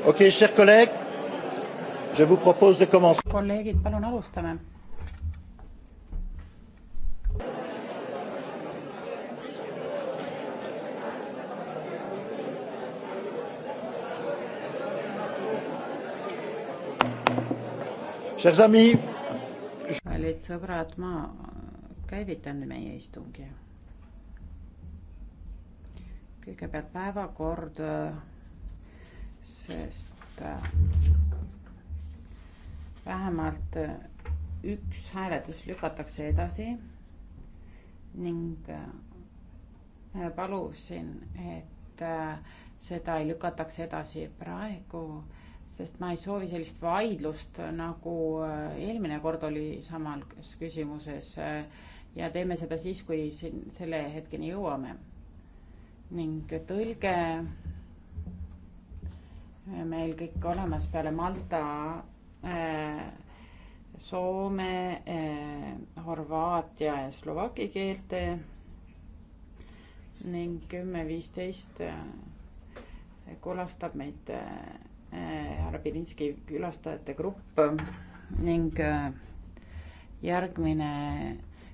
okei okay,, chers kolleeg, je vous propose de commencer. kolleegid, palun alustame. Chers amis. kallid sõbrad, ma käivitan meie istungi. kõigepealt päevakord sest äh, vähemalt äh, üks hääletus lükatakse edasi ning äh, palusin, et seda ei lükataks edasi praegu, sest ma ei soovi sellist vaidlust, nagu eelmine kord oli samal küsimuses ja teeme seda siis, kui siin selle hetkeni jõuame. ning tõlge meil kõik olemas peale Malta, äh, soome, äh, horvaatia ja slovaki keelte ning kümme, viisteist äh, külastab meid härra Pirinski külastajate grupp ning järgmine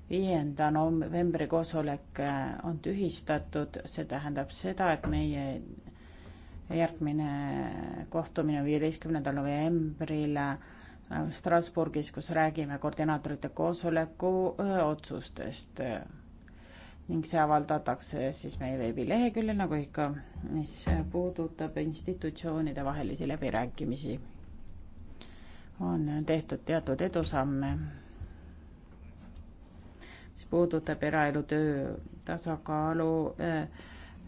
viienda novembri koosolek on tühistatud, see tähendab seda, et meie järgmine kohtumine viieteistkümnendal novembril äh, Strasbourgis, kus räägime koordinaatorite koosoleku äh, otsustest. ning see avaldatakse siis meie veebileheküljel, nagu ikka, mis puudutab institutsioonide vahelisi läbirääkimisi. on tehtud teatud edusamme, mis puudutab eraelu töö tasakaalu äh,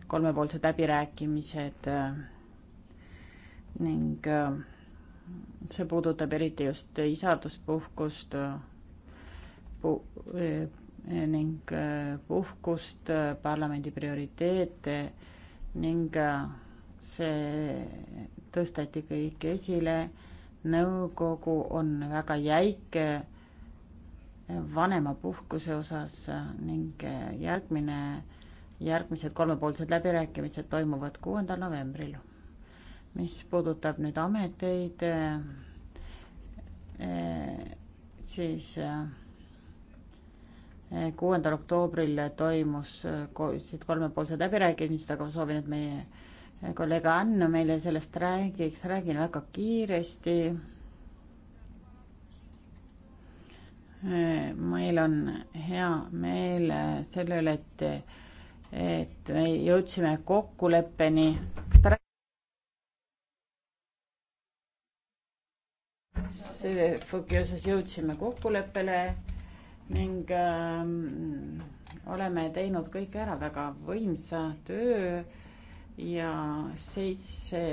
kolmepoolsed läbirääkimised äh, ning äh, see puudutab eriti just isalduspuhkust äh, pu- ning puhkust, parlamendi prioriteete ning see tõsteti kõik esile. nõukogu on väga jäik vanemapuhkuse osas ning järgmine järgmised kolmepoolsed läbirääkimised toimuvad kuuendal novembril. mis puudutab nüüd ameteid, eh, siis eh, kuuendal oktoobril toimus kolmepoolsed läbirääkimised, aga ma soovin, et meie eh, kolleeg Ann meile sellest räägiks, räägin väga kiiresti. meil on hea meel selle üle, et et me jõudsime kokkuleppeni. kas ta räägib? selle FOK-i osas jõudsime kokkuleppele ning äh, oleme teinud kõik ära väga võimsa töö ja seitse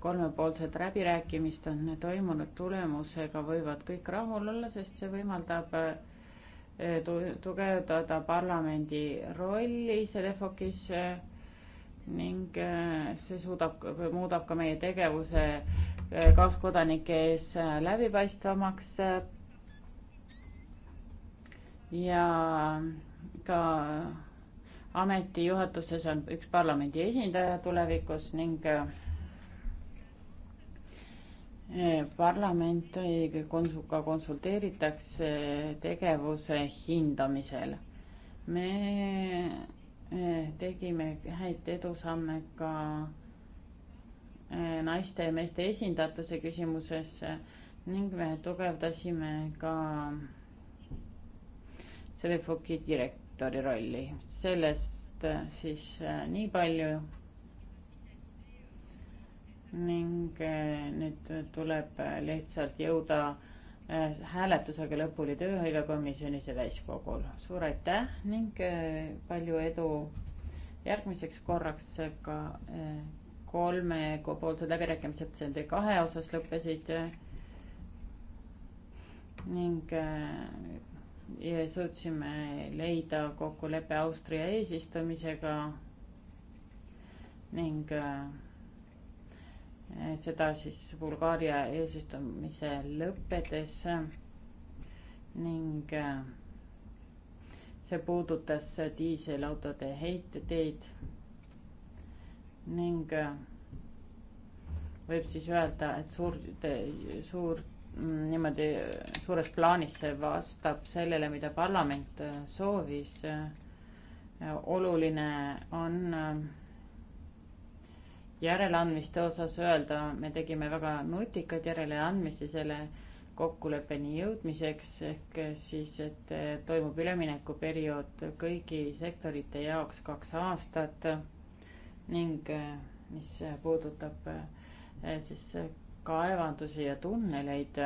kolmepoolset läbirääkimist on toimunud, tulemusega võivad kõik rahul olla, sest see võimaldab äh, Eh, tugevdada parlamendi rolli Sedefokis eh, ning eh, see suudab, muudab ka meie tegevuse kaaskodanike ees läbipaistvamaks. ja ka ameti juhatuses on üks parlamendi esindaja tulevikus ning Eh, parlamenti konsuga konsulteeritakse tegevuse hindamisel. me eh, tegime häid edusamme ka eh, naiste ja meeste esindatuse küsimuses ning me tugevdasime ka selle FOK-i direktori rolli. sellest siis nii palju ning eh, nüüd tuleb eh, lihtsalt jõuda eh, hääletusega lõpuni tööhõive komisjonis ja täiskogul. suur aitäh ning palju edu järgmiseks korraks ka kolmepoolsed läbirääkimised nende kahe osas lõppesid. ning suutsime leida kokkuleppe Austria eesistumisega ning äh, seda siis Bulgaaria eesistumise lõppedes ning äh, see puudutas diiselautode heiteteid ning äh, võib siis öelda, et suur, suur, mm, niimoodi äh, suures plaanis see vastab sellele, mida parlament soovis. oluline on järeleandmiste osas öelda, me tegime väga nutikaid järeleandmisi selle kokkuleppeni jõudmiseks, ehk siis, et toimub üleminekuperiood kõigi sektorite jaoks kaks aastat ning mis puudutab eh, siis kaevandusi ja tunneleid,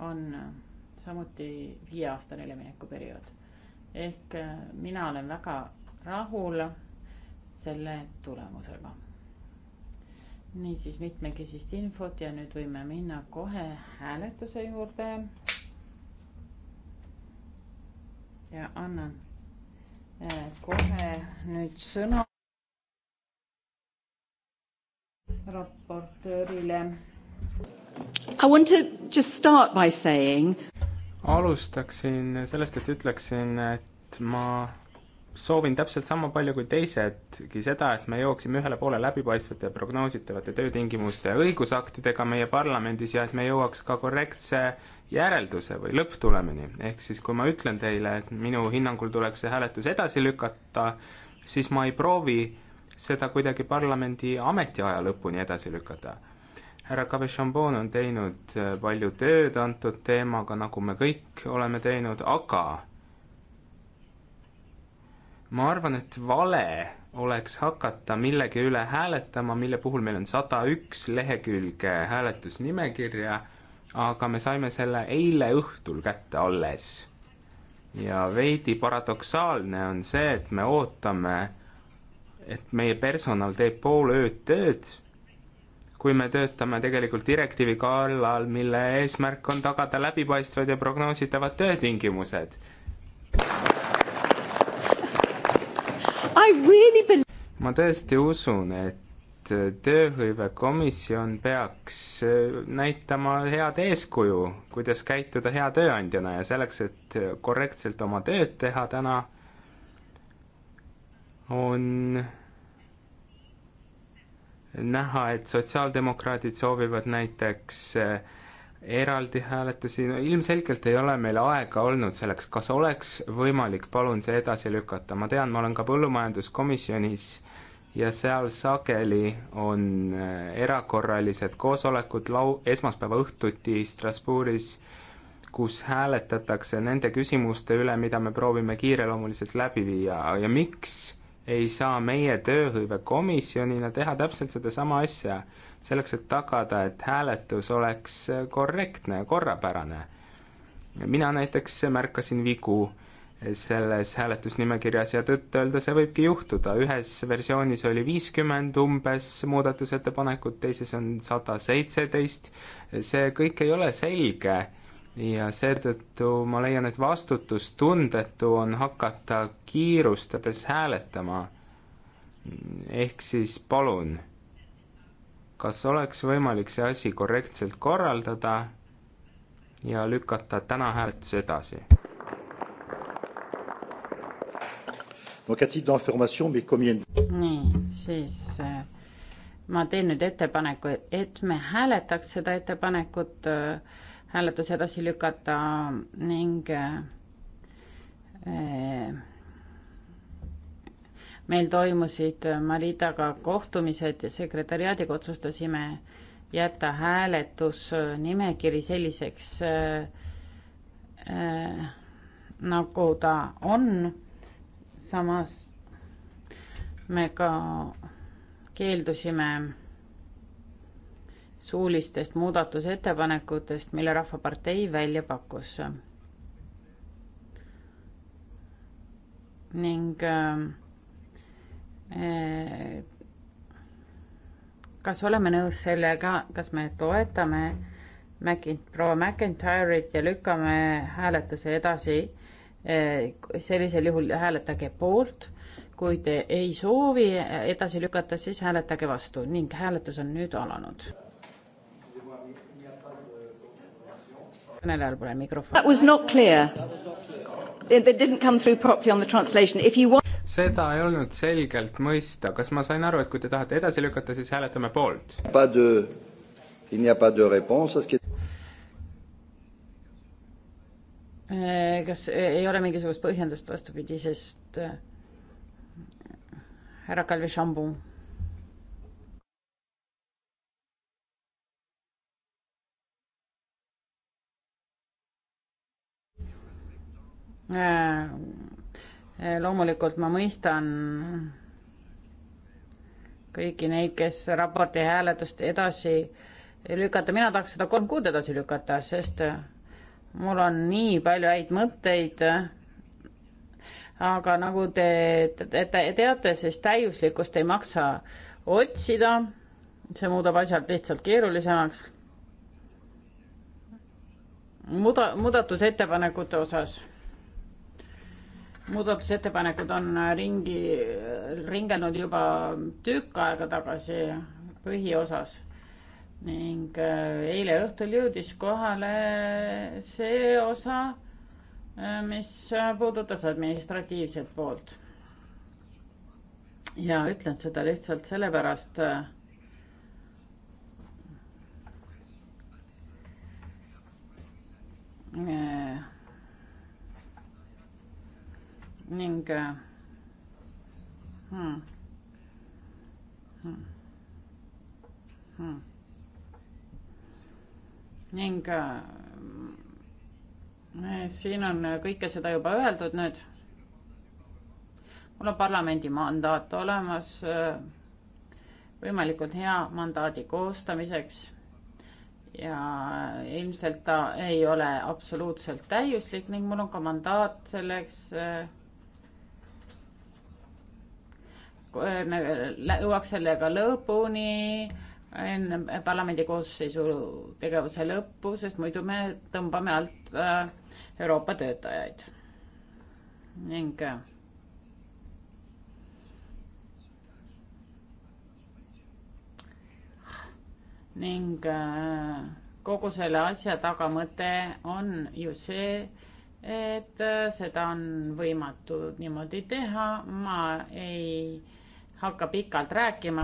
on samuti viieaastane üleminekuperiood. ehk mina olen väga rahul selle tulemusega. niisiis mitmekesist infot ja nüüd võime minna kohe hääletuse juurde. ja annan eh, kohe nüüd sõna raportöörile. I want to just start by saying alustaksin sellest, et ütleksin, et ma soovin täpselt sama palju kui teisedki seda, et me jooksime ühele poole läbipaistvate ja prognoositavate töötingimuste õigusaktidega meie parlamendis ja et me jõuaks ka korrektse järelduse või lõpptulemini. ehk siis, kui ma ütlen teile, et minu hinnangul tuleks see hääletus edasi lükata, siis ma ei proovi seda kuidagi parlamendi ametiaja lõpuni edasi lükata. härra Kavešambon on teinud äh, palju tööd antud teemaga, nagu me kõik oleme teinud, aga ma arvan, et vale oleks hakata millegi üle hääletama, mille puhul meil on sada üks lehekülge hääletusnimekirja, aga me saime selle eile õhtul kätte alles. ja veidi paradoksaalne on see, et me ootame, et meie personal teeb pool ööd tööd, kui me töötame tegelikult direktiivi kallal, mille eesmärk on tagada läbipaistvad ja prognoositavad töötingimused really believe... ma tõesti usun, et tööhõivekomisjon peaks äh, näitama head eeskuju, kuidas käituda hea tööandjana ja selleks, et korrektselt oma tööd teha täna, on näha, et sotsiaaldemokraadid soovivad näiteks äh, eraldi hääletusi, no ilmselgelt ei ole meil aega olnud selleks, kas oleks võimalik, palun see edasi lükata, ma tean, ma olen ka põllumajanduskomisjonis ja seal sageli on äh, erakorralised koosolekud lau-, esmaspäeva õhtuti Strasbourgis, kus hääletatakse nende küsimuste üle, mida me proovime kiireloomuliselt läbi viia ja miks ei saa meie tööhõivekomisjonina teha täpselt sedasama asja selleks, et tagada, et hääletus oleks korrektne ja korrapärane. mina näiteks märkasin vigu selles hääletusnimekirjas ja tõtt-öelda see võibki juhtuda, ühes versioonis oli viiskümmend umbes muudatusettepanekut, teises on sada seitseteist, see kõik ei ole selge ja seetõttu ma leian, et vastutustundetu on hakata kiirustades hääletama. ehk siis palun kas oleks võimalik see asi korrektselt korraldada ja lükata täna hääletus edasi? nii, siis äh, ma teen nüüd ettepaneku, et me hääletaks seda ettepanekut, äh, hääletus edasi lükata ning äh, äh meil toimusid äh, Maritaga kohtumised ja sekretäriaadiga otsustasime jätta hääletusnimekiri selliseks äh, äh, nagu ta on. samas me ka keeldusime suulistest muudatusettepanekutest, mille Rahvapartei välja pakkus. ning äh, kas oleme nõus sellega, kas me toetame Macin-, proua McIntyre'it ja lükkame hääletuse edasi? sellisel juhul hääletage poolt, kui te ei soovi edasi lükata, siis hääletage vastu ning hääletus on nüüd alanud. kõnelejal pole mikrofoni. That was not clear. It didn't come through properly on the translation. If you want seda ei olnud selgelt mõista, kas ma sain aru, et kui te tahate edasi lükata, siis hääletame poolt? Äh, kas ei ole mingisugust põhjendust vastupidi, sest äh, härra Kalvi Šambu äh, Eh, loomulikult ma mõistan kõiki neid, kes raporti hääletust edasi lükata, mina tahaks seda kolm kuud edasi lükata, sest eh, mul on nii palju häid mõtteid. aga nagu te, te teate, siis täiuslikkust ei maksa otsida. see muudab asjad lihtsalt keerulisemaks. muuda, muudatusettepanekute osas muudatusettepanekud on ringi, ringelnud juba tükk aega tagasi põhiosas ning äh, eile õhtul jõudis kohale see osa, äh, mis puudutas administratiivset poolt. ja ütlen seda lihtsalt sellepärast, äh, äh ning äh, hmm, hmm, hmm. ning äh, siin on kõike seda juba öeldud nüüd. mul on parlamendi mandaat olemas äh, võimalikult hea mandaadi koostamiseks ja ilmselt ta ei ole absoluutselt täiuslik ning mul on ka mandaat selleks äh, me jõuaks sellega lõpuni enne parlamendi koosseisu tegevuse lõppu, sest muidu me tõmbame alt äh, Euroopa töötajaid. ning äh, ning äh, kogu selle asja tagamõte on ju see, et seda on võimatu niimoodi teha, ma ei äh, hakka pikalt rääkima.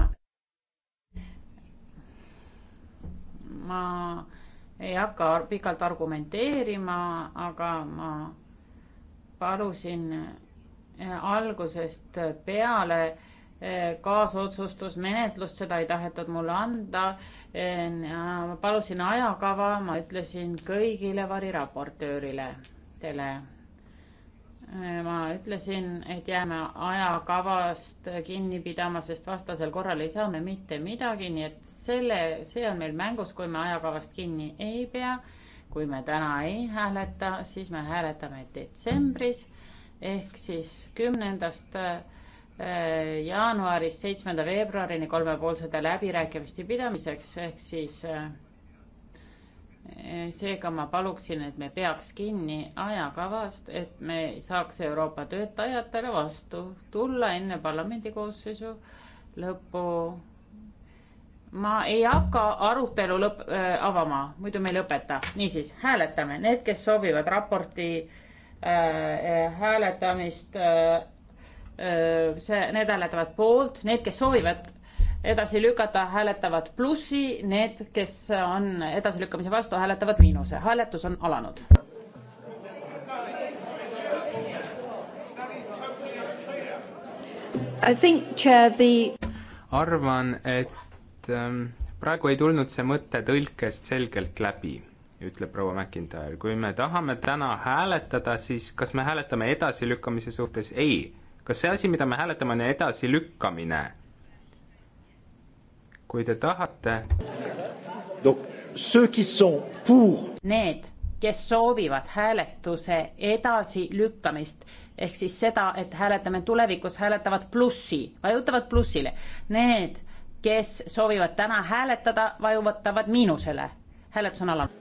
ma ei hakka pikalt argumenteerima, aga ma palusin eh, algusest peale eh, kaasotsustusmenetlust, seda ei tahetud mulle anda. Eh, ma palusin ajakava, ma ütlesin kõigile variraportöörile, teile Äh, ma ütlesin, et jääme ajakavast kinni pidama, sest vastasel korral ei saa me mitte midagi, nii et selle, see on meil mängus, kui me ajakavast kinni ei pea. kui me täna ei hääleta, siis me hääletame detsembris ehk siis kümnendast äh, jaanuarist seitsmenda veebruarini kolmepoolsete läbirääkimiste pidamiseks ehk siis äh, seega ma paluksin, et me peaks kinni ajakavast, et me saaks Euroopa töötajatele vastu tulla enne parlamendi koosseisu lõppu. ma ei hakka arutelu lõpp äh,, avama, muidu me ei lõpeta. niisiis, hääletame, need, kes soovivad raporti äh, äh hääletamist äh, äh,, see, need hääletavad poolt, need, kes soovivad edasi lükata, hääletavad plussi, need, kes on edasilükkamise vastu, hääletavad miinuse. hääletus on alanud. The... arvan, et ähm, praegu ei tulnud see mõte tõlkest selgelt läbi, ütleb proua McIntyre. kui me tahame täna hääletada, siis kas me hääletame edasilükkamise suhtes? ei. kas see asi, mida me hääletame, on edasilükkamine? kui te tahate. Need, kes soovivad hääletuse edasilükkamist ehk siis seda, et hääletame tulevikus, hääletavad plussi, vajutavad plussile. Need, kes soovivad täna hääletada, vajutavad miinusele. hääletus on alanud.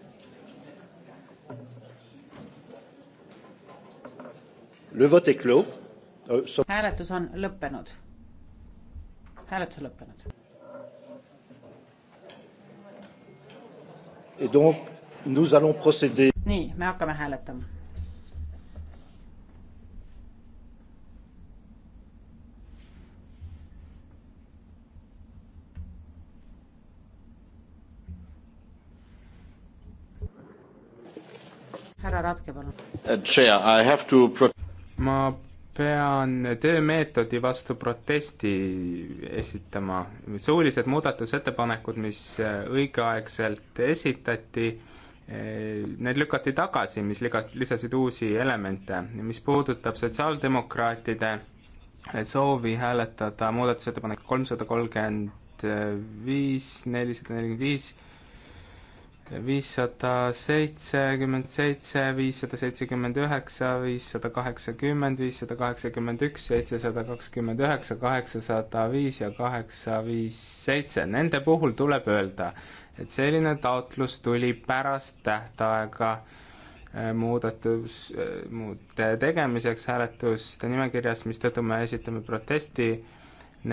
Euh, hääletus on lõppenud. hääletus on lõppenud Et donc, nous allons procéder. nii, me hakkame hääletama. härra Ratke, palun. ma pean töömeetodi vastu protesti esitama. suulised muudatusettepanekud, mis äh, õigeaegselt esitati, äh, need lükati tagasi, mis ligas, lisasid uusi elemente. mis puudutab sotsiaaldemokraatide äh, soovi hääletada muudatusettepanek kolmsada kolmkümmend viis, nelisada nelikümmend viis, viissada seitsekümmend seitse, viissada seitsekümmend üheksa, viissada kaheksakümmend, viissada kaheksakümmend üks, seitsesada kakskümmend üheksa, kaheksasada viis ja kaheksa, viis, seitse. Nende puhul tuleb öelda, et selline taotlus tuli pärast tähtaega äh, muudatus, äh, muude tegemiseks hääletuste nimekirjas, mistõttu me esitame protesti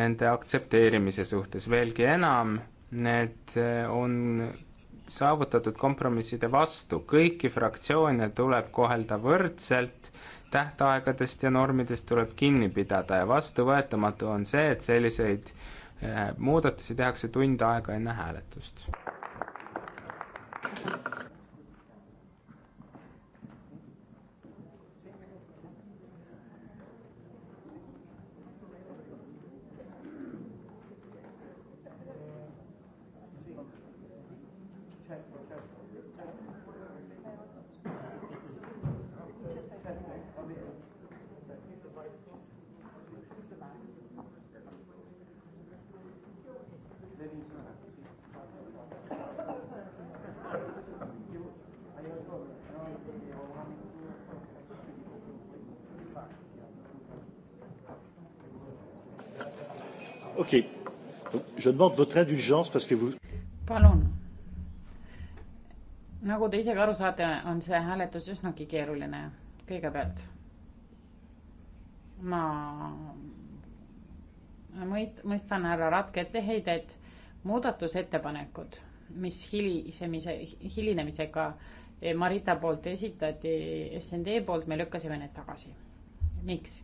nende aktsepteerimise suhtes. veelgi enam, need äh, on saavutatud kompromisside vastu, kõiki fraktsioone tuleb kohelda võrdselt, tähtaegadest ja normidest tuleb kinni pidada ja vastuvõetamatu on see, et selliseid eh, muudatusi tehakse tund aega enne hääletust. vous... palun. nagu te ise ka aru saate, on see hääletus üsnagi keeruline. kõigepealt ma mõist-, mõistan härra Ratke etteheidet, muudatusettepanekud, mis hilisemise, hilinemisega Marita poolt esitati, SND poolt, me lükkasime need tagasi. miks?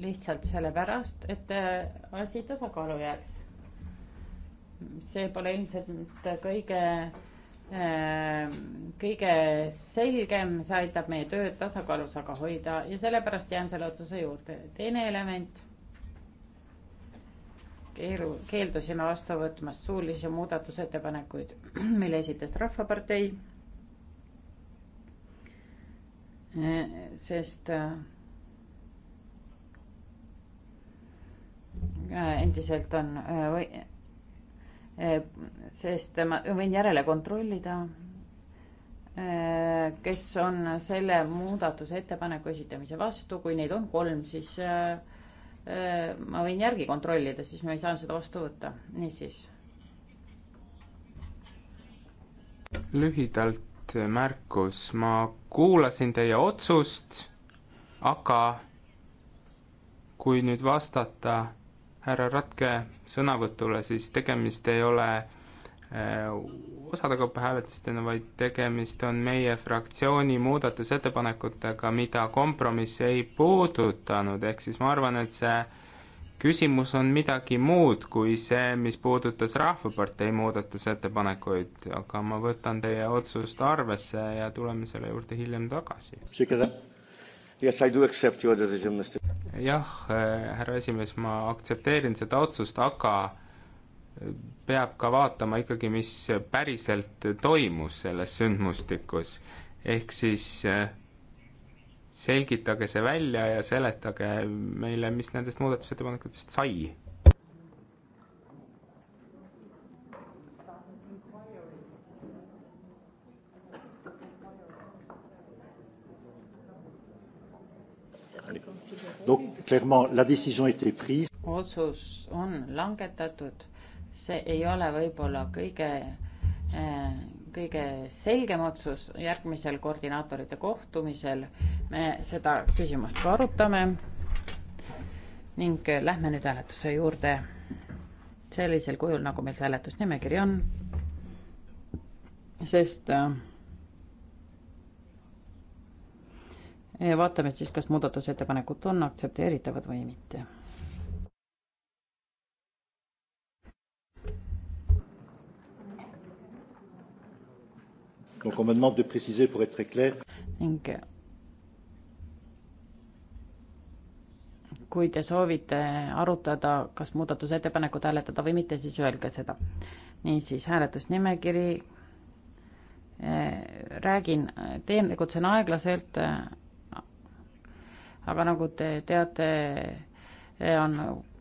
lihtsalt sellepärast, et äh, asi tasakaalu jääks. see pole ilmselt kõige, äh, kõige selgem, see aitab meie tööd tasakaalus aga hoida ja sellepärast jään selle otsuse juurde. teine element, keeru, keeldusime vastu võtmast suulisi muudatusettepanekuid, mille esitas Rahvapartei, äh, sest äh, Äh, endiselt on äh, või äh, sest ma võin järele kontrollida, kes on selle muudatusettepaneku esitamise vastu, kui neid on kolm, siis ma võin järgi kontrollida, siis ma ei saa seda vastu võtta, niisiis. lühidalt märkus, ma kuulasin teie otsust, aga kui nüüd vastata härra Ratke sõnavõtule, siis tegemist ei ole äh, osade kaupa hääletustena, vaid tegemist on meie fraktsiooni muudatusettepanekutega, mida kompromiss ei puudutanud, ehk siis ma arvan, et see küsimus on midagi muud kui see, mis puudutas Rahvapartei muudatusettepanekuid, aga ma võtan teie otsust arvesse ja tuleme selle juurde hiljem tagasi. Yes, I do accept your decision, Mr jah, eh, härra esimees, ma aktsepteerin seda otsust, aga peab ka vaatama ikkagi, mis päriselt toimus selles sündmustikus. ehk siis eh, selgitage see välja ja seletage meile, mis nendest muudatusettepanekutest sai. Donc clairement la décision a été prise. otsus on langetatud, see ei ole võib-olla kõige, äh, kõige selgem otsus, järgmisel koordinaatorite kohtumisel me seda küsimust ka arutame ning äh, lähme nüüd hääletuse juurde sellisel kujul, nagu meil see hääletusnimekiri on, sest äh, Eh, vaatame siis, kas muudatusettepanekud on aktsepteeritavad või mitte. Donc on me demande de préciser pour être très clair. ning kui te soovite arutada, kas muudatusettepanekut hääletada või mitte, siis öelge seda. niisiis, hääletusnimekiri. Eh, räägin, teen, tegutsen aeglaselt aga nagu te teate, on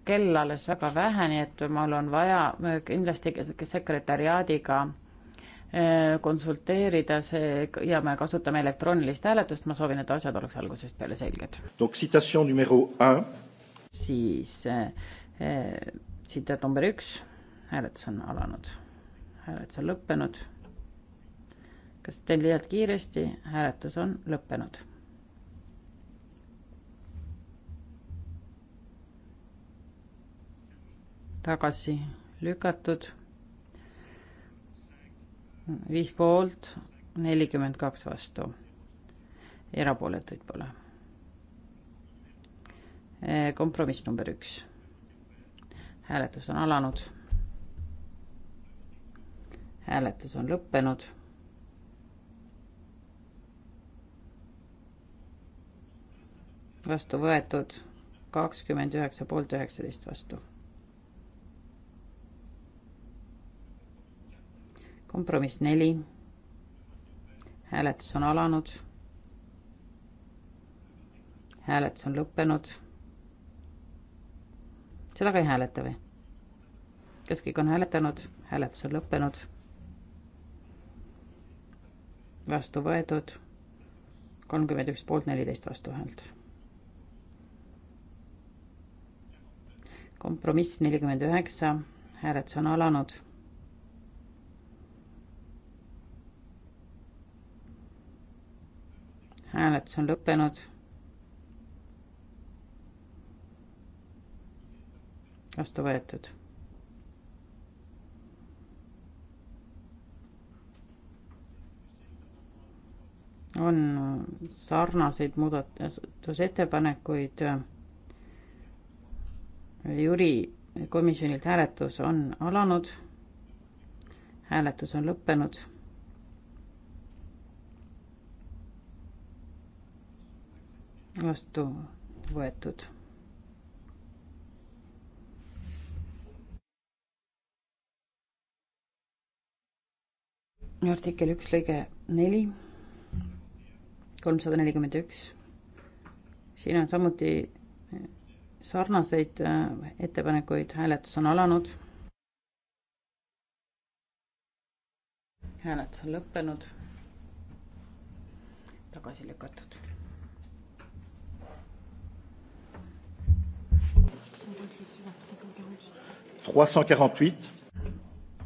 kell alles väga vähe, nii et mul on vaja kindlasti sekretäriaadiga äh, konsulteerida see ja me kasutame elektroonilist hääletust, ma soovin, et asjad oleks algusest peale selged. siis eh, tsitaat number üks, hääletus on alanud, hääletus on lõppenud. kas teen liialt kiiresti, hääletus on lõppenud tagasi lükatud. viis poolt, nelikümmend kaks vastu. erapooletuid pole. kompromiss number üks. hääletus on alanud. hääletus on lõppenud vastu võetud kakskümmend üheksa poolt üheksateist vastu. kompromiss neli. hääletus on alanud. hääletus on lõppenud. seda ka ei hääleta või? kas kõik on hääletanud? hääletus on lõppenud. vastu võetud kolmkümmend üks poolt, neliteist vastuhäält kompromiss nelikümmend üheksa, hääletus on alanud hääletus on lõppenud. vastu võetud. on sarnaseid muudatusettepanekuid. jüri komisjonilt hääletus on alanud. hääletus on lõppenud vastu võetud. artikkel üks lõige neli, kolmsada nelikümmend üks. siin on samuti eh, sarnaseid eh, ettepanekuid, hääletus on alanud. hääletus on lõppenud, tagasi lükatud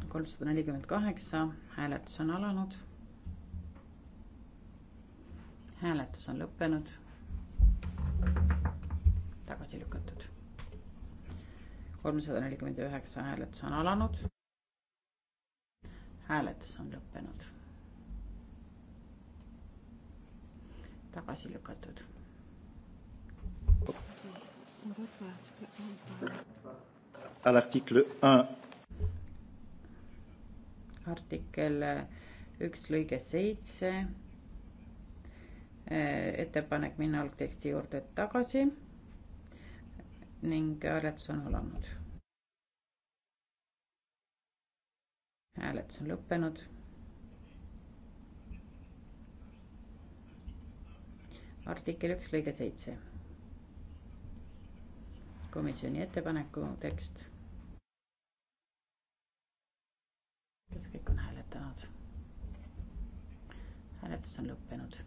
kolmsada nelikümmend kaheksa, hääletus on alanud. hääletus on lõppenud. tagasi lükatud. kolmsada nelikümmend üheksa, hääletus on alanud. hääletus on lõppenud. tagasi lükatud. ma võtsin alati à l'article un. artikkel üks lõige seitse. Äh, ettepanek minna algteksti juurde tagasi ning hääletus on alanud. hääletus on lõppenud. artikkel üks lõige seitse komisjoni ettepaneku tekst. kas kõik on hääletanud? hääletus on lõppenud.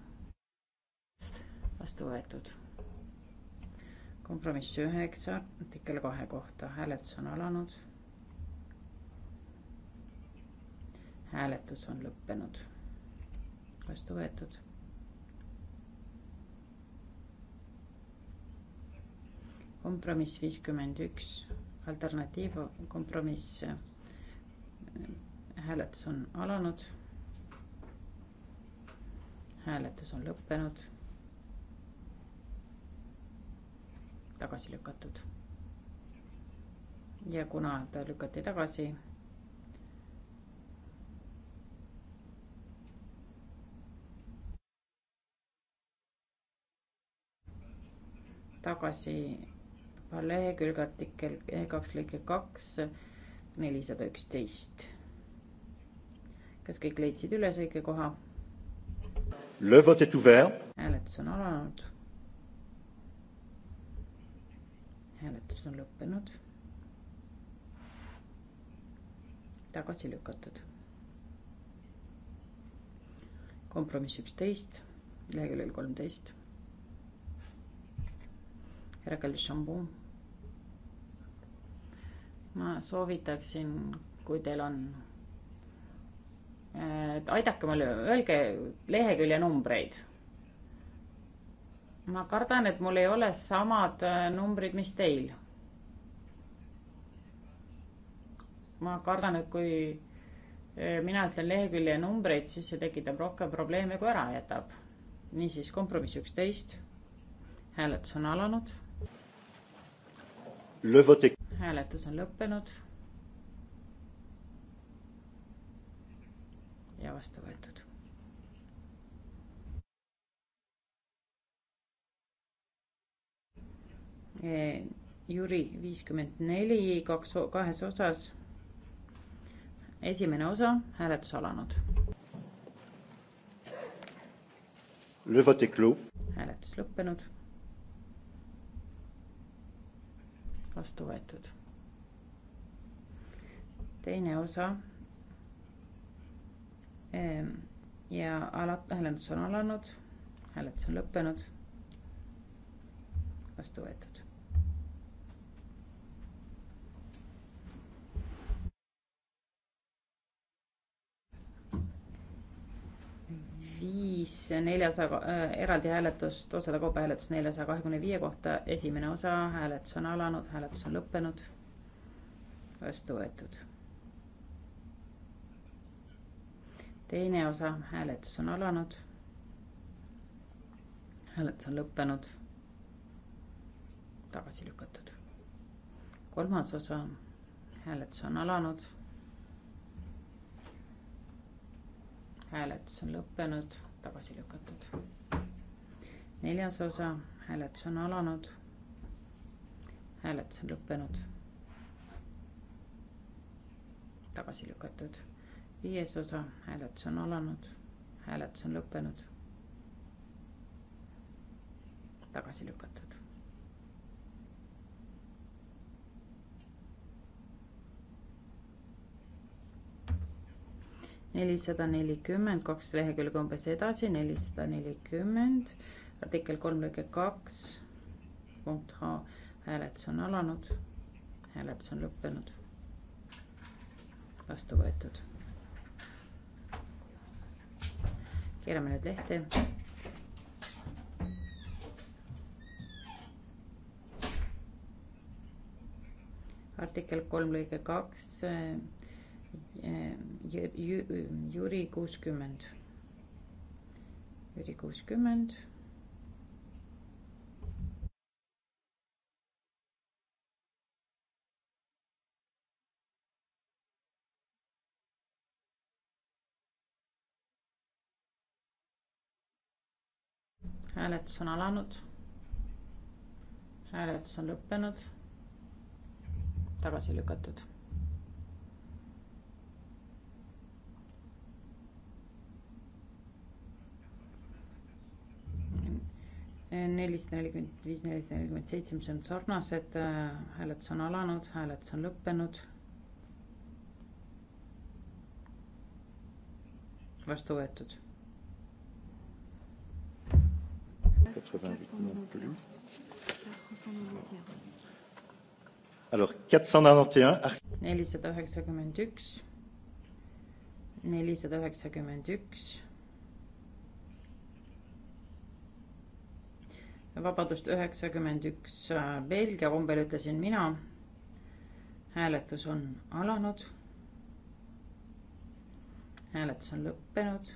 vastu võetud. kompromiss üheksa artikkel kahe kohta, hääletus on alanud. hääletus on lõppenud. vastu võetud kompromiss viiskümmend üks, alternatiivkompromiss. hääletus on alanud. hääletus on lõppenud. tagasi lükatud. ja kuna ta lükati tagasi tagasi lehekülg artikkel eh, kaks lõike kaks, nelisada üksteist. kas kõik leidsid üles õige koha? hääletus on alanud. hääletus on lõppenud. tagasi lükatud. kompromiss üksteist, leheküljel kolmteist. Raquel Chambon ma soovitaksin, kui teil on, et aidake mulle, öelge lehekülje numbreid. ma kardan, et mul ei ole samad äh, numbrid, mis teil. ma kardan, et kui äh, mina ütlen lehekülje numbreid, siis see tekitab rohkem probleeme, kui ära jätab. niisiis, kompromiss üksteist. hääletus on alanud hääletus on lõppenud. ja vastu võetud. E, Jüri viiskümmend neli, kaks, kahes osas. esimene osa, hääletus alanud. hääletus lõppenud vastu võetud. teine osa. Ehm, ja alat-, hääletus on alanud, hääletus on lõppenud, vastu võetud viis neljasaja äh, eraldi hääletust, osade kaupa hääletus neljasaja kahekümne viie kohta, esimene osa, hääletus on alanud, hääletus on lõppenud, vastu võetud. teine osa, hääletus on alanud, hääletus on lõppenud, tagasi lükatud. kolmas osa, hääletus on alanud hääletus on lõppenud, tagasi lükatud. neljas osa, hääletus on alanud. hääletus on lõppenud. tagasi lükatud. viies osa, hääletus on alanud. hääletus on lõppenud. tagasi lükatud nelisada nelikümmend, kaks lehekülge umbes edasi, nelisada nelikümmend, artikkel kolm lõige kaks, punkt H, hääletus on alanud, hääletus on lõppenud, vastu võetud. keerame nüüd lehte. artikkel kolm lõige kaks Jüri kuuskümmend. Jüri kuuskümmend. hääletus on alanud. hääletus on lõppenud. tagasi lükatud nelisada nelikümmend viis, nelisada nelikümmend seitse, mis on sarnased, äh, hääletus on alanud, hääletus on lõppenud. vastu võetud. nelisada üheksakümmend üks, nelisada üheksakümmend üks vabadust üheksakümmend üks äh, Belgia kombel ütlesin mina. hääletus on alanud. hääletus on lõppenud.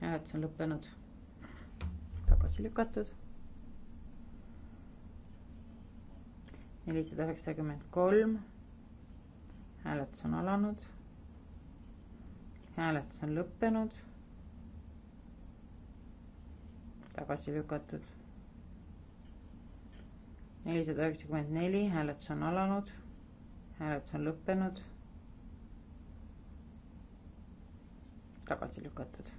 hääletus on lõppenud. tagasi lükatud. nelisada üheksakümmend kolm hääletus on alanud. hääletus on lõppenud. tagasi lükatud. nelisada üheksakümmend neli, hääletus on alanud. hääletus on lõppenud. tagasi lükatud.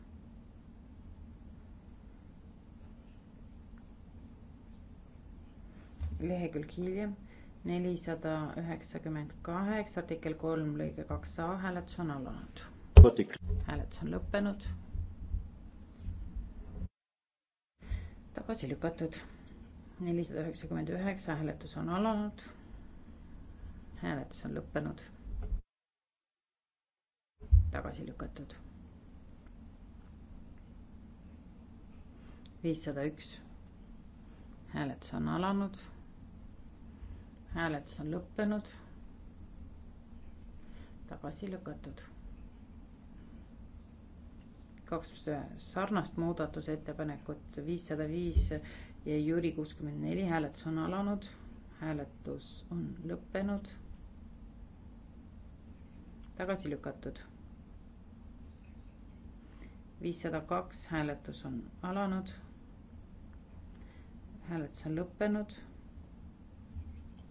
lehekülg hiljem nelisada üheksakümmend kaheksa, artikkel kolm lõige kaks A, hääletus on alanud. hääletus on lõppenud. tagasi lükatud. nelisada üheksakümmend üheksa, hääletus on alanud. hääletus on lõppenud. tagasi lükatud. viissada üks, hääletus on alanud hääletus on lõppenud. tagasi lükatud. kaks sarnast muudatusettepanekut, viissada viis ja Jüri kuuskümmend neli, hääletus on alanud, hääletus on lõppenud. tagasi lükatud. viissada kaks, hääletus on alanud. hääletus on lõppenud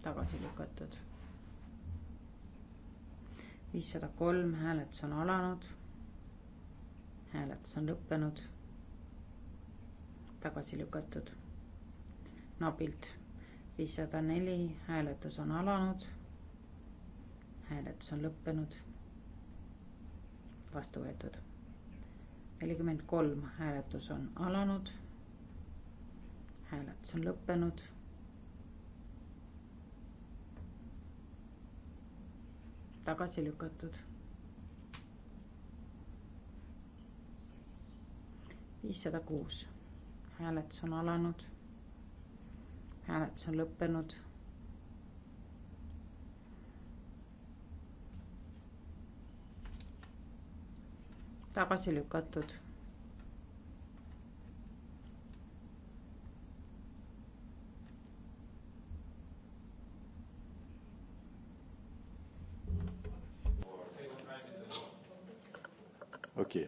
tagasi lükatud. viissada kolm, hääletus on alanud. hääletus on lõppenud. tagasi lükatud. napilt viissada neli, hääletus on alanud. hääletus on lõppenud. vastu võetud. nelikümmend kolm, hääletus on alanud. hääletus on lõppenud tagasi lükatud. viissada kuus, hääletus on alanud. hääletus on lõppenud. tagasi lükatud Ok.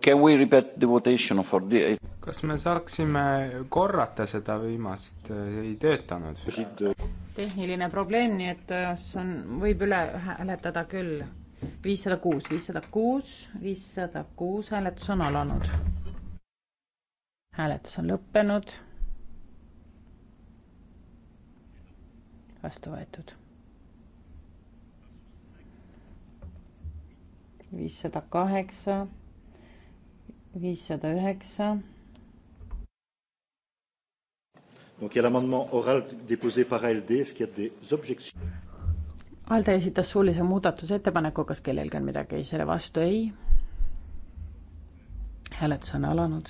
Can we repeat the votation for the kas me saaksime korrata seda viimast, äh, ei töötanud? tehniline probleem, nii et äh, see on, võib üle hääletada küll. viissada kuus, viissada kuus, viissada kuus hääletus on alanud. hääletus on lõppenud. vastu võetud viissada kaheksa, viissada üheksa. Donc il y a l'amendement oral déposé par ALD, est-ce qu'il y a des objections Alde esitas suulise muudatusettepaneku, kas kellelgi on midagi ei, selle vastu ei. hääletus on alanud.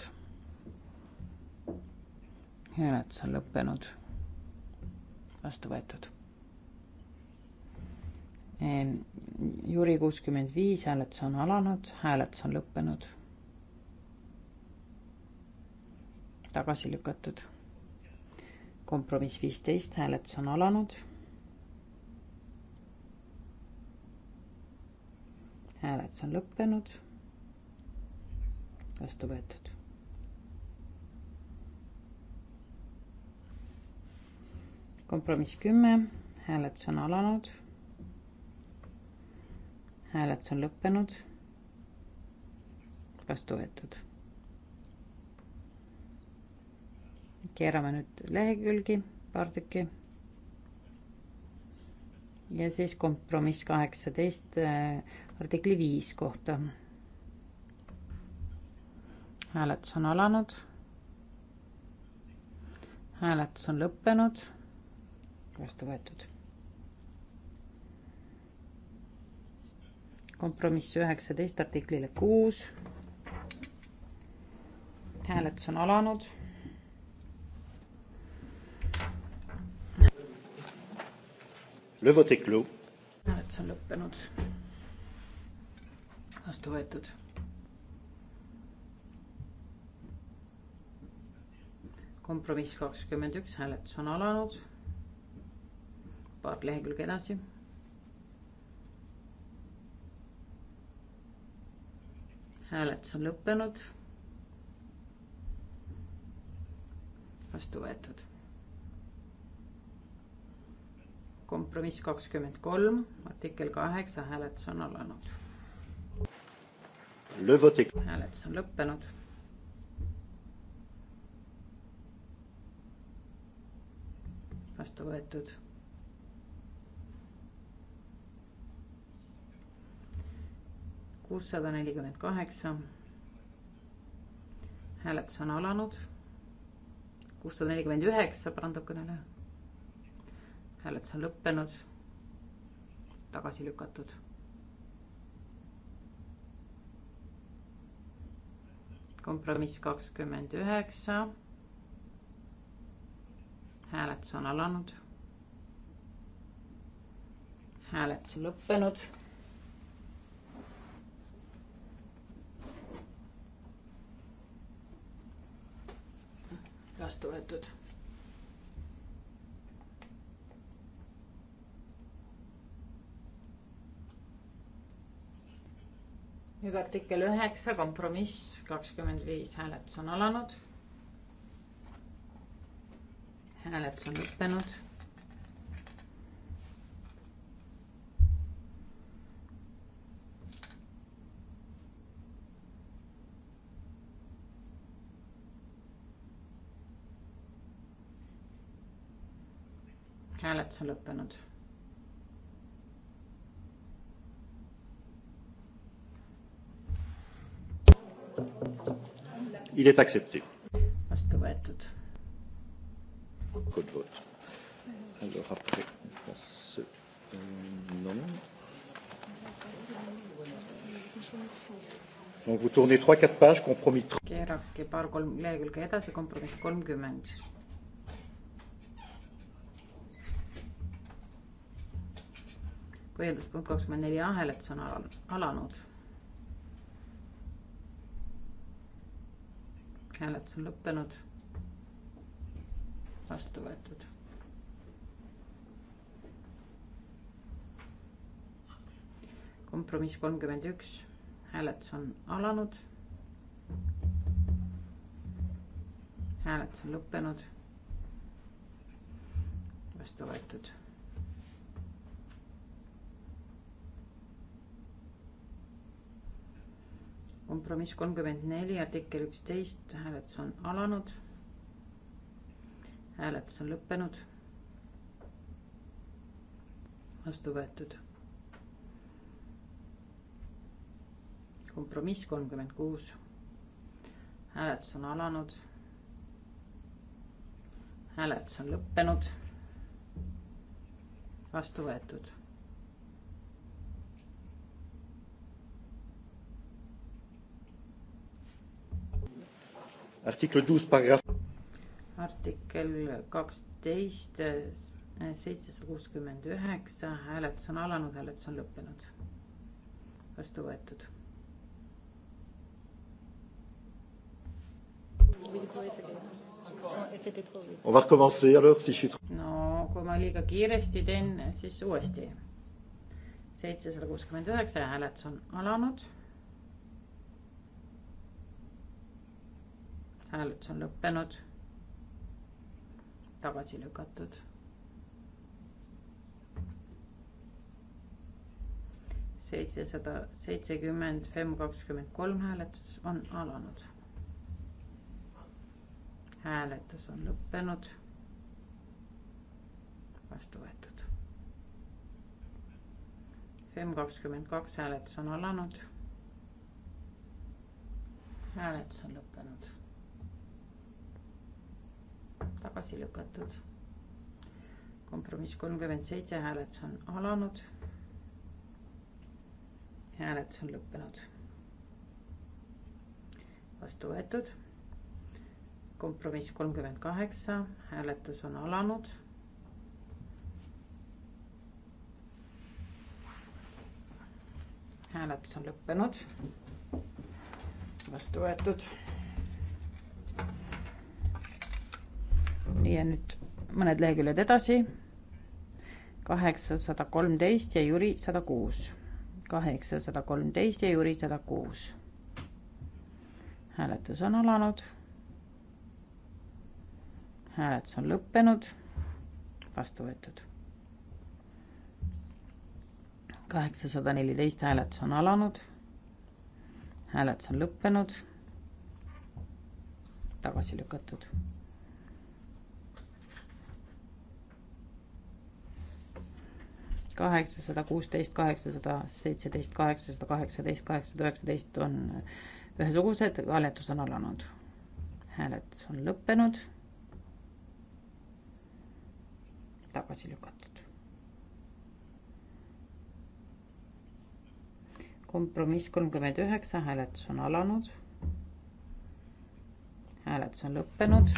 hääletus on lõppenud. vastu võetud Ehm, Jüri kuuskümmend viis, hääletus on alanud, hääletus on lõppenud. tagasi lükatud. kompromiss viisteist, hääletus on alanud. hääletus on lõppenud. vastu võetud. kompromiss kümme, hääletus on alanud hääletus on lõppenud. vastu võetud. keerame nüüd lehekülgi paar tükki. ja siis kompromiss kaheksateist äh, artikli viis kohta. hääletus on alanud. hääletus on lõppenud. vastu võetud kompromiss üheksateist artiklile kuus. hääletus on alanud. hääletus on lõppenud. vastu võetud. kompromiss kakskümmend üks, hääletus on alanud. paar lehekülge edasi hääletus on lõppenud. vastu võetud. kompromiss kakskümmend kolm, artikkel kaheksa, hääletus on alanud. hääletus on lõppenud. vastu võetud kuussada nelikümmend kaheksa. hääletus on alanud. kuussada nelikümmend üheksa parandab kõneleja. hääletus on lõppenud. tagasi lükatud. kompromiss kakskümmend üheksa. hääletus on alanud. hääletus on lõppenud vastu võetud. nüüd artikkel üheksa, kompromiss kakskümmend viis, hääletus on alanud. hääletus on lõppenud hääletus on lõppenud. Il est accepté. Vastu võetud. Good vote. Alors après, on passe. Euh, non. Donc vous tournez 3-4 pages, compromis. keerake paar-kolm lehekülge edasi, kompromiss kolmkümmend põhjenduspunkt kakskümmend neli A hääletus on alanud. hääletus on lõppenud. vastu võetud. kompromiss kolmkümmend üks, hääletus on alanud. hääletus on lõppenud. vastu võetud kompromiss kolmkümmend neli, artikkel üksteist, hääletus on alanud. hääletus on lõppenud. vastu võetud. kompromiss kolmkümmend kuus. hääletus on alanud. hääletus on lõppenud. vastu võetud artikkel kuus paragrahv. artikkel kaksteist, seitsesada kuuskümmend üheksa, hääletus on alanud, hääletus on lõppenud. vastu võetud. On va recommencer alors si je suis no kui ma liiga kiiresti teen, siis uuesti. seitsesada kuuskümmend üheksa ja hääletus on alanud hääletus on lõppenud. tagasi lükatud. seitsesada seitsekümmend, FEM kakskümmend kolm hääletus on alanud. hääletus on lõppenud. vastu võetud. FEM kakskümmend kaks hääletus on alanud hääletus on lõppenud tagasi lükatud. kompromiss kolmkümmend seitse, hääletus on alanud. hääletus on lõppenud. vastu võetud. kompromiss kolmkümmend kaheksa, hääletus on alanud. hääletus on lõppenud. vastu võetud ja nüüd mõned leheküljed edasi. kaheksasada kolmteist ja Jüri sada kuus. kaheksasada kolmteist ja Jüri sada kuus. hääletus on alanud. hääletus on lõppenud. vastu võetud. kaheksasada neliteist hääletus on alanud. hääletus on lõppenud. tagasi lükatud kaheksasada kuusteist, kaheksasada seitseteist, kaheksasada kaheksateist, kaheksasada üheksateist on ühesugused, hääletus on alanud. hääletus on lõppenud. tagasi lükatud. kompromiss kolmkümmend üheksa, hääletus on alanud. hääletus on lõppenud.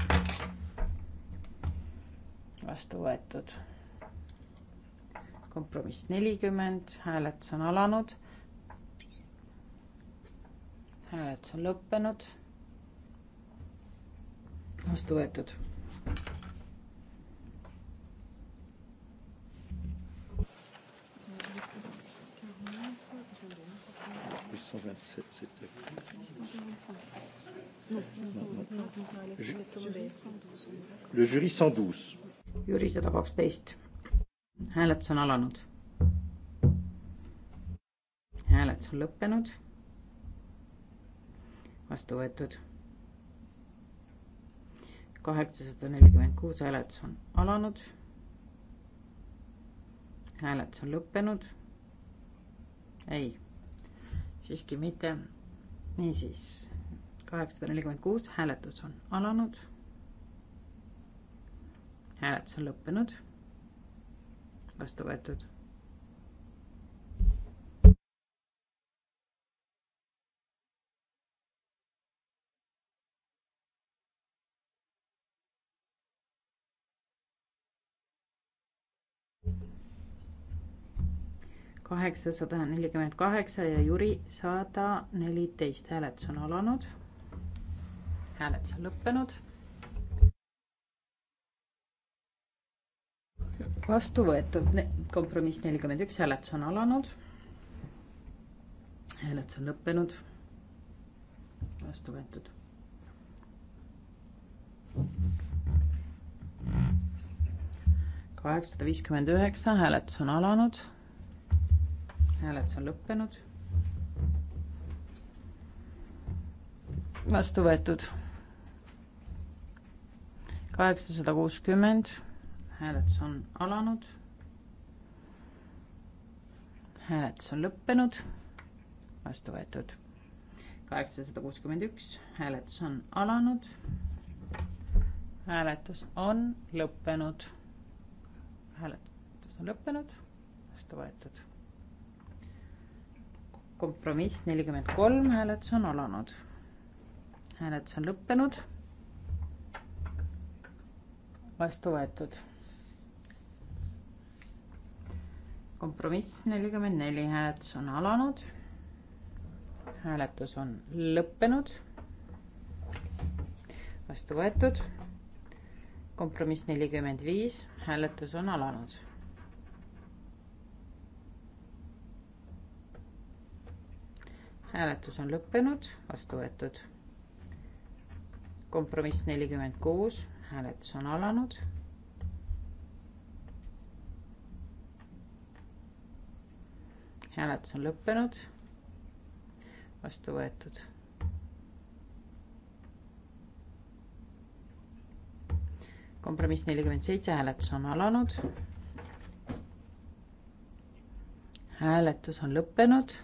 vastu võetud kompromiss nelikümmend, hääletus on alanud. hääletus on lõppenud. vastu võetud. Le jury cent douze. jury sada kaksteist hääletus on alanud. hääletus on lõppenud. vastu võetud. kaheksasada nelikümmend kuus hääletus on alanud. hääletus on lõppenud. ei, siiski mitte. niisiis, kaheksasada nelikümmend kuus hääletus on alanud. hääletus on lõppenud vastu võetud. kaheksasada nelikümmend kaheksa ja Jüri sada neliteist hääletus on alanud. hääletus on lõppenud vastu võetud, kompromiss nelikümmend üks, hääletus on alanud. hääletus on lõppenud. vastu võetud. kaheksasada viiskümmend üheksa, hääletus on alanud. hääletus on lõppenud. vastu võetud. kaheksasada kuuskümmend hääletus on alanud. hääletus on lõppenud, vastu võetud. kaheksasada kuuskümmend üks, hääletus on alanud. hääletus on lõppenud. hääletus on lõppenud, vastu võetud. kompromiss nelikümmend kolm, hääletus on alanud. hääletus on lõppenud vastu võetud kompromiss nelikümmend neli, hääletus on alanud. hääletus on lõppenud. vastu võetud. kompromiss nelikümmend viis, hääletus on alanud. hääletus on lõppenud, vastu võetud. kompromiss nelikümmend kuus, hääletus on alanud hääletus on lõppenud. vastu võetud. kompromiss nelikümmend seitse, hääletus on alanud. hääletus on lõppenud.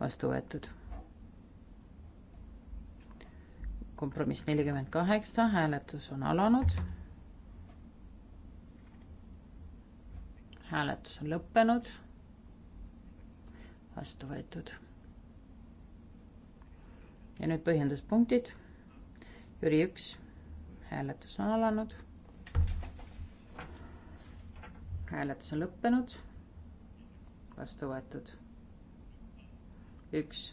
vastu võetud kompromiss nelikümmend kaheksa, hääletus on alanud. hääletus on lõppenud vastu võetud. ja nüüd põhjenduspunktid. Jüri üks, hääletus on alanud. hääletus on lõppenud, vastu võetud. üks,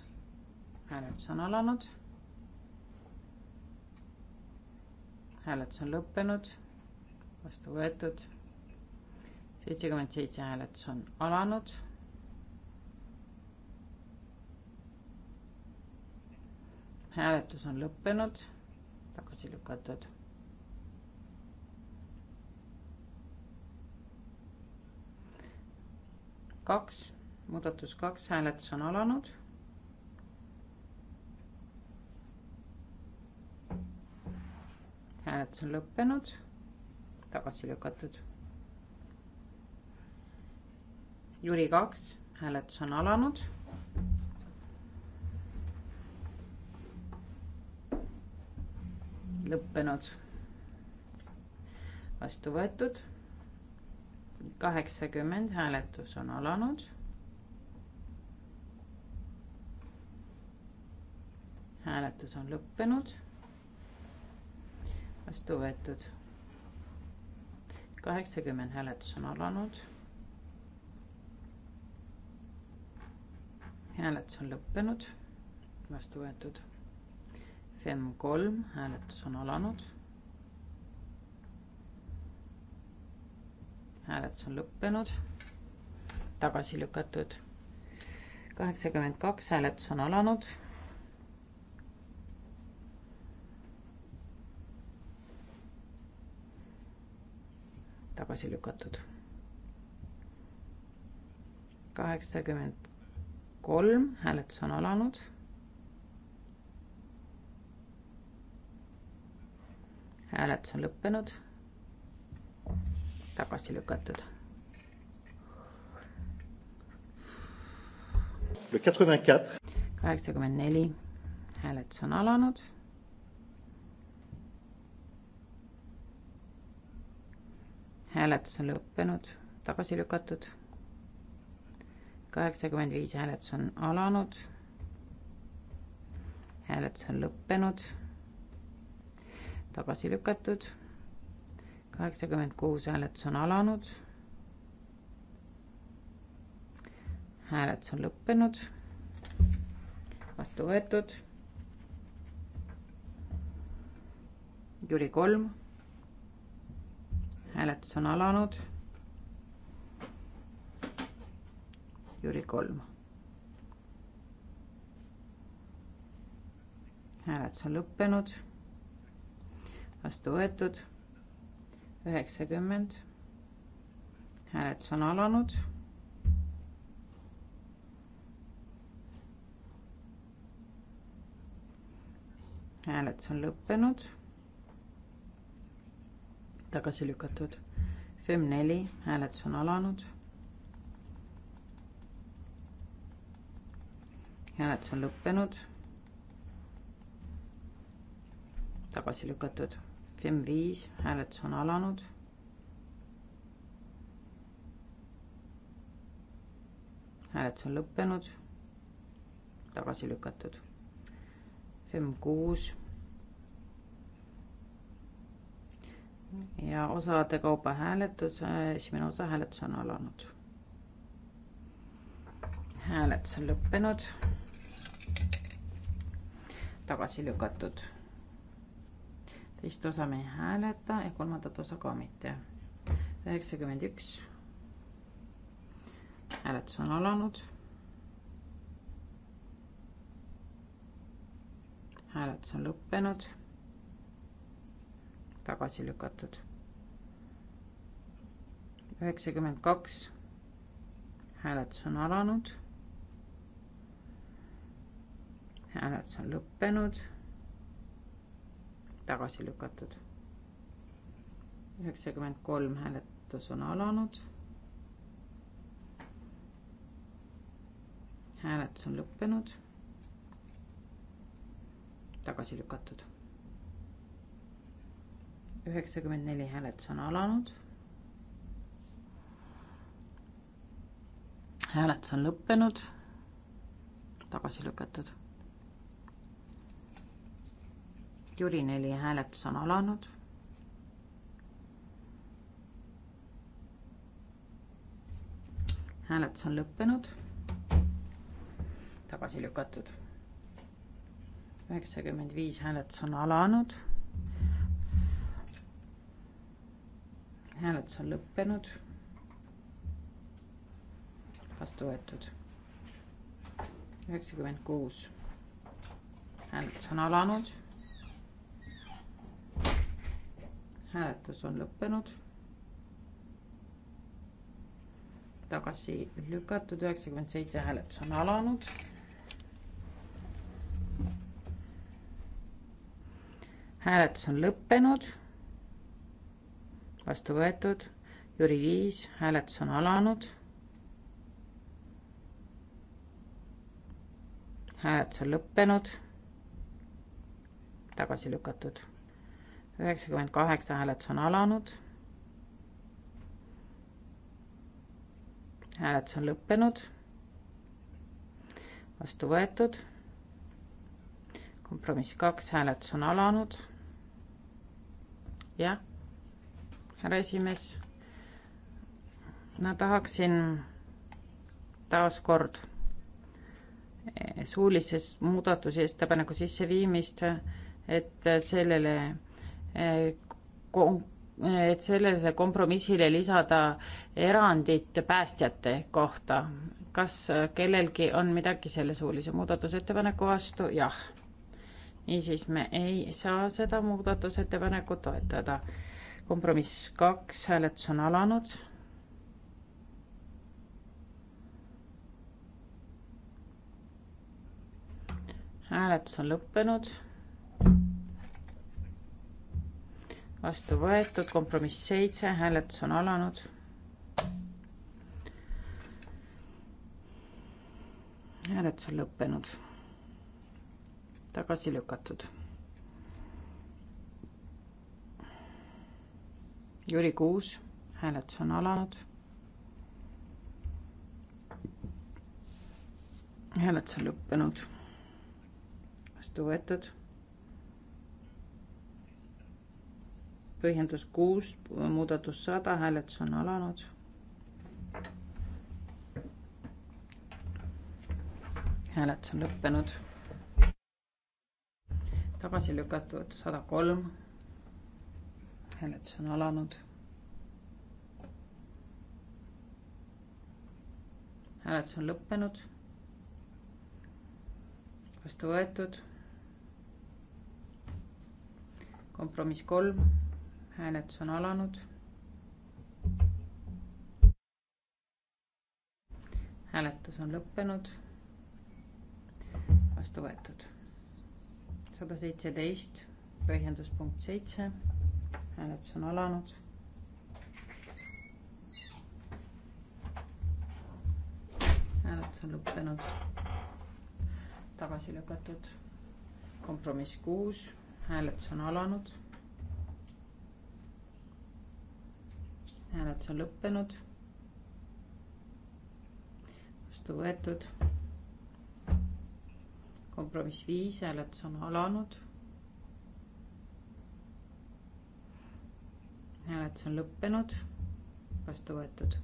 hääletus on alanud. hääletus on lõppenud, vastu võetud. seitsekümmend seitse hääletus on alanud hääletus on lõppenud, tagasi lükatud. kaks, muudatus kaks, hääletus on alanud. hääletus on lõppenud, tagasi lükatud. Jüri kaks, hääletus on alanud lõppenud. vastu võetud. kaheksakümmend, hääletus on alanud. hääletus on lõppenud. vastu võetud. kaheksakümmend, hääletus on alanud. hääletus on lõppenud. vastu võetud FEM kolm, hääletus on alanud. hääletus on lõppenud, tagasi lükatud. kaheksakümmend kaks, hääletus on alanud. tagasi lükatud. kaheksakümmend kolm, hääletus on alanud hääletus on lõppenud, tagasi lükatud. kaheksakümmend neli, hääletus on alanud. hääletus on lõppenud, tagasi lükatud. kaheksakümmend viis hääletus on alanud. hääletus on lõppenud tagasi lükatud. kaheksakümmend kuus hääletus on alanud. hääletus on lõppenud. vastu võetud. Jüri kolm. hääletus on alanud. Jüri kolm hääletus on lõppenud vastu võetud, üheksakümmend, hääletus on alanud. hääletus on lõppenud, tagasi lükatud, FEM neli, hääletus on alanud. hääletus on lõppenud tagasi lükatud. FEM viis, hääletus on alanud. hääletus on lõppenud, tagasi lükatud. FEM kuus. ja osade kaupa hääletus, äh, esimene osa hääletus on alanud. hääletus on lõppenud, tagasi lükatud teist osa me ei hääleta ja kolmandat osa ka mitte. üheksakümmend üks. hääletus on alanud. hääletus on lõppenud. tagasi lükatud. üheksakümmend kaks. hääletus on alanud. hääletus on lõppenud tagasi lükatud. üheksakümmend kolm hääletus on alanud. hääletus on lõppenud. tagasi lükatud. üheksakümmend neli hääletus on alanud. hääletus on lõppenud. tagasi lükatud Jüri neli hääletus on alanud. hääletus on lõppenud. tagasi lükatud. üheksakümmend viis hääletus on alanud. hääletus on lõppenud. vastu võetud. üheksakümmend kuus hääletus on alanud hääletus on lõppenud. tagasi lükatud, üheksakümmend seitse hääletus on alanud. hääletus on lõppenud. vastu võetud, Jüri viis, hääletus on alanud. hääletus on lõppenud tagasi lükatud üheksakümmend kaheksa hääletus on alanud. hääletus on lõppenud. vastu võetud. kompromiss kaks, hääletus on alanud. jah, härra esimees, ma tahaksin taaskord eh, suulises muudatusi ettepaneku sisseviimist, et sellele Eh, et sellele kompromissile lisada erandid päästjate kohta. kas äh, kellelgi on midagi selle suulise muudatusettepaneku vastu? jah. niisiis, me ei saa seda muudatusettepanekut toetada. kompromiss kaks, hääletus on alanud hääletus on lõppenud vastu võetud, kompromiss seitse, hääletus on alanud. hääletus on lõppenud. tagasi lükatud. Jüri Kuus, hääletus on alanud. hääletus on lõppenud. vastu võetud põhjendus kuus, muudatus sada, hääletus on alanud. hääletus on lõppenud. tagasi lükatud sada kolm. hääletus on alanud. hääletus on lõppenud. vastu võetud. kompromiss kolm hääletus on alanud. hääletus on lõppenud. vastu võetud. sada seitseteist, põhjenduspunkt seitse. hääletus on alanud. hääletus on lõppenud. tagasi lükatud. kompromiss kuus, hääletus on alanud hääletus on lõppenud. vastu võetud. kompromiss viis, hääletus on alanud. hääletus on lõppenud, vastu võetud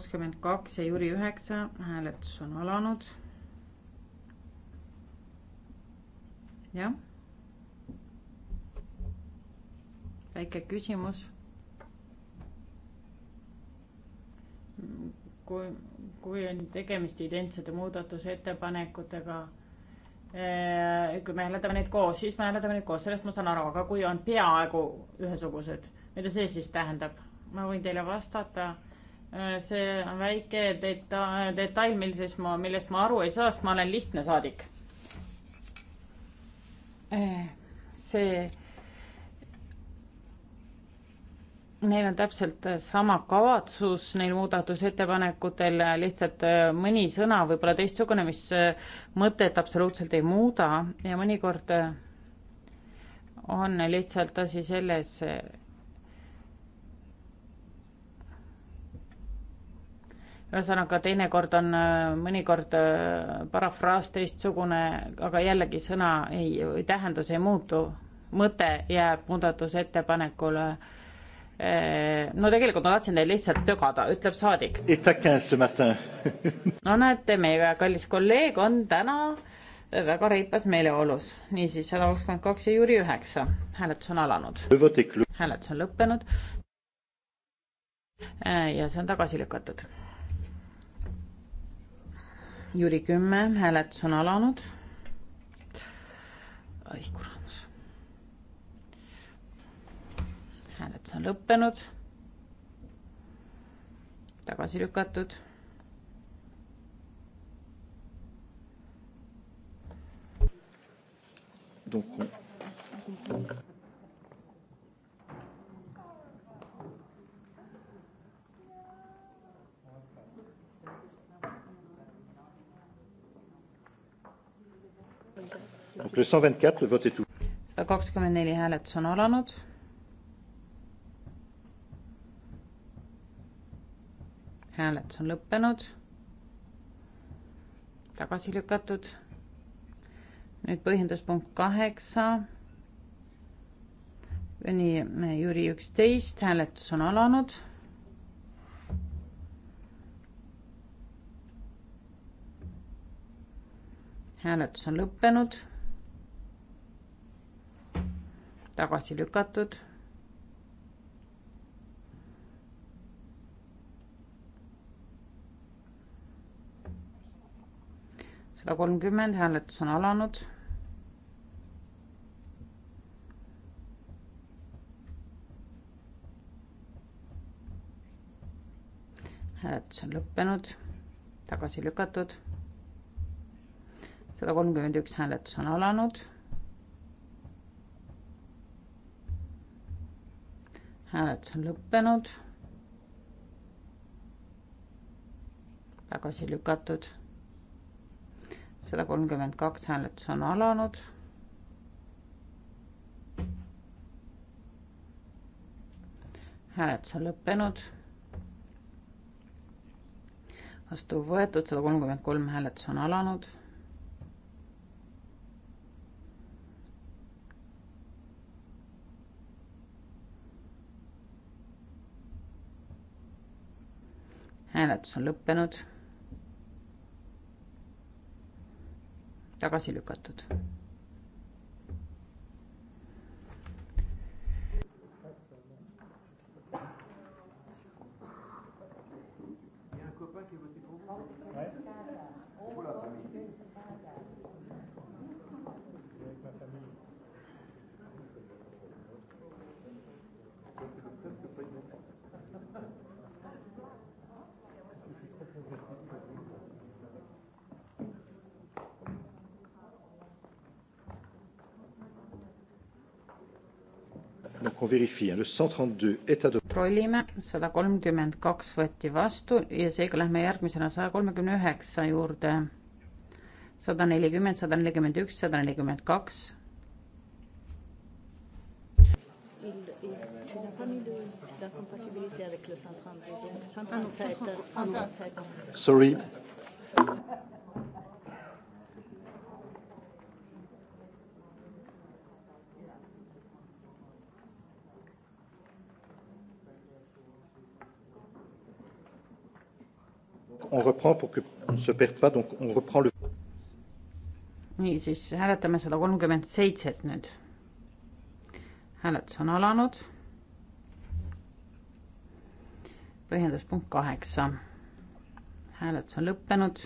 kakskümmend kaks ja Jüri üheksa, hääletus on alanud. jah. väike küsimus. kui, kui on tegemist identsete muudatusettepanekutega eh, kui me hääletame neid koos, siis me hääletame neid koos, sellest ma saan aru, aga kui on peaaegu ühesugused, mida see siis tähendab? ma võin teile vastata Äh, see on väike deta-, äh, detail, millises ma, millest ma aru ei saa, sest ma olen lihtne saadik. Äh, see, neil on täpselt sama kavatsus neil muudatusettepanekutel, lihtsalt mõni sõna võib-olla teistsugune, mis mõtet absoluutselt ei muuda ja mõnikord on lihtsalt asi selles, ühesõnaga, teinekord on äh, mõnikord äh, parafraas teistsugune, aga jällegi sõna ei, või tähendus ei muutu, mõte jääb muudatusettepanekule. Äh, no tegelikult ma tahtsin teid lihtsalt tögada, ütleb saadik. no näete, meie kallis kolleeg on täna väga reipas meeleolus. niisiis sada kakskümmend kaks ja Jüri üheksa. hääletus on alanud. hääletus on lõppenud. ja see on tagasi lükatud Jüri kümme, hääletus on alanud. ai kurat. hääletus on lõppenud. tagasi lükatud. Donc on... sada kakskümmend neli hääletus on alanud. hääletus on lõppenud. tagasi lükatud. nüüd põhjenduspunkt kaheksa kuni Jüri üksteist, hääletus on alanud. hääletus on lõppenud tagasi lükatud. sada kolmkümmend, hääletus on alanud. hääletus on lõppenud, tagasi lükatud. sada kolmkümmend üks hääletus on alanud hääletus on lõppenud. tagasi lükatud. sada kolmkümmend kaks hääletus on alanud. hääletus on lõppenud. vastu võetud sada kolmkümmend kolm hääletus on alanud hääletus on lõppenud. tagasi lükatud kontrollime, sada kolmkümmend kaks võeti vastu ja seega lähme järgmisena saja kolmekümne üheksa juurde. sada nelikümmend, sada nelikümmend üks, sada nelikümmend kaks. tu n'as pas mis d'incompatibilité avec le 132. 137. 137. Sorry. on reprend pour que on se perde pas, donc on reprend le. nii, siis hääletame sada kolmkümmend seitset nüüd. hääletus on alanud. põhjendus punkt kaheksa. hääletus on lõppenud,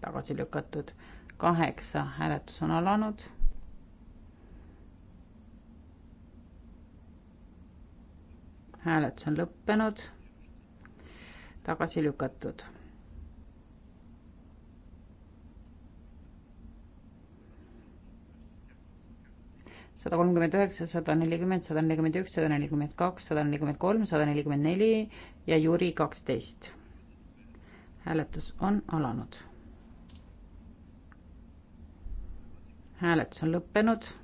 tagasi lükatud. kaheksa, hääletus on alanud hääletus on lõppenud, tagasi lükatud sada kolmkümmend üheksa, sada nelikümmend, sada nelikümmend üks, sada nelikümmend kaks, sada nelikümmend kolm, sada nelikümmend neli ja Jüri kaksteist. hääletus on alanud. hääletus on lõppenud.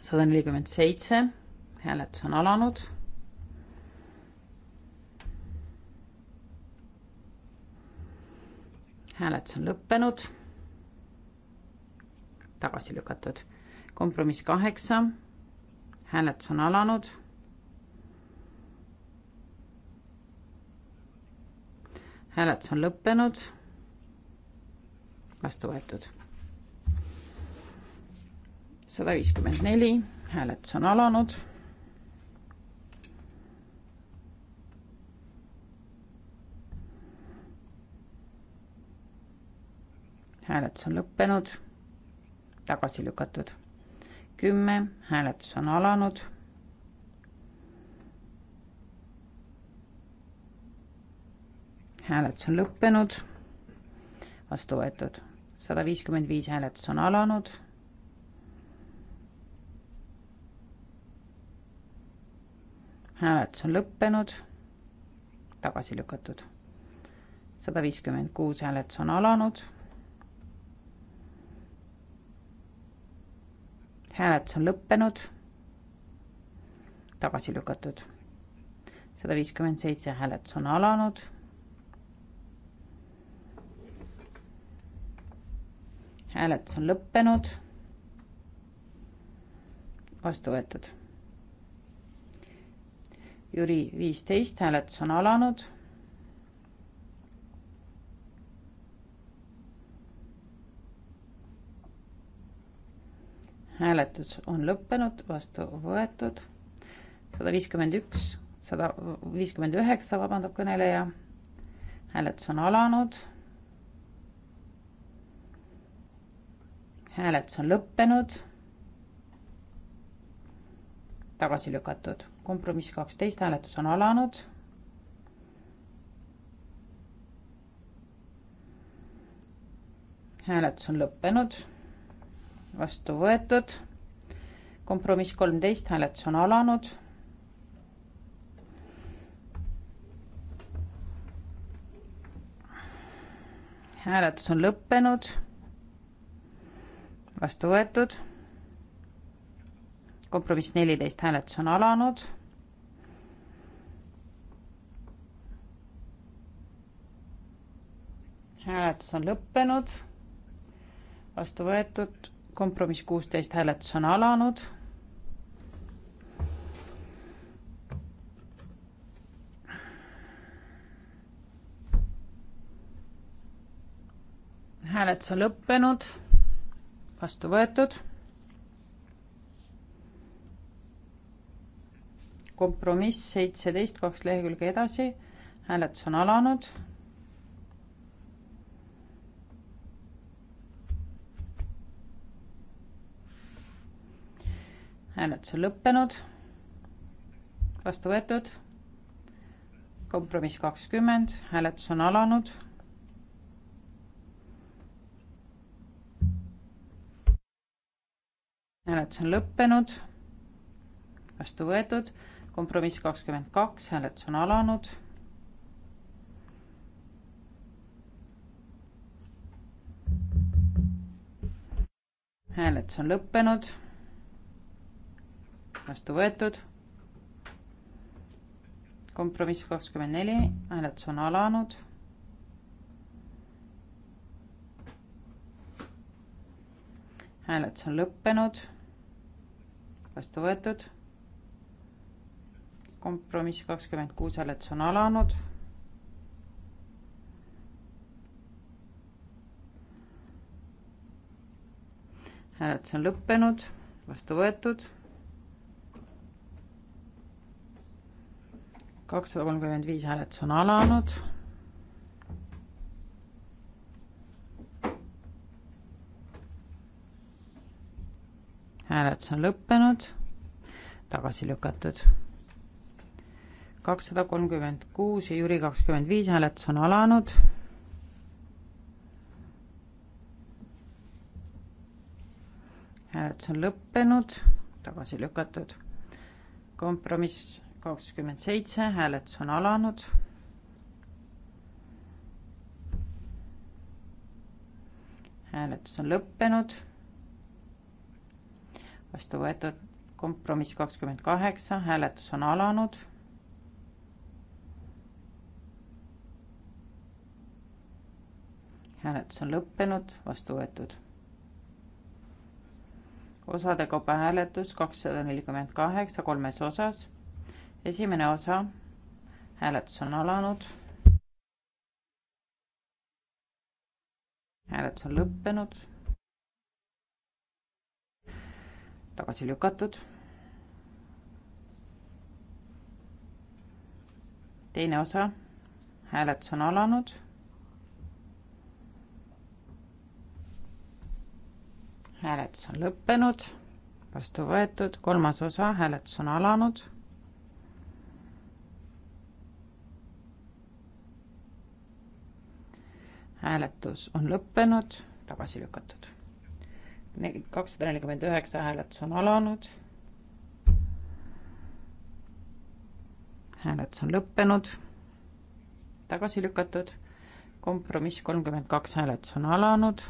sada nelikümmend seitse, hääletus on alanud hääletus on lõppenud. tagasi lükatud. kompromiss kaheksa. hääletus on alanud. hääletus on lõppenud. vastu võetud. sada viiskümmend neli, hääletus on alanud hääletus on lõppenud, tagasi lükatud. kümme, hääletus on alanud. hääletus on lõppenud, vastu võetud. sada viiskümmend viis hääletus on alanud. hääletus on lõppenud, tagasi lükatud. sada viiskümmend kuus hääletus on alanud hääletus on lõppenud, tagasi lükatud. sada viiskümmend seitse hääletus on alanud. hääletus on lõppenud, vastu võetud. Jüri viisteist hääletus on alanud hääletus on lõppenud, vastu võetud sada viiskümmend üks, sada viiskümmend üheksa, vabandab kõneleja. hääletus on alanud. hääletus on lõppenud. tagasi lükatud, kompromiss kaksteist, hääletus on alanud. hääletus on lõppenud vastu võetud. kompromiss kolmteist, hääletus on alanud. hääletus on lõppenud. vastu võetud. kompromiss neliteist, hääletus on alanud. hääletus on lõppenud vastu võetud kompromiss kuusteist hääletus on alanud. hääletus on lõppenud, vastu võetud. kompromiss seitseteist, kaks lehekülge edasi, hääletus on alanud hääletus on lõppenud, vastu võetud, kompromiss kakskümmend, hääletus on alanud. hääletus on lõppenud, vastu võetud, kompromiss kakskümmend kaks, hääletus on alanud hääletus on lõppenud vastu võetud. kompromiss kakskümmend neli, hääletus on alanud. hääletus on lõppenud, vastu võetud. kompromiss kakskümmend kuus, hääletus on alanud hääletus on lõppenud, vastu võetud kakssada kolmkümmend viis hääletus on alanud. hääletus on lõppenud, tagasi lükatud. kakssada kolmkümmend kuus ja Jüri kakskümmend viis hääletus on alanud. hääletus on lõppenud, tagasi lükatud. kompromiss kakskümmend seitse, hääletus on alanud. hääletus on lõppenud. vastu võetud kompromiss kakskümmend kaheksa, hääletus on alanud. hääletus on lõppenud, vastu võetud osade kaupa hääletus kakssada nelikümmend kaheksa kolmes osas esimene osa, hääletus on alanud. hääletus on lõppenud. tagasi lükatud. teine osa, hääletus on alanud. hääletus on lõppenud, vastu võetud, kolmas osa, hääletus on alanud hääletus on lõppenud, tagasi lükatud. kakssada nelikümmend üheksa hääletus on alanud. hääletus on lõppenud, tagasi lükatud. kompromiss kolmkümmend kaks hääletus on alanud.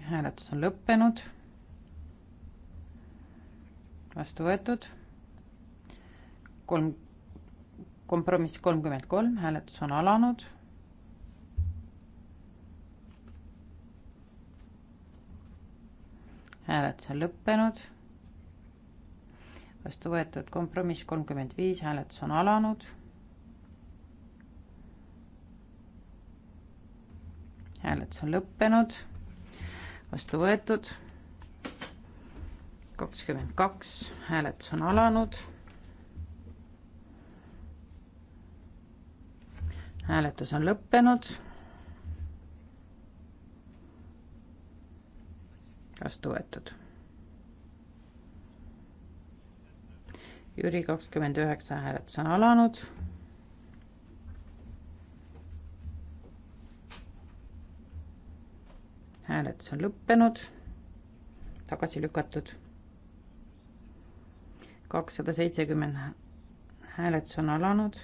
hääletus on lõppenud. vastu võetud kolm kompromiss kolmkümmend kolm, hääletus on alanud. hääletus on lõppenud. vastu võetud kompromiss kolmkümmend viis, hääletus on alanud. hääletus on lõppenud, vastu võetud kakskümmend kaks, hääletus on alanud hääletus on lõppenud. vastu võetud. Jüri kakskümmend üheksa hääletus on alanud. hääletus on lõppenud, tagasi lükatud. kakssada seitsekümmend hääletus on alanud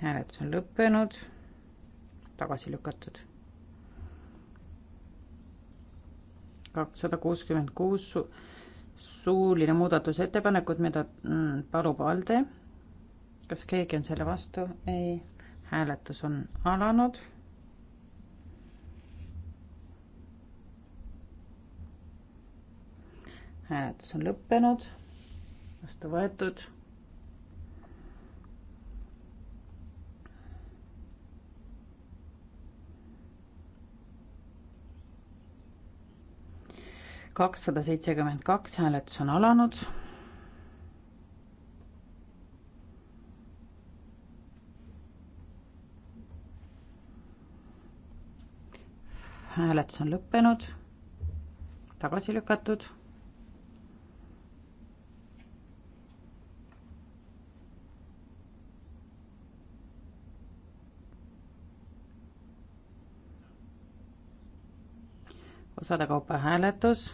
hääletus on lõppenud, tagasi lükatud. kakssada kuuskümmend kuus suuline muudatusettepanekud, mida mm, palub ALDE. kas keegi on selle vastu? ei. hääletus on alanud. hääletus on lõppenud, vastu võetud kakssada seitsekümmend kaks, hääletus on alanud. hääletus on lõppenud, tagasi lükatud osade kaupa hääletus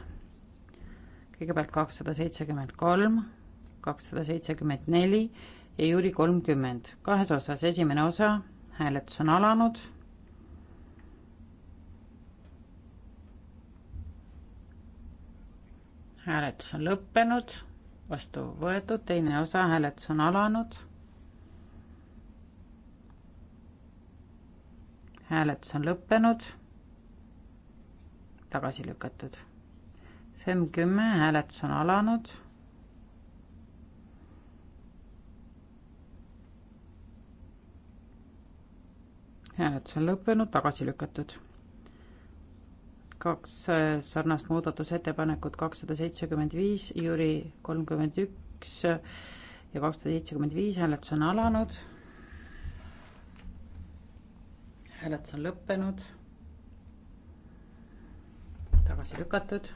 kõigepealt kakssada seitsekümmend kolm, kakssada seitsekümmend neli ja Jüri kolmkümmend. kahes osas, esimene osa, hääletus on alanud. hääletus on lõppenud, vastu võetud, teine osa, hääletus on alanud hääletus on lõppenud, tagasi lükatud FEM kümme, hääletus on alanud. hääletus on lõppenud, tagasi lükatud. kaks äh, sarnast muudatusettepanekut, kakssada seitsekümmend viis, Jüri kolmkümmend üks ja kakssada seitsekümmend viis, hääletus on alanud. hääletus on lõppenud, tagasi lükatud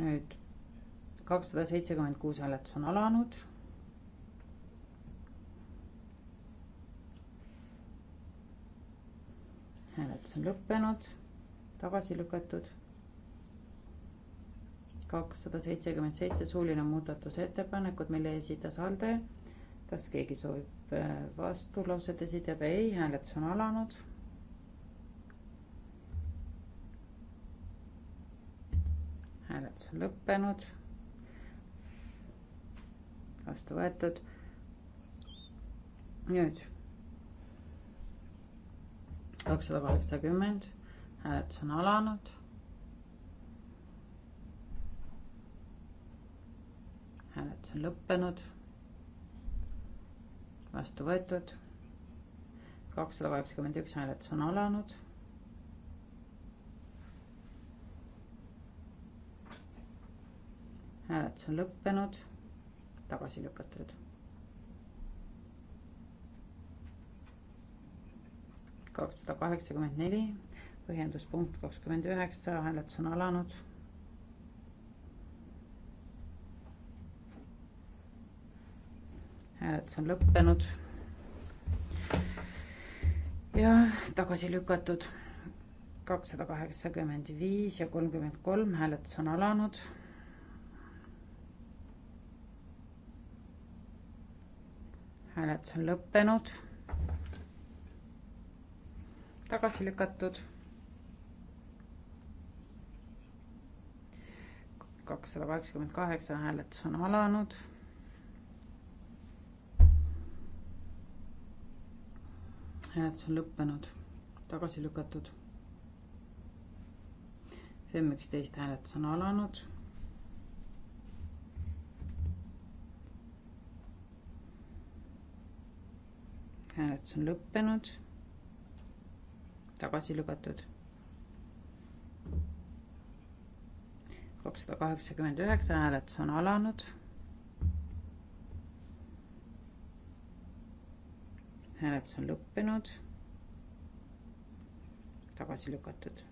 nüüd kakssada seitsekümmend kuus hääletus on alanud. hääletus on lõppenud, tagasi lükatud. kakssada seitsekümmend seitse suuline muudatusettepanekut, mille esitas Alde. kas keegi soovib äh, vastulauset esitada? ei, hääletus on alanud hääletus on lõppenud. vastu võetud. nüüd kakssada kaheksakümmend, hääletus on alanud. hääletus on lõppenud. vastu võetud. kakssada kaheksakümmend üks hääletus on alanud hääletus on lõppenud, tagasi lükatud. kakssada kaheksakümmend neli, põhjenduspunkt kakskümmend üheksa, hääletus on alanud. hääletus on lõppenud ja tagasi lükatud kakssada kaheksakümmend viis ja kolmkümmend kolm hääletus on alanud hääletus on lõppenud. tagasi lükatud. kakssada kaheksakümmend kaheksa hääletus on alanud. hääletus on lõppenud, tagasi lükatud. FEM üksteist hääletus on alanud hääletus on lõppenud. tagasi lükatud. kakssada kaheksakümmend üheksa hääletus on alanud. hääletus on lõppenud. tagasi lükatud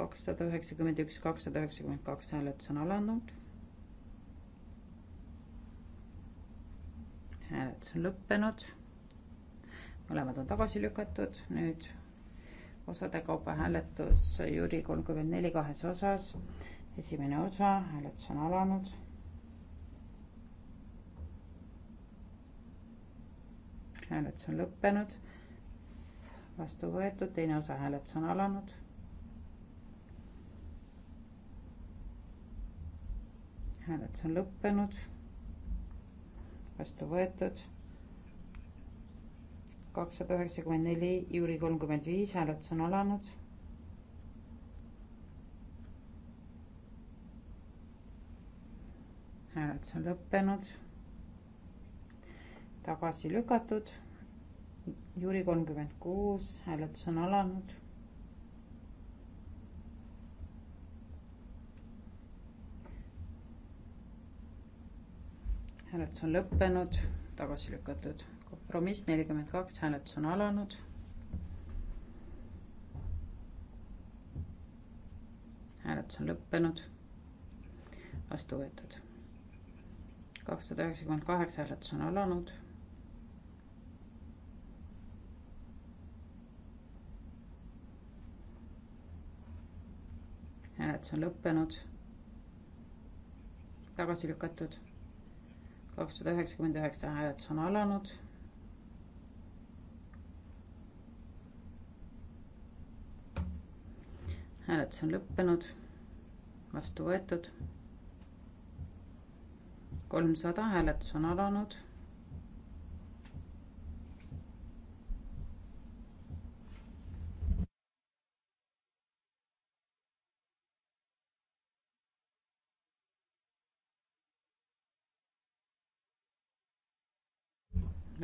kakssada üheksakümmend üks, kakssada üheksakümmend kaks hääletus on alanud hääletus on lõppenud. mõlemad on tagasi lükatud, nüüd osade kaupa hääletus Jüri kolmkümmend neli kahes osas. esimene osa, hääletus on alanud. hääletus on lõppenud, vastu võetud, teine osa hääletus on alanud. hääletus on lõppenud vastu võetud. kakssada üheksakümmend neli, Jüri kolmkümmend viis, hääletus on alanud. hääletus on lõppenud. tagasi lükatud. Jüri kolmkümmend kuus, hääletus on alanud hääletus on lõppenud, tagasi lükatud. kompromiss nelikümmend kaks, hääletus on alanud. hääletus on lõppenud, vastu võetud. kakssada üheksakümmend kaheksa hääletus on alanud hääletus on lõppenud, tagasi lükatud kakssada üheksakümmend üheksa hääletus on alanud. hääletus on lõppenud, vastu võetud. kolmsada hääletus on alanud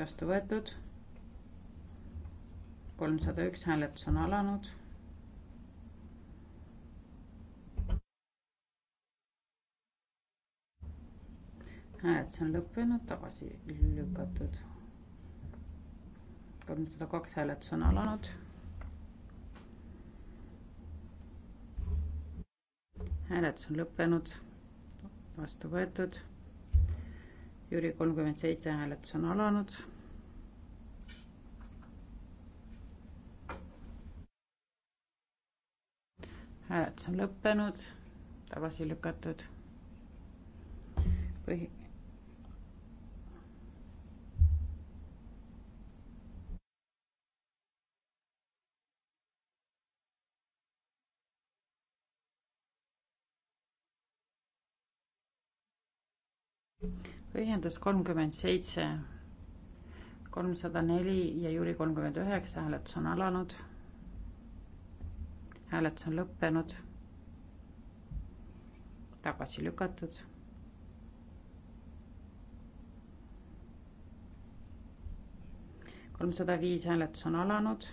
vastu võetud. kolmsada üks hääletus on alanud. hääletus on lõppenud, tagasi lükatud. kolmsada kaks hääletus on alanud. hääletus on lõppenud, vastu võetud Jüri kolmkümmend seitse hääletus on alanud. hääletus on lõppenud, tagasi lükatud. põhi. põhjendus kolmkümmend seitse, kolmsada neli ja juuli kolmkümmend üheksa hääletus on alanud hääletus on lõppenud, tagasi lükatud. kolmsada viis hääletus on alanud.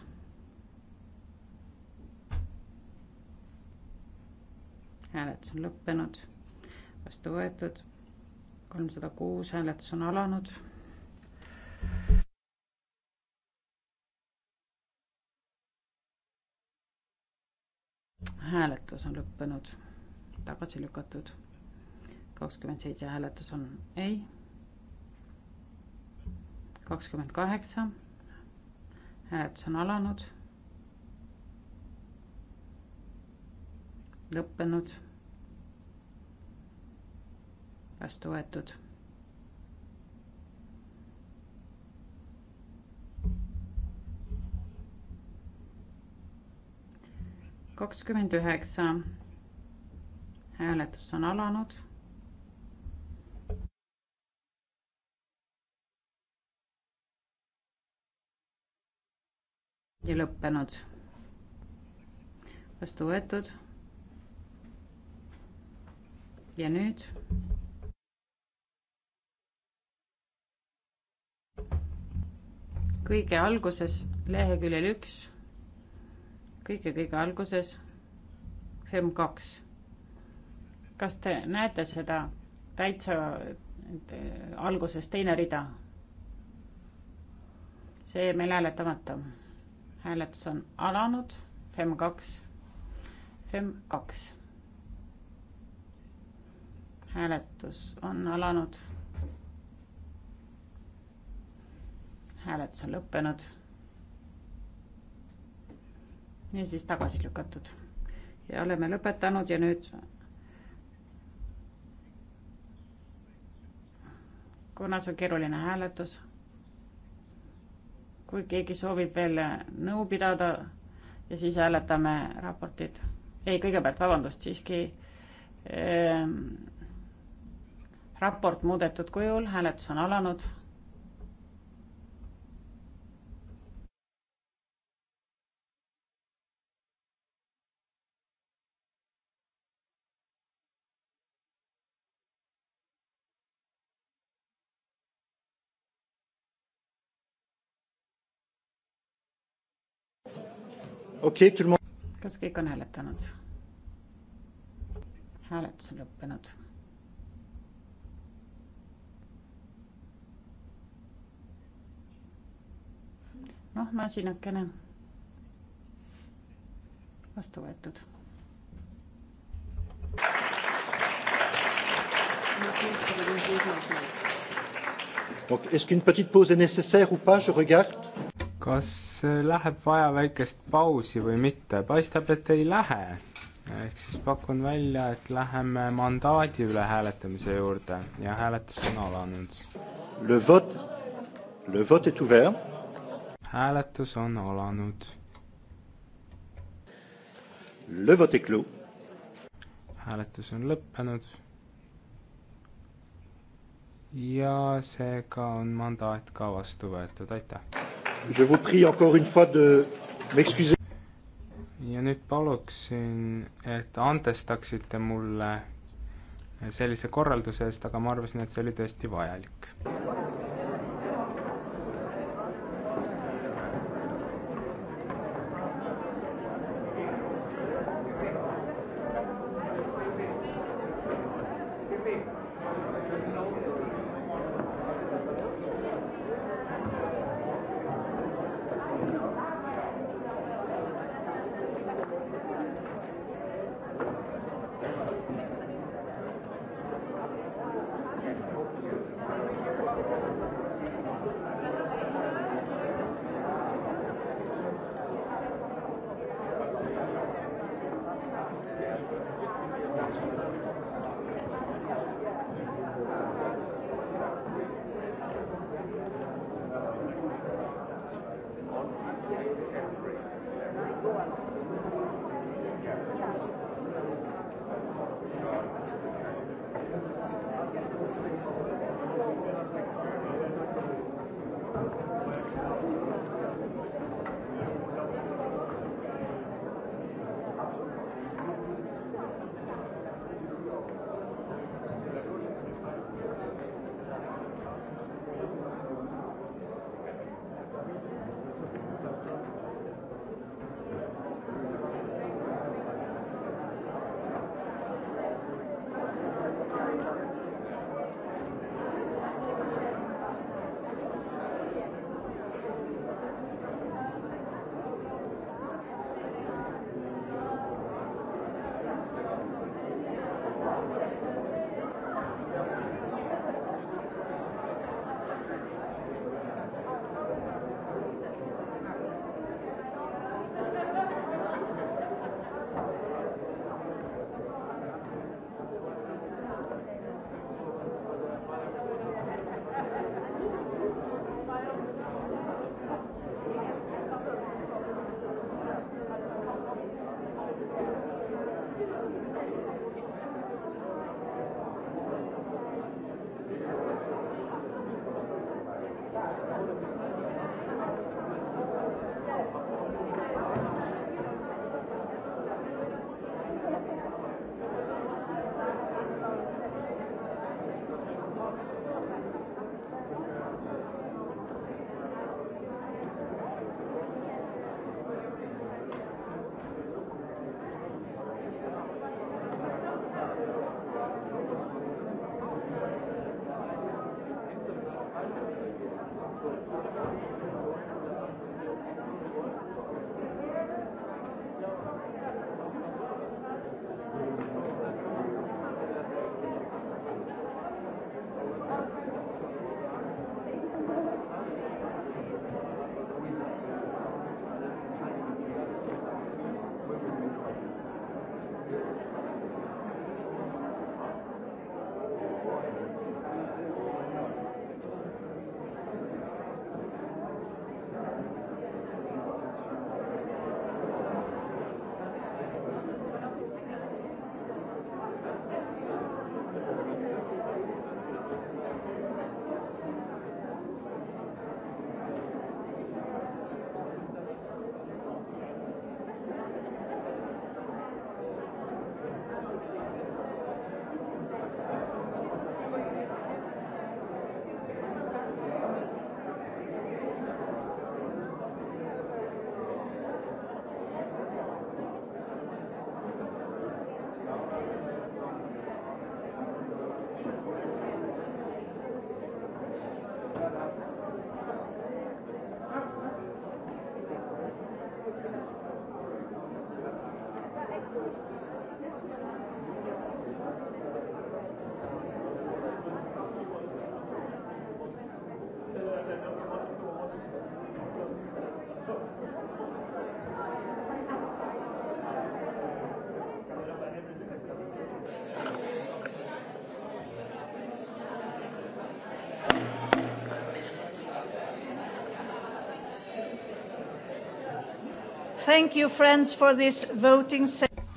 hääletus on lõppenud, vastu võetud. kolmsada kuus hääletus on alanud hääletus on lõppenud, tagasi lükatud. kakskümmend seitse hääletus on ei. kakskümmend kaheksa hääletus on alanud. lõppenud. vastu võetud kakskümmend üheksa. hääletus on alanud. ja lõppenud. vastu võetud. ja nüüd. kõige alguses leheküljel üks kõige, kõige alguses FEM kaks. kas te näete seda täitsa äh, alguses teine rida? see meil hääletamata. hääletus on alanud, FEM kaks, FEM kaks. hääletus on alanud. hääletus on lõppenud ja siis tagasi lükatud. ja oleme lõpetanud ja nüüd kuna see on keeruline hääletus, kui keegi soovib veel nõu pidada ja siis hääletame raportit. ei, kõigepealt vabandust, siiski ähm, raport muudetud kujul, hääletus on alanud okei okay,, kas kõik on hääletanud? hääletus on lõppenud. noh, masinakene vastu võetud. Donc, est-ce qu'une petite pause est nécessaire ou pas Je regarde kas äh, läheb vaja väikest pausi või mitte, paistab, et ei lähe. ehk siis pakun välja, et läheme mandaadi üle hääletamise juurde ja hääletus on alanud. Le vote, le vote est ouvert. hääletus on alanud. Le vote est clos. hääletus on lõppenud ja seega on mandaat ka vastu võetud, aitäh! Je vous prie encore une fois de m'excuser. ja nüüd paluksin, et andestaksite mulle sellise korralduse eest, aga ma arvasin, et see oli tõesti vajalik.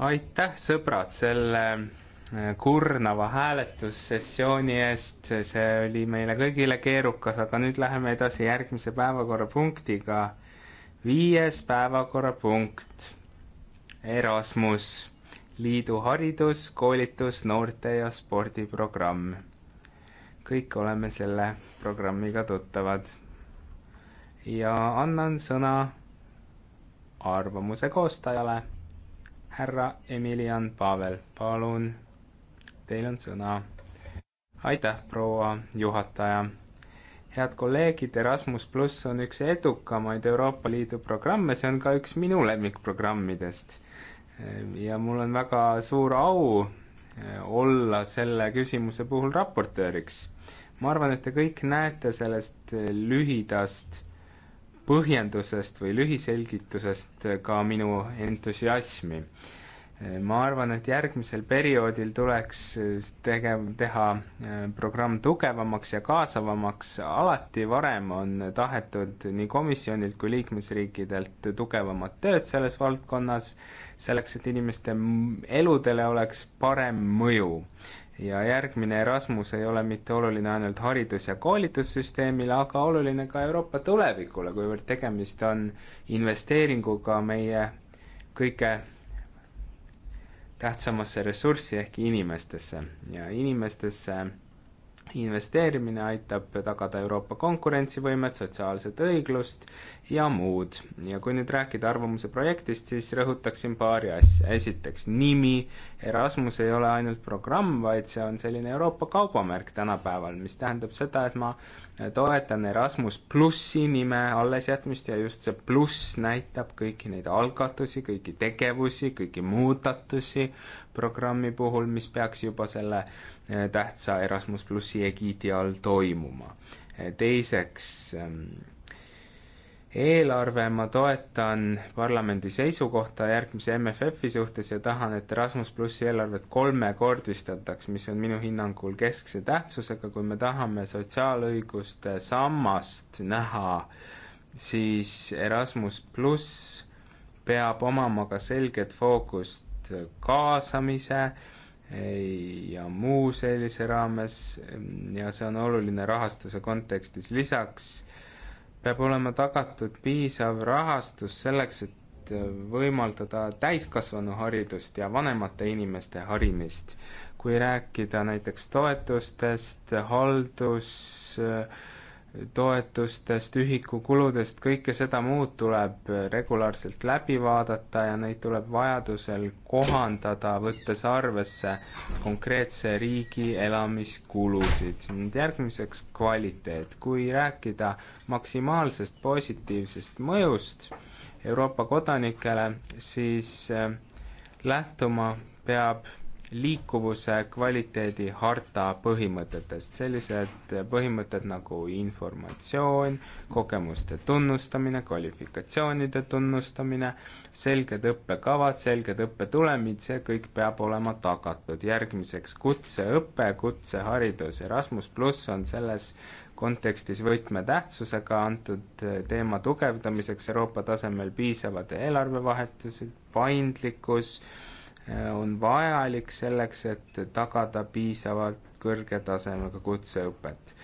aitäh, sõbrad, selle äh, kurnava hääletussessiooni eest, see oli meile kõigile keerukas, aga nüüd läheme edasi järgmise päevakorrapunktiga. viies päevakorrapunkt, Erasmus, liidu haridus, koolitus, noorte ja spordiprogramm. kõik oleme selle programmiga tuttavad. ja annan sõna arvamuse koostajale, härra Emilian Pavel, palun, teil on sõna. aitäh, proua juhataja. head kolleegid, Erasmus pluss on üks edukamaid Euroopa Liidu programme, see on ka üks minu lemmikprogrammidest. ja mul on väga suur au eh, olla selle küsimuse puhul raportööriks. ma arvan, et te kõik näete sellest eh, lühidast põhjendusest või lühiselgitusest ka minu entusiasmi. ma arvan, et järgmisel perioodil tuleks tegev, teha äh, programm tugevamaks ja kaasavamaks, alati varem on tahetud nii komisjonilt kui liikmesriikidelt tugevamat tööd selles valdkonnas, selleks, et inimeste eludele oleks parem mõju ja järgmine Erasmus ei ole mitte oluline ainult haridus- ja koolitussüsteemile, aga oluline ka Euroopa tulevikule, kuivõrd tegemist on investeeringuga meie kõige tähtsamasse ressurssi ehk inimestesse ja inimestesse investeerimine aitab tagada Euroopa konkurentsivõimet, sotsiaalset õiglust ja muud. ja kui nüüd rääkida arvamuse projektist, siis rõhutaksin paari asja. esiteks, nimi. Erasmus ei ole ainult programm, vaid see on selline Euroopa kaubamärk tänapäeval, mis tähendab seda, et ma toetan Erasmus plussi nime allesjätmist ja just see pluss näitab kõiki neid algatusi, kõiki tegevusi, kõiki muudatusi, programmi puhul, mis peaks juba selle eh, tähtsa Erasmus plussi egiidi all toimuma. Eh, teiseks, ehm, eelarve ma toetan parlamendi seisukohta järgmise MFF-i suhtes ja tahan, et Erasmus plussi eelarvet kolmekordistataks, mis on minu hinnangul keskse tähtsusega, kui me tahame sotsiaalõiguste sammast näha siis Erasmus pluss peab omama ka selget fookust et kaasamise ja muu sellise raames ja see on oluline rahastuse kontekstis. lisaks peab olema tagatud piisav rahastus selleks, et võimaldada täiskasvanuharidust ja vanemate inimeste harimist. kui rääkida näiteks toetustest, haldus äh,, toetustest, ühikukuludest, kõike seda muud tuleb regulaarselt läbi vaadata ja neid tuleb vajadusel kohandada, võttes arvesse konkreetse riigi elamiskulusid. nüüd järgmiseks kvaliteet. kui rääkida maksimaalsest positiivsest mõjust Euroopa kodanikele, siis eh, lähtuma peab liikuvuse kvaliteedi harta põhimõtetest, sellised põhimõtted nagu informatsioon, kogemuste tunnustamine, kvalifikatsioonide tunnustamine, selged õppekavad, selged õppetulemid, see kõik peab olema tagatud. järgmiseks kutseõpe, kutseharidus, Erasmus pluss on selles kontekstis võtmetähtsusega antud teema tugevdamiseks Euroopa tasemel piisavad eelarvevahetused, paindlikkus, Äh, on vajalik selleks, et tagada piisavalt kõrge tasemega kutseõpet.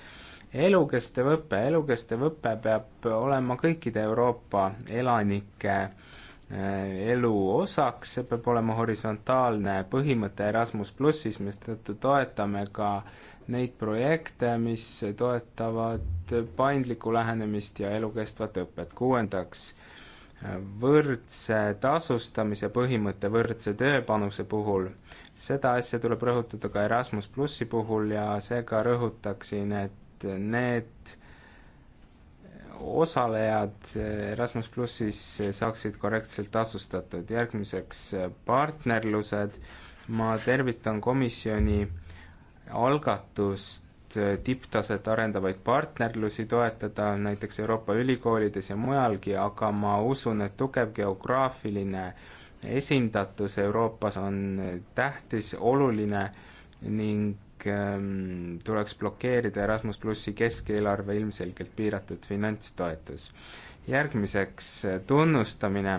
elukestev õpe, elukestev õpe peab olema kõikide Euroopa elanike äh, elu osaks, see peab olema horisontaalne põhimõte Erasmus plussis, mistõttu toetame ka neid projekte, mis toetavad paindlikku lähenemist ja elukestvat õpet. kuuendaks võrdse tasustamise põhimõte võrdse tööpanuse puhul. seda asja tuleb rõhutada ka Erasmus plussi puhul ja seega rõhutaksin, et need osalejad Erasmus plussis saaksid korrektselt tasustatud. järgmiseks partnerlused, ma tervitan komisjoni algatust tipptaset arendavaid partnerlusi toetada, näiteks Euroopa ülikoolides ja mujalgi, aga ma usun, et tugev geograafiline esindatus Euroopas on tähtis, oluline ning ähm, tuleks blokeerida Erasmus plussi keskeelarve ilmselgelt piiratud finantstoetus. järgmiseks, äh, tunnustamine.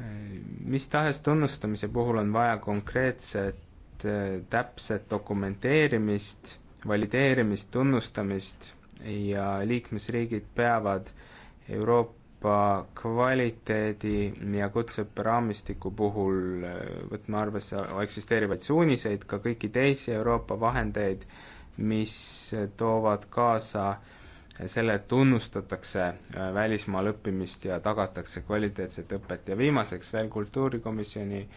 Äh, mis tahes tunnustamise puhul on vaja konkreetset Äh, täpset dokumenteerimist, valideerimist, tunnustamist ja liikmesriigid peavad Euroopa kvaliteedi ja kutseõppe raamistiku puhul äh, võtma arvesse eksisteerivaid suuniseid, ka kõiki teisi Euroopa vahendeid, mis toovad kaasa selle, et tunnustatakse äh, välismaal õppimist ja tagatakse kvaliteetset õpet ja viimaseks veel kultuurikomisjoni äh,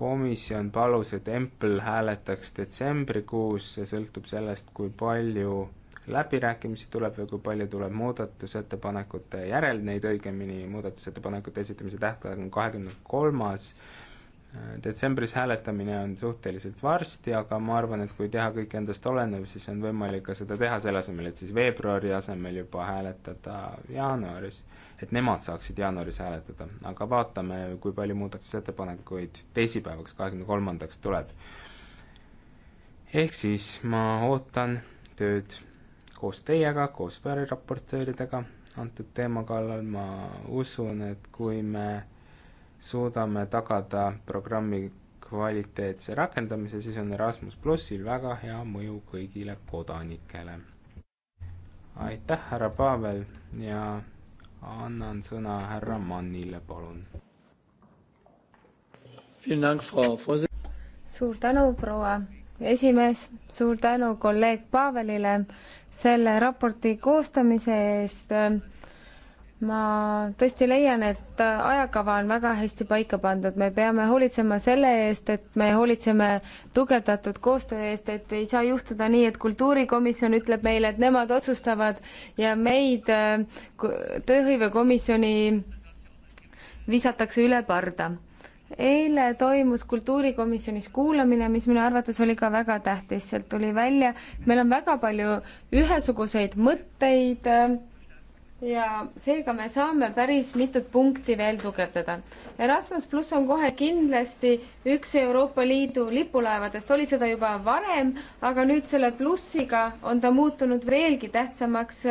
komisjon palus, et Empl hääletaks detsembrikuus, see sõltub sellest, kui palju läbirääkimisi tuleb või kui palju tuleb muudatusettepanekute järel neid õigemini, muudatusettepanekute esitamise tähtaeg on kahekümne kolmas, detsembris hääletamine on suhteliselt varsti, aga ma arvan, et kui teha kõik endast olenev, siis on võimalik ka seda teha, selle asemel, et siis veebruari asemel juba hääletada jaanuaris et nemad saaksid jaanuaris hääletada, aga vaatame, kui palju muudatusettepanekuid teisipäevaks, kahekümne kolmandaks tuleb. ehk siis ma ootan tööd koos teiega, koos väliraportööridega antud teema kallal, ma usun, et kui me suudame tagada programmi kvaliteetse rakendamise, siis on Erasmus plussil väga hea mõju kõigile kodanikele. aitäh, härra Pavel ja annan sõna härra Mannile, palun. suur tänu, proua esimees, suur tänu kolleeg Pavelile selle raporti koostamise eest ma tõesti leian, et ajakava on väga hästi paika pandud, me peame hoolitsema selle eest, et me hoolitseme tugevdatud koostöö eest, et ei saa juhtuda nii, et kultuurikomisjon ütleb meile, et nemad otsustavad ja meid äh, tööhõivekomisjoni visatakse üle parda eile toimus kultuurikomisjonis kuulamine, mis minu arvates oli ka väga tähtis, sealt tuli välja, et meil on väga palju ühesuguseid mõtteid äh, ja seega me saame päris mitut punkti veel tugevdada. Erasmus pluss on kohe kindlasti üks Euroopa Liidu lipulaevadest, oli seda juba varem, aga nüüd selle plussiga on ta muutunud veelgi tähtsamaks,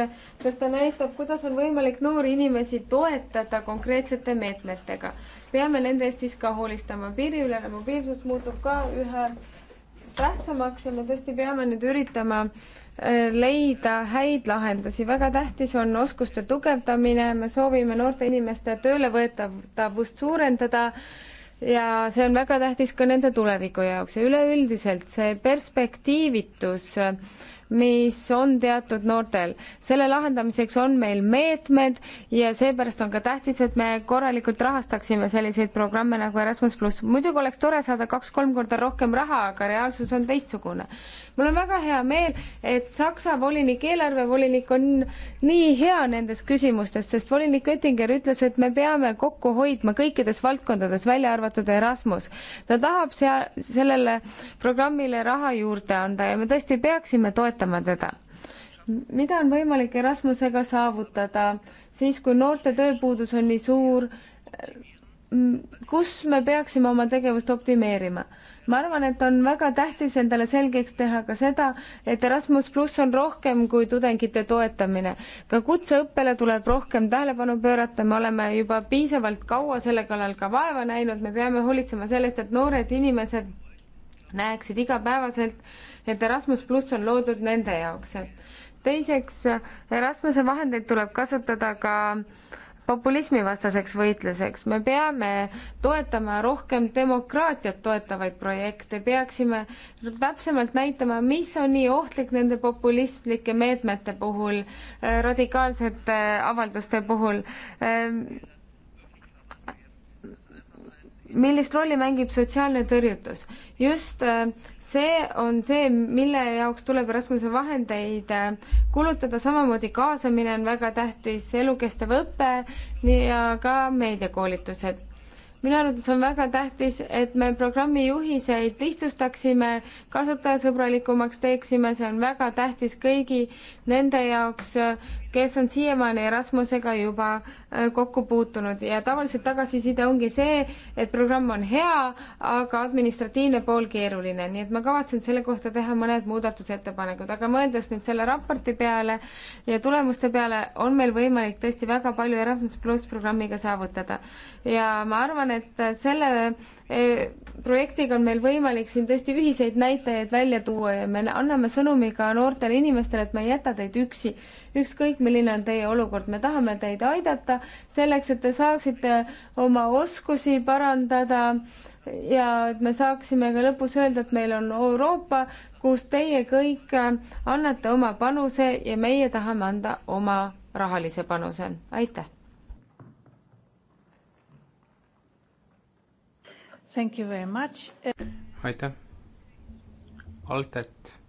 sest ta näitab, kuidas on võimalik noori inimesi toetada konkreetsete meetmetega. peame nende eest siis ka hoolistama, piiriülene mobiilsus muutub ka üha tähtsamaks ja me tõesti peame nüüd üritama äh, leida häid lahendusi. väga tähtis on oskuste tugevdamine, me soovime noorte inimeste töölevõetavust suurendada ja see on väga tähtis ka nende tuleviku jaoks ja üleüldiselt see perspektiivitus mis on teatud noortel. selle lahendamiseks on meil meetmed ja seepärast on ka tähtis, et me korralikult rahastaksime selliseid programme nagu Erasmus pluss. muidugi oleks tore saada kaks-kolm korda rohkem raha, aga reaalsus on teistsugune. mul on väga hea meel, et Saksa volinik, eelarvevolinik on nii hea nendes küsimustes, sest volinik Oettinger ütles, et me peame kokku hoidma kõikides valdkondades, välja arvatud Erasmus. ta tahab seal sellele programmile raha juurde anda ja me tõesti peaksime toetama toetama teda. mida on võimalik Erasmusega saavutada siis, kui noorte tööpuudus on nii suur? kus me peaksime oma tegevust optimeerima? ma arvan, et on väga tähtis endale selgeks teha ka seda, et Erasmus pluss on rohkem kui tudengite toetamine. ka kutseõppele tuleb rohkem tähelepanu pöörata, me oleme juba piisavalt kaua selle kallal ka vaeva näinud, me peame hoolitsema sellest, et noored inimesed näeksid igapäevaselt, et Erasmus pluss on loodud nende jaoks. teiseks, Erasmuse vahendeid tuleb kasutada ka populismivastaseks võitluseks. me peame toetama rohkem demokraatiat toetavaid projekte, peaksime täpsemalt näitama, mis on nii ohtlik nende populistlike meetmete puhul, radikaalsete avalduste puhul millist rolli mängib sotsiaalne tõrjutus? just äh, see on see, mille jaoks tuleb Rasmuse vahendeid äh, kulutada, samamoodi kaasamine on väga tähtis, elukestev õpe ja ka meediakoolitused minu arvates on väga tähtis, et me programmi juhiseid lihtsustaksime, kasutajasõbralikumaks teeksime, see on väga tähtis kõigi nende jaoks, äh, kes on siiamaani Erasmusega juba äh, kokku puutunud ja tavaliselt tagasiside ongi see, et programm on hea, aga administratiivne pool keeruline, nii et ma kavatsen selle kohta teha mõned muudatusettepanekud, aga mõeldes nüüd selle raporti peale ja tulemuste peale, on meil võimalik tõesti väga palju Erasmus pluss programmiga saavutada. ja ma arvan, et selle projektiga on meil võimalik siin tõesti ühiseid näitajaid välja tuua ja me anname sõnumi ka noortele inimestele, et me ei jäta teid üksi. ükskõik, milline on teie olukord, me tahame teid aidata selleks, et te saaksite oma oskusi parandada ja et me saaksime ka lõpus öelda, et meil on Euroopa, kus teie kõik äh, annate oma panuse ja meie tahame anda oma rahalise panuse. aitäh! Thank you very much. aitäh. Altet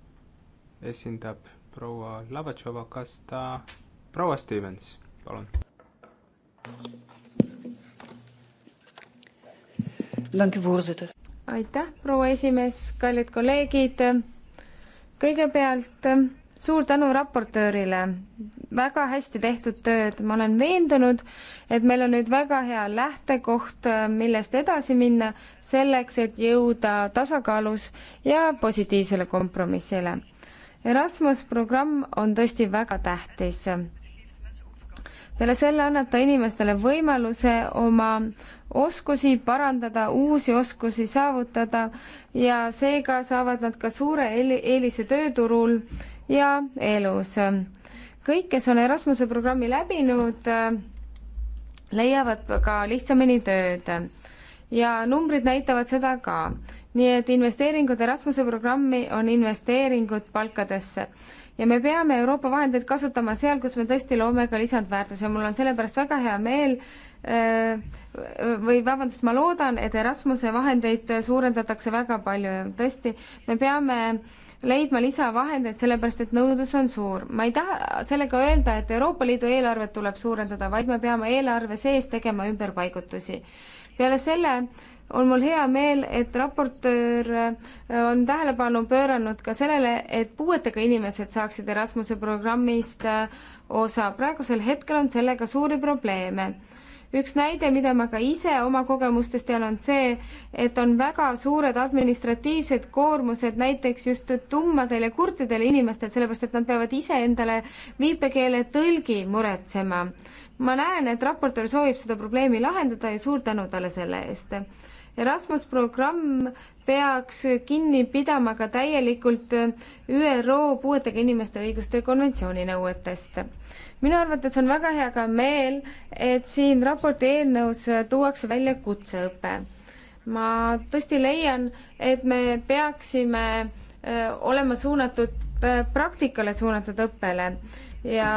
esindab proua Lavatšova, kas ta, proua Stevens, palun. aitäh, proua esimees, kallid kolleegid. kõigepealt suur tänu raportöörile, väga hästi tehtud tööd, ma olen veendunud, et meil on nüüd väga hea lähtekoht, millest edasi minna, selleks et jõuda tasakaalus ja positiivsele kompromissile. Erasmus programm on tõesti väga tähtis peale selle annab ta inimestele võimaluse oma oskusi parandada, uusi oskusi saavutada ja seega saavad nad ka suure eelise tööturul ja elus. kõik, kes on Erasmuse programmi läbinud, leiavad ka lihtsamini tööd ja numbrid näitavad seda ka. nii et investeeringud Erasmuse programmi on investeeringud palkadesse ja me peame Euroopa vahendeid kasutama seal, kus me tõesti loome ka lisandväärtuse, mul on selle pärast väga hea meel äh, või vabandust, ma loodan, et Erasmuse vahendeid suurendatakse väga palju ja tõesti, me peame leidma lisavahendeid, sellepärast et nõudlus on suur. ma ei taha sellega öelda, et Euroopa Liidu eelarvet tuleb suurendada, vaid me peame eelarve sees tegema ümberpaigutusi. peale selle on mul hea meel, et raportöör äh, on tähelepanu pööranud ka sellele, et puuetega inimesed saaksid Erasmuse programmist äh, osa. praegusel hetkel on sellega suuri probleeme üks näide, mida ma ka ise oma kogemustest tean, on see, et on väga suured administratiivsed koormused näiteks just tummadel ja kurtidel inimestel, sellepärast et nad peavad ise endale viipekeele tõlgi muretsema. ma näen, et raportöör soovib seda probleemi lahendada ja suur tänu talle selle eest. Erasmus programm peaks kinni pidama ka täielikult ÜRO puuetega inimeste õiguste konventsiooni nõuetest. minu arvates on väga hea ka meel, et siin raporti eelnõus tuuakse välja kutseõpe. ma tõesti leian, et me peaksime olema suunatud praktikale suunatud õppele ja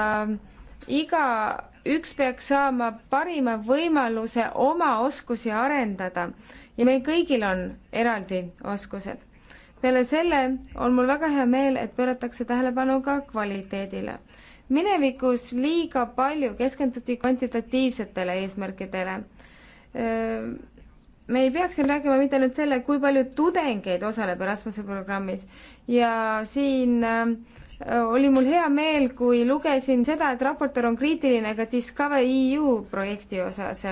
igaüks peaks saama parima võimaluse oma oskusi arendada ja meil kõigil on eraldi oskused. peale selle on mul väga hea meel, et pööratakse tähelepanu ka kvaliteedile. minevikus liiga palju keskenduti kvantitatiivsetele eesmärkidele. me ei peaks siin rääkima mitte ainult selle, kui palju tudengeid osaleb Erasmuse programmis ja siin äh, oli mul hea meel, kui lugesin seda, et raportöör on kriitiline ka Discover EU projekti osas.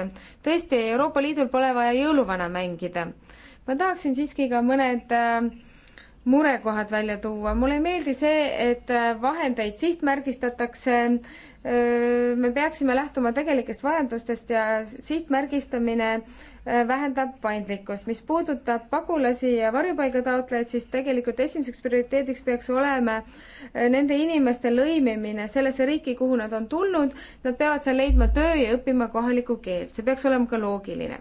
tõesti, Euroopa Liidul pole vaja jõuluvana mängida. ma tahaksin siiski ka mõned äh, murekohad välja tuua. mulle ei meeldi see, et äh, vahendeid sihtmärgistatakse. Äh, me peaksime lähtuma tegelikest vajadustest ja sihtmärgistamine äh, Äh, vähendab paindlikkust. mis puudutab pagulasi ja varjupaigataotlejaid, siis tegelikult esimeseks prioriteediks peaks olema äh, nende inimeste lõimimine sellesse riiki, kuhu nad on tulnud. Nad peavad seal leidma töö ja õppima kohalikku keelt, see peaks olema ka loogiline.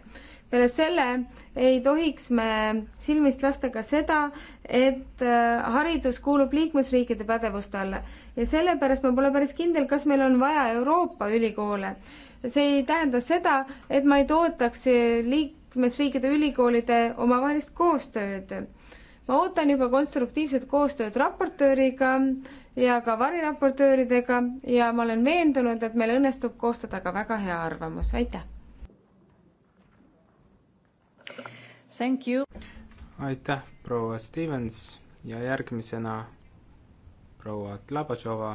peale selle ei tohiks me silmist lasta ka seda, et äh, haridus kuulub liikmesriikide pädevuste alla ja sellepärast ma pole päris kindel, kas meil on vaja Euroopa ülikoole see ei tähenda seda, et ma ei tootaks liikmesriikide ülikoolide omavahelist koostööd. ma ootan juba konstruktiivset koostööd raportööriga ja ka variraportööridega ja ma olen veendunud, et meil õnnestub koostada ka väga hea arvamus, aitäh! aitäh, proua Stevens ja järgmisena proua Tlabatšova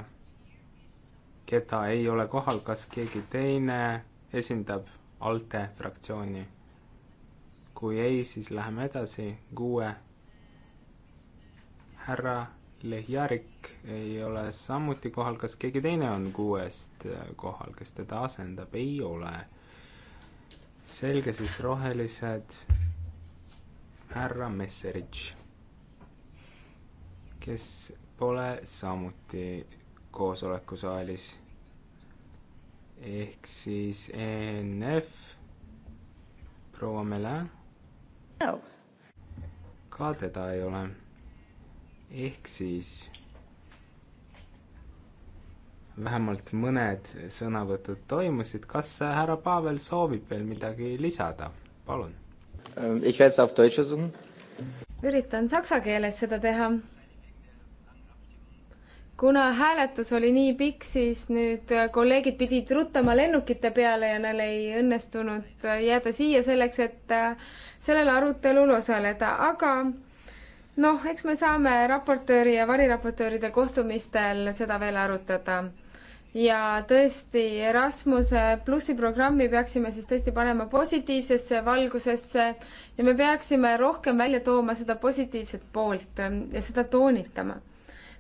keda ei ole kohal, kas keegi teine esindab ALTE fraktsiooni? kui ei, siis läheme edasi, kuue. härra Lehjarik ei ole samuti kohal, kas keegi teine on kuuest kohal, kes teda asendab, ei ole. selge siis, rohelised, härra Messerich, kes pole samuti koosolekusaalis. ehk siis ENF, proua Mele no.? ka teda ei ole. ehk siis vähemalt mõned sõnavõtud toimusid, kas härra Pavel soovib veel midagi lisada, palun? Ähm, üritan saksa keeles seda teha kuna hääletus oli nii pikk, siis nüüd kolleegid pidid ruttama lennukite peale ja neil ei õnnestunud jääda siia selleks, et äh, sellel arutelul osaleda, aga noh, eks me saame raportööri ja variraportööride kohtumistel seda veel arutada. ja tõesti, Erasmuse plussi programmi peaksime siis tõesti panema positiivsesse valgusesse ja me peaksime rohkem välja tooma seda positiivset poolt ja seda toonitama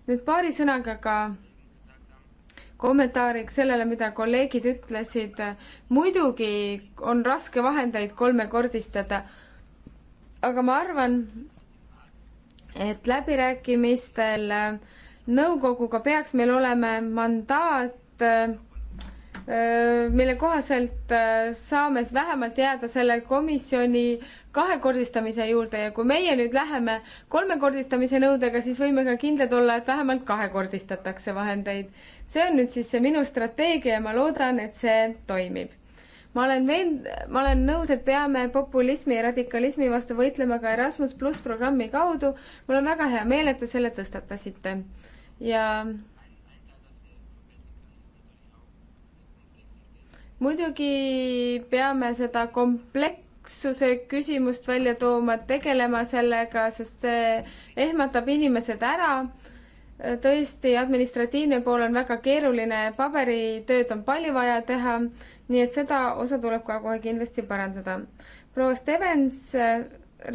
nüüd paari sõnaga ka kommentaariks sellele, mida kolleegid ütlesid. muidugi on raske vahendeid kolmekordistada. aga ma arvan, et läbirääkimistel nõukoguga peaks meil olema mandaat Äh, mille kohaselt äh, saame vähemalt jääda selle komisjoni kahekordistamise juurde ja kui meie nüüd läheme kolmekordistamise nõudega, siis võime ka kindlad olla, et vähemalt kahekordistatakse vahendeid. see on nüüd siis see minu strateegia ja ma loodan, et see toimib. ma olen veend-, ma olen nõus, et peame populismi ja radikalismi vastu võitlema ka Erasmus pluss programmi kaudu. mul on väga hea meel, et te selle tõstatasite ja muidugi peame seda komplekssuse küsimust välja tooma, tegelema sellega, sest see ehmatab inimesed ära. tõesti, administratiivne pool on väga keeruline, paberitööd on palju vaja teha, nii et seda osa tuleb ka kohe kindlasti parandada. proua Stevens äh,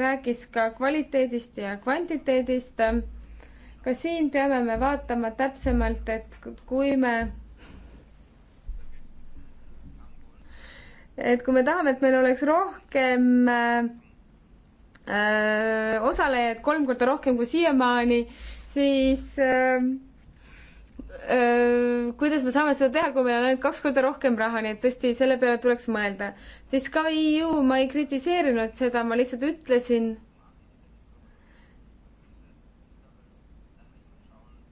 rääkis ka kvaliteedist ja kvantiteedist. ka siin peame me vaatama täpsemalt, et kui me et kui me tahame, et meil oleks rohkem äh, osalejaid, kolm korda rohkem kui siiamaani, siis äh, äh, kuidas me saame seda teha, kui meil on ainult kaks korda rohkem raha, nii et tõesti selle peale tuleks mõelda. Discovery EU, ma ei kritiseerinud seda, ma lihtsalt ütlesin,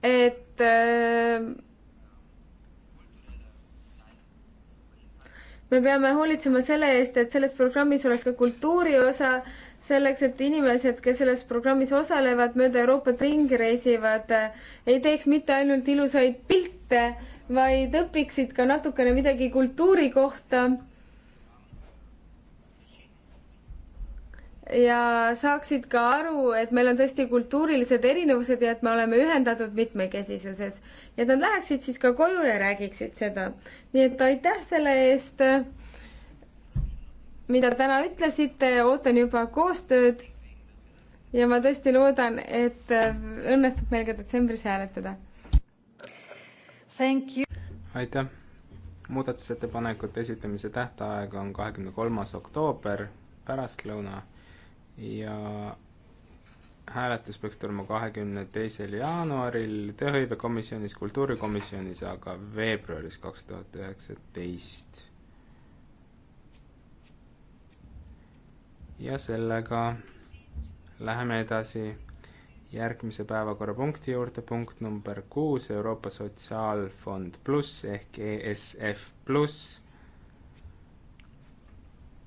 et äh, me peame hoolitsema selle eest, et selles programmis oleks ka kultuuri osa, selleks et inimesed, kes selles programmis osalevad, mööda Euroopat ringi reisivad, ei teeks mitte ainult ilusaid pilte, vaid õpiksid ka natukene midagi kultuuri kohta ja saaksid ka aru, et meil on tõesti kultuurilised erinevused ja et me oleme ühendatud mitmekesisuses. ja et nad läheksid siis ka koju ja räägiksid seda. nii et aitäh selle eest, mida täna ütlesite, ootan juba koostööd. ja ma tõesti loodan, et õnnestub meil ka detsembris hääletada. aitäh. muudatusettepanekute esitamise tähtaeg on kahekümne kolmas oktoober pärastlõuna ja hääletus peaks tulema kahekümne teisel jaanuaril tööhõivekomisjonis, kultuurikomisjonis, aga veebruaris kaks tuhat üheksateist. ja sellega läheme edasi järgmise päevakorrapunkti juurde, punkt number kuus, Euroopa Sotsiaalfond pluss ehk ESF pluss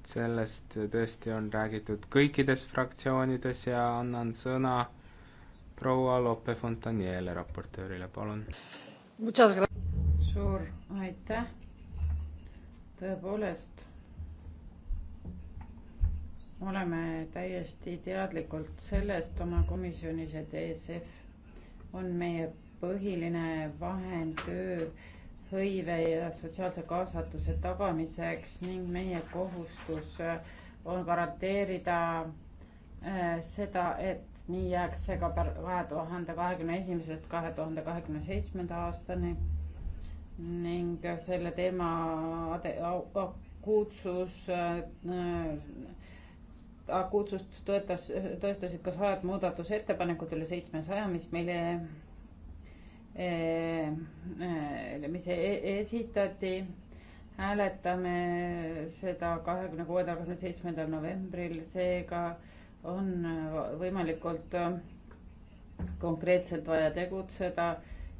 sellest tõesti on räägitud kõikides fraktsioonides ja annan sõna proua Lope Fontaniele, raportöörile, palun. suur aitäh. tõepoolest oleme täiesti teadlikult sellest oma komisjonis, et ESF on meie põhiline vahend töö hõive ja sotsiaalse kaasatuse tagamiseks ning meie kohustus äh, on garanteerida äh, seda, et nii jääks see ka kahe tuhande kahekümne esimesest kahe tuhande kahekümne seitsmenda aastani ning selle teema akuutsus, äh, akuutsust tõotas, tõestasid ka sajad muudatusettepanekud, üle seitsmesaja, mis meile mis e-, esitati. hääletame seda kahekümne kuuendal, kahekümne seitsmendal novembril, seega on võimalikult äh, konkreetselt vaja tegutseda,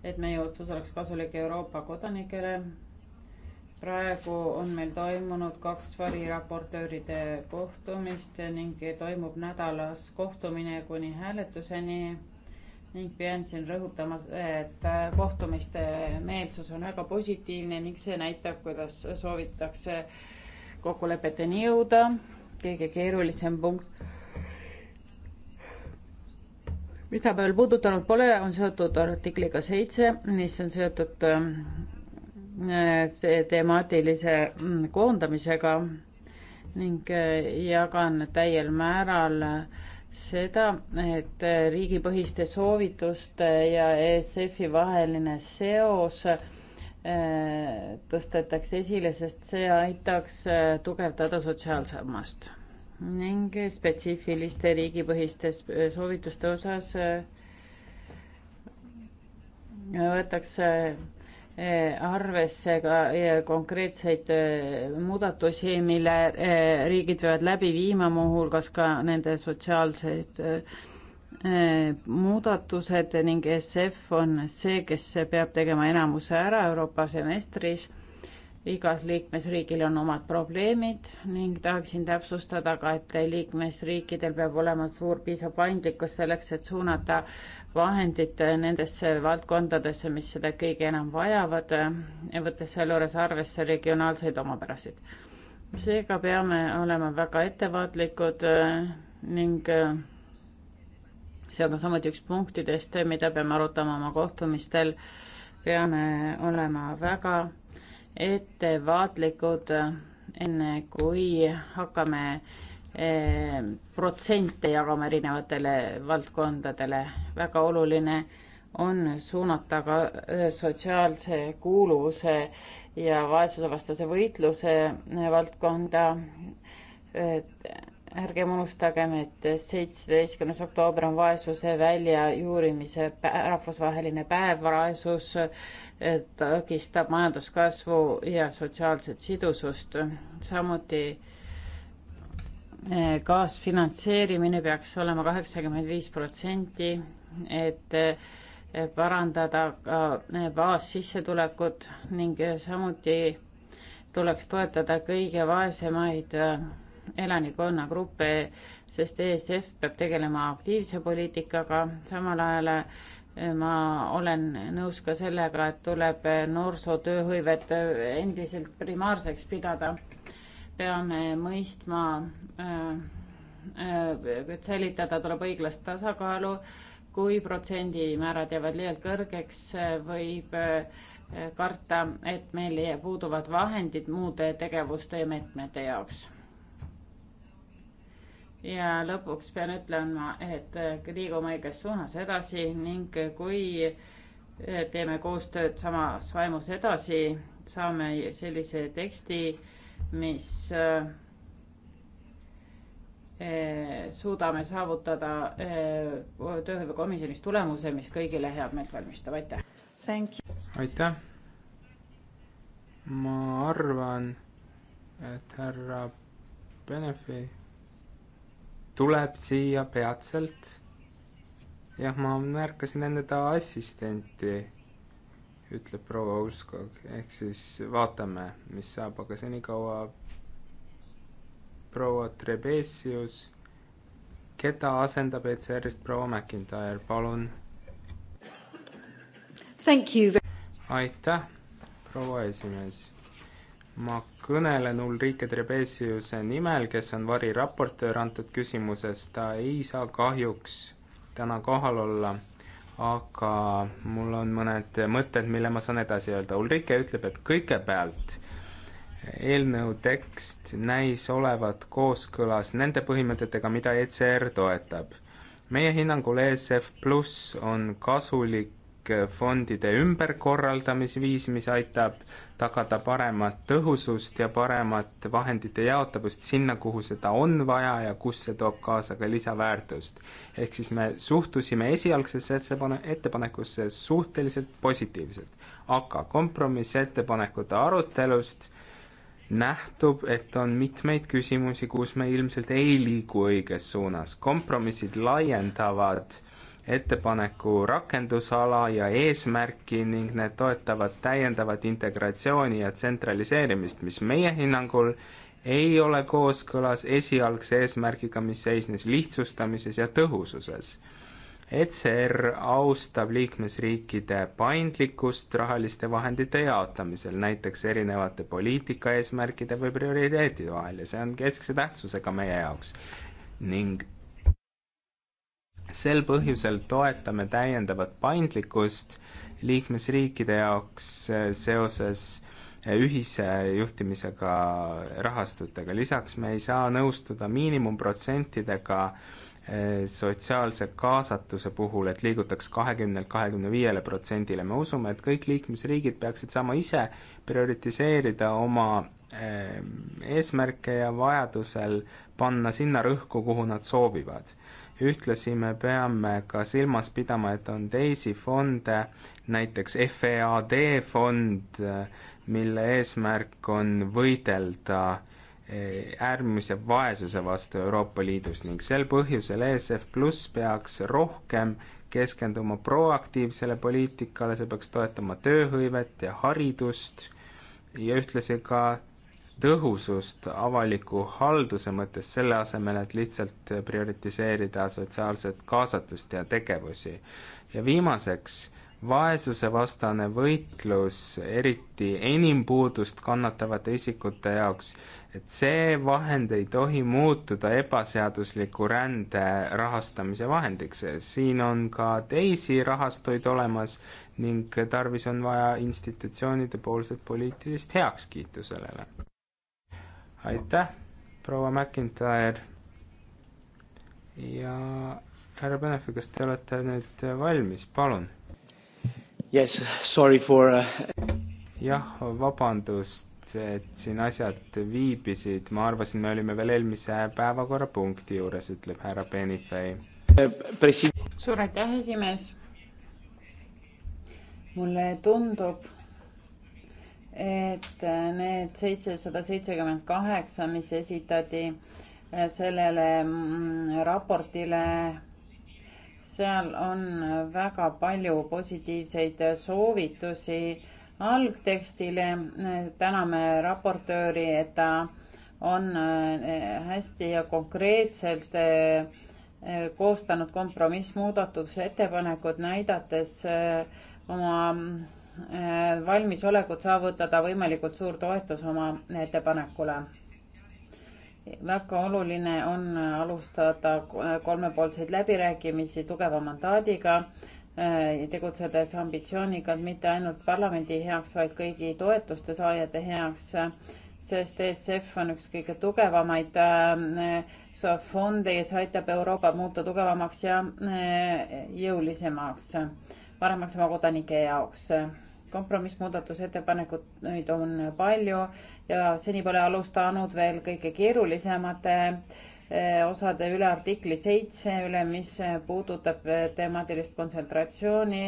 et meie otsus oleks kasulik Euroopa kodanikele. praegu on meil toimunud kaks variraportööride kohtumist ning toimub nädalas kohtumine kuni hääletuseni ning pean siin rõhutama, et äh, kohtumiste meelsus on väga positiivne ning see näitab, kuidas soovitakse kokkulepeteni jõuda. kõige keerulisem punkt, mida veel puudutanud pole, on seotud artikliga seitse, mis on seotud ähm, see temaatilise mm, koondamisega ning äh, jagan täiel määral äh, seda, et riigipõhiste soovituste ja ESF-i vaheline seos eh, tõstetakse esile, sest see aitaks eh, tugevdada sotsiaalsammast ning spetsiifiliste riigipõhiste soovituste osas eh, võetakse Eh, arvesse ka eh, konkreetseid eh, muudatusi, mille riigid peavad läbi viima, muuhulgas ka nende sotsiaalseid muudatused ning SF on see, kes peab tegema enamuse ära Euroopa semestris igal liikmesriigil on omad probleemid ning tahaksin täpsustada ka, et liikmesriikidel peab olema suur piisav paindlikkus selleks, et suunata vahendid nendesse valdkondadesse, mis seda kõige enam vajavad, võttes sealjuures arvesse regionaalseid omapärasid. seega peame olema väga ettevaatlikud eh, ning eh, see on ka samuti üks punktidest, mida peame arutama oma kohtumistel. peame olema väga ettevaatlikud, enne kui hakkame eh, protsente jagama erinevatele valdkondadele. väga oluline on suunata ka eh, sotsiaalse kuuluvuse ja vaesusevastase võitluse valdkonda ärgem unustagem, et seitsmeteistkümnes oktoober on vaesuse väljajuurimise päev, rahvusvaheline päev, vaesus eh, takistab majanduskasvu ja sotsiaalset sidusust, samuti eh, kaasfinantseerimine peaks olema kaheksakümmend viis protsenti, et eh, parandada ka baassissetulekut ning samuti tuleks toetada kõige vaesemaid elanikkonnagruppe, sest ESF peab tegelema aktiivse poliitikaga, samal ajal eh, ma olen nõus ka sellega, et tuleb eh, noorsootööhõivet eh, endiselt primaarseks pidada. peame mõistma, et säilitada tuleb õiglast tasakaalu, kui protsendimäärad jäävad liialt kõrgeks, võib karta, et meil puuduvad vahendid muude tegevuste ja meetmete jaoks ja lõpuks pean ütlema, et äh, liigume õiges suunas edasi ning äh, kui äh, teeme koostööd samas vaimus edasi, saame sellise teksti, mis suudame saavutada tööhõivekomisjonis tulemuse, mis kõigile head meelt valmistab, aitäh! aitäh! ma arvan, et härra Benefi tuleb siia peatselt. jah, ma märkasin enne ta assistenti, ütleb proua Uskog, ehk siis vaatame, mis saab, aga senikaua proua Trebesius, keda asendab ECR-ist proua McIntyre, palun. aitäh, proua esimees ma kõnelen Ulrike Trebesiuse nimel, kes on variraportöör antud küsimuses, ta ei saa kahjuks täna kohal olla, aga mul on mõned mõtted, mille ma saan edasi öelda. Ulrike ütleb, et kõigepealt eelnõu tekst näis olevat kooskõlas nende põhimõtetega, mida ECR toetab. meie hinnangul ESF pluss on kasulik fondide ümberkorraldamisviis, mis aitab tagada paremat tõhusust ja paremat vahendite jaotavust sinna, kuhu seda on vaja ja kus see toob kaasa ka lisaväärtust. ehk siis me suhtusime esialgsesse ettepanekusse suhteliselt positiivselt, aga kompromissettepanekute arutelust nähtub, et on mitmeid küsimusi, kus me ilmselt ei liigu õiges suunas. kompromissid laiendavad ettepaneku rakendusala ja eesmärki ning need toetavad täiendavat integratsiooni ja tsentraliseerimist, mis meie hinnangul ei ole kooskõlas esialgse eesmärgiga, mis seisnes lihtsustamises ja tõhususes. ECR austab liikmesriikide paindlikkust rahaliste vahendite jaotamisel, näiteks erinevate poliitika eesmärkide või prioriteetide vahel ja see on keskse tähtsusega meie jaoks. ning sel põhjusel toetame täiendavat paindlikkust liikmesriikide jaoks äh, seoses äh, ühise juhtimisega rahastutega, lisaks me ei saa nõustuda miinimumprotsentidega äh, sotsiaalse kaasatuse puhul, et liigutaks kahekümnelt kahekümne viiele protsendile, me usume, et kõik liikmesriigid peaksid saama ise prioritiseerida oma eesmärke ja vajadusel panna sinna rõhku, kuhu nad soovivad ühtlasi me peame ka silmas pidama, et on teisi fonde, näiteks FEAD fond, mille eesmärk on võidelda e, äärmise vaesuse vastu Euroopa Liidus ning sel põhjusel ESF pluss peaks rohkem keskenduma proaktiivsele poliitikale, see peaks toetama tööhõivet ja haridust ja ühtlasi ka tõhusust avaliku halduse mõttes, selle asemel, et lihtsalt prioritiseerida sotsiaalset kaasatust ja tegevusi. ja viimaseks, vaesusevastane võitlus, eriti enim puudust kannatavate isikute jaoks, et see vahend ei tohi muutuda ebaseadusliku rände rahastamise vahendiks. siin on ka teisi rahastuid olemas ning tarvis on vaja institutsioonide poolset poliitilist heakskiitu sellele aitäh, proua McIntyre. ja härra Benefi, kas te olete nüüd valmis, palun? Yes, sorry for uh... jah, vabandust, et siin asjad viibisid, ma arvasin, me olime veel eelmise päevakorrapunkti juures, ütleb härra Benifei. Uh, suur aitäh, esimees. mulle tundub et äh, need seitsesada seitsekümmend kaheksa, mis esitati äh, sellele mm, raportile, seal on väga palju positiivseid soovitusi algtekstile. täname raportööri, et ta on äh, hästi ja konkreetselt koostanud kompromissmuudatuse ettepanekud, näidates oma mm, Äh, valmisolekut saavutada võimalikult suur toetus oma ettepanekule. väga oluline on alustada kolmepoolseid läbirääkimisi tugeva mandaadiga, äh, tegutsedes ambitsiooniga mitte ainult parlamendi heaks, vaid kõigi toetuste saajate heaks, sest ESF on üks kõige tugevamaid äh, fonde ja see aitab Euroopat muuta tugevamaks ja jõulisemaks paremaks oma kodanike jaoks. kompromissmuudatusettepanekuid on palju ja seni pole alustanud veel kõige keerulisemate eh, osade üle artikli seitse üle, mis puudutab eh, temaatilist kontsentratsiooni,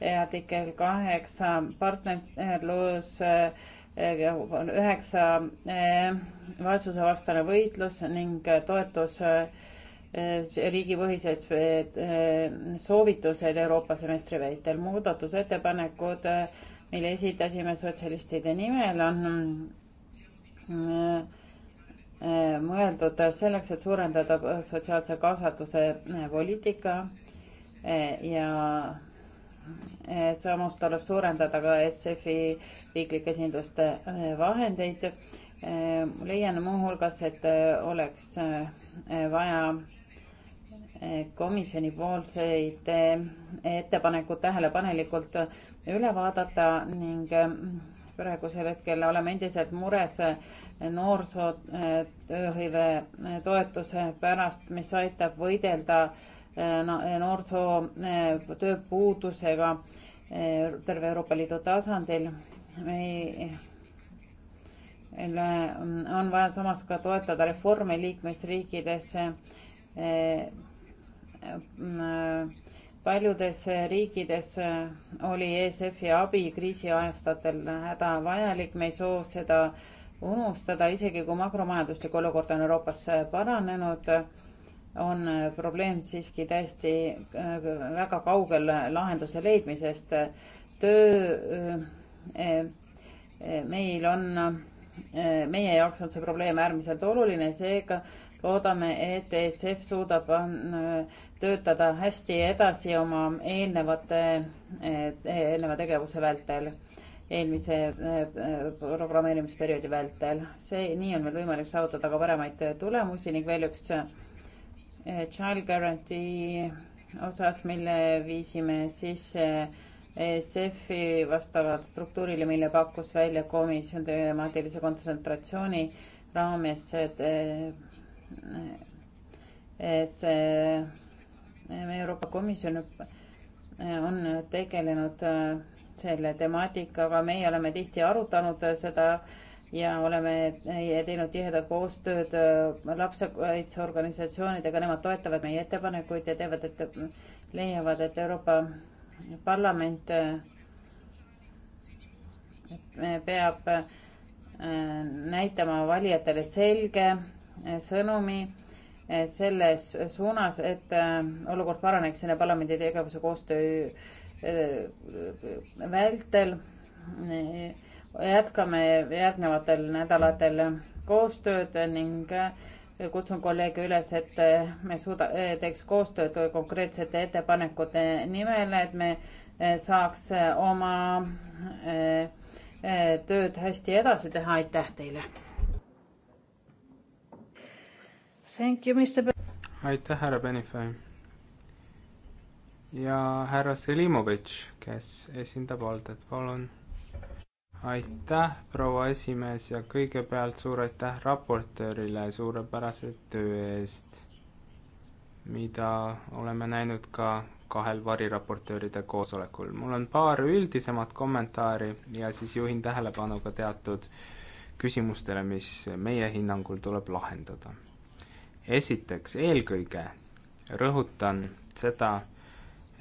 eh, artikkel kaheksa partnerlus, üheksa vaesusevastane võitlus ning toetus Eh, riigipõhises eh, soovitusel Euroopa semestri väitel. muudatusettepanekud, eh, mille esitasime sotsialistide nimel, on mõeldud selleks, et suurendada sotsiaalse kaasatuse poliitika ja samas tuleb suurendada ka SF-i riiklike esinduste vahendeid. leian muuhulgas, et oleks vaja komisjonipoolseid eh, ettepanekud tähelepanelikult üle vaadata ning eh, praegusel hetkel oleme endiselt mures eh, noorsootööhõive toetuse pärast, mis aitab võidelda noorsootööpuudusega terve Euroopa Liidu tasandil. meil on vaja samas ka toetada reforme liikmesriikides Mm, äh, paljudes riikides äh, oli ESF-i abi kriisiaastatel hädavajalik, me ei soo seda unustada, isegi kui makromajanduslik olukord on Euroopas äh, paranenud, on probleem siiski täiesti väga kaugel lahenduse leidmisest. töö, meil on, meie jaoks on see probleem äärmiselt oluline, seega loodame, et ESF suudab äh, töötada hästi edasi oma eelnevate, äh, eelneva tegevuse vältel, eelmise äh, programmeerimisperioodi vältel. see, nii on meil võimalik saavutada ka paremaid tulemusi ning veel üks Child Guarantee osas, mille viisime sisse ESF-i vastavalt struktuurile, mille pakkus välja komisjon temaatilise kontsentratsiooni raames, et see eh, Euroopa Komisjon eh, on tegelenud eh, selle temaatikaga, meie oleme tihti arutanud seda ja oleme teinud tihedat koostööd lapsekaitseorganisatsioonidega, nemad toetavad meie ettepanekuid ja teevad, et leiavad, et Euroopa Parlament peab näitama valijatele selge sõnumi eh, selles suunas, et eh, olukord paraneks selle parlamendi tegevuse koostöö eh, vältel. jätkame järgnevatel nädalatel koostööd ning kutsun kolleege üles, et me suuda, teeks koostööd konkreetsete ettepanekute nimel, et me saaks oma tööd hästi edasi teha. aitäh teile! aitäh, härra Benifei. ja härra Selimovitš, kes esindab Aldet, palun. aitäh, proua esimees ja kõigepealt suur aitäh raportöörile suurepärase töö eest, mida oleme näinud ka kahel variraportööride koosolekul. mul on paar üldisemat kommentaari ja siis juhin tähelepanu ka teatud küsimustele, mis meie hinnangul tuleb lahendada esiteks, eelkõige rõhutan seda,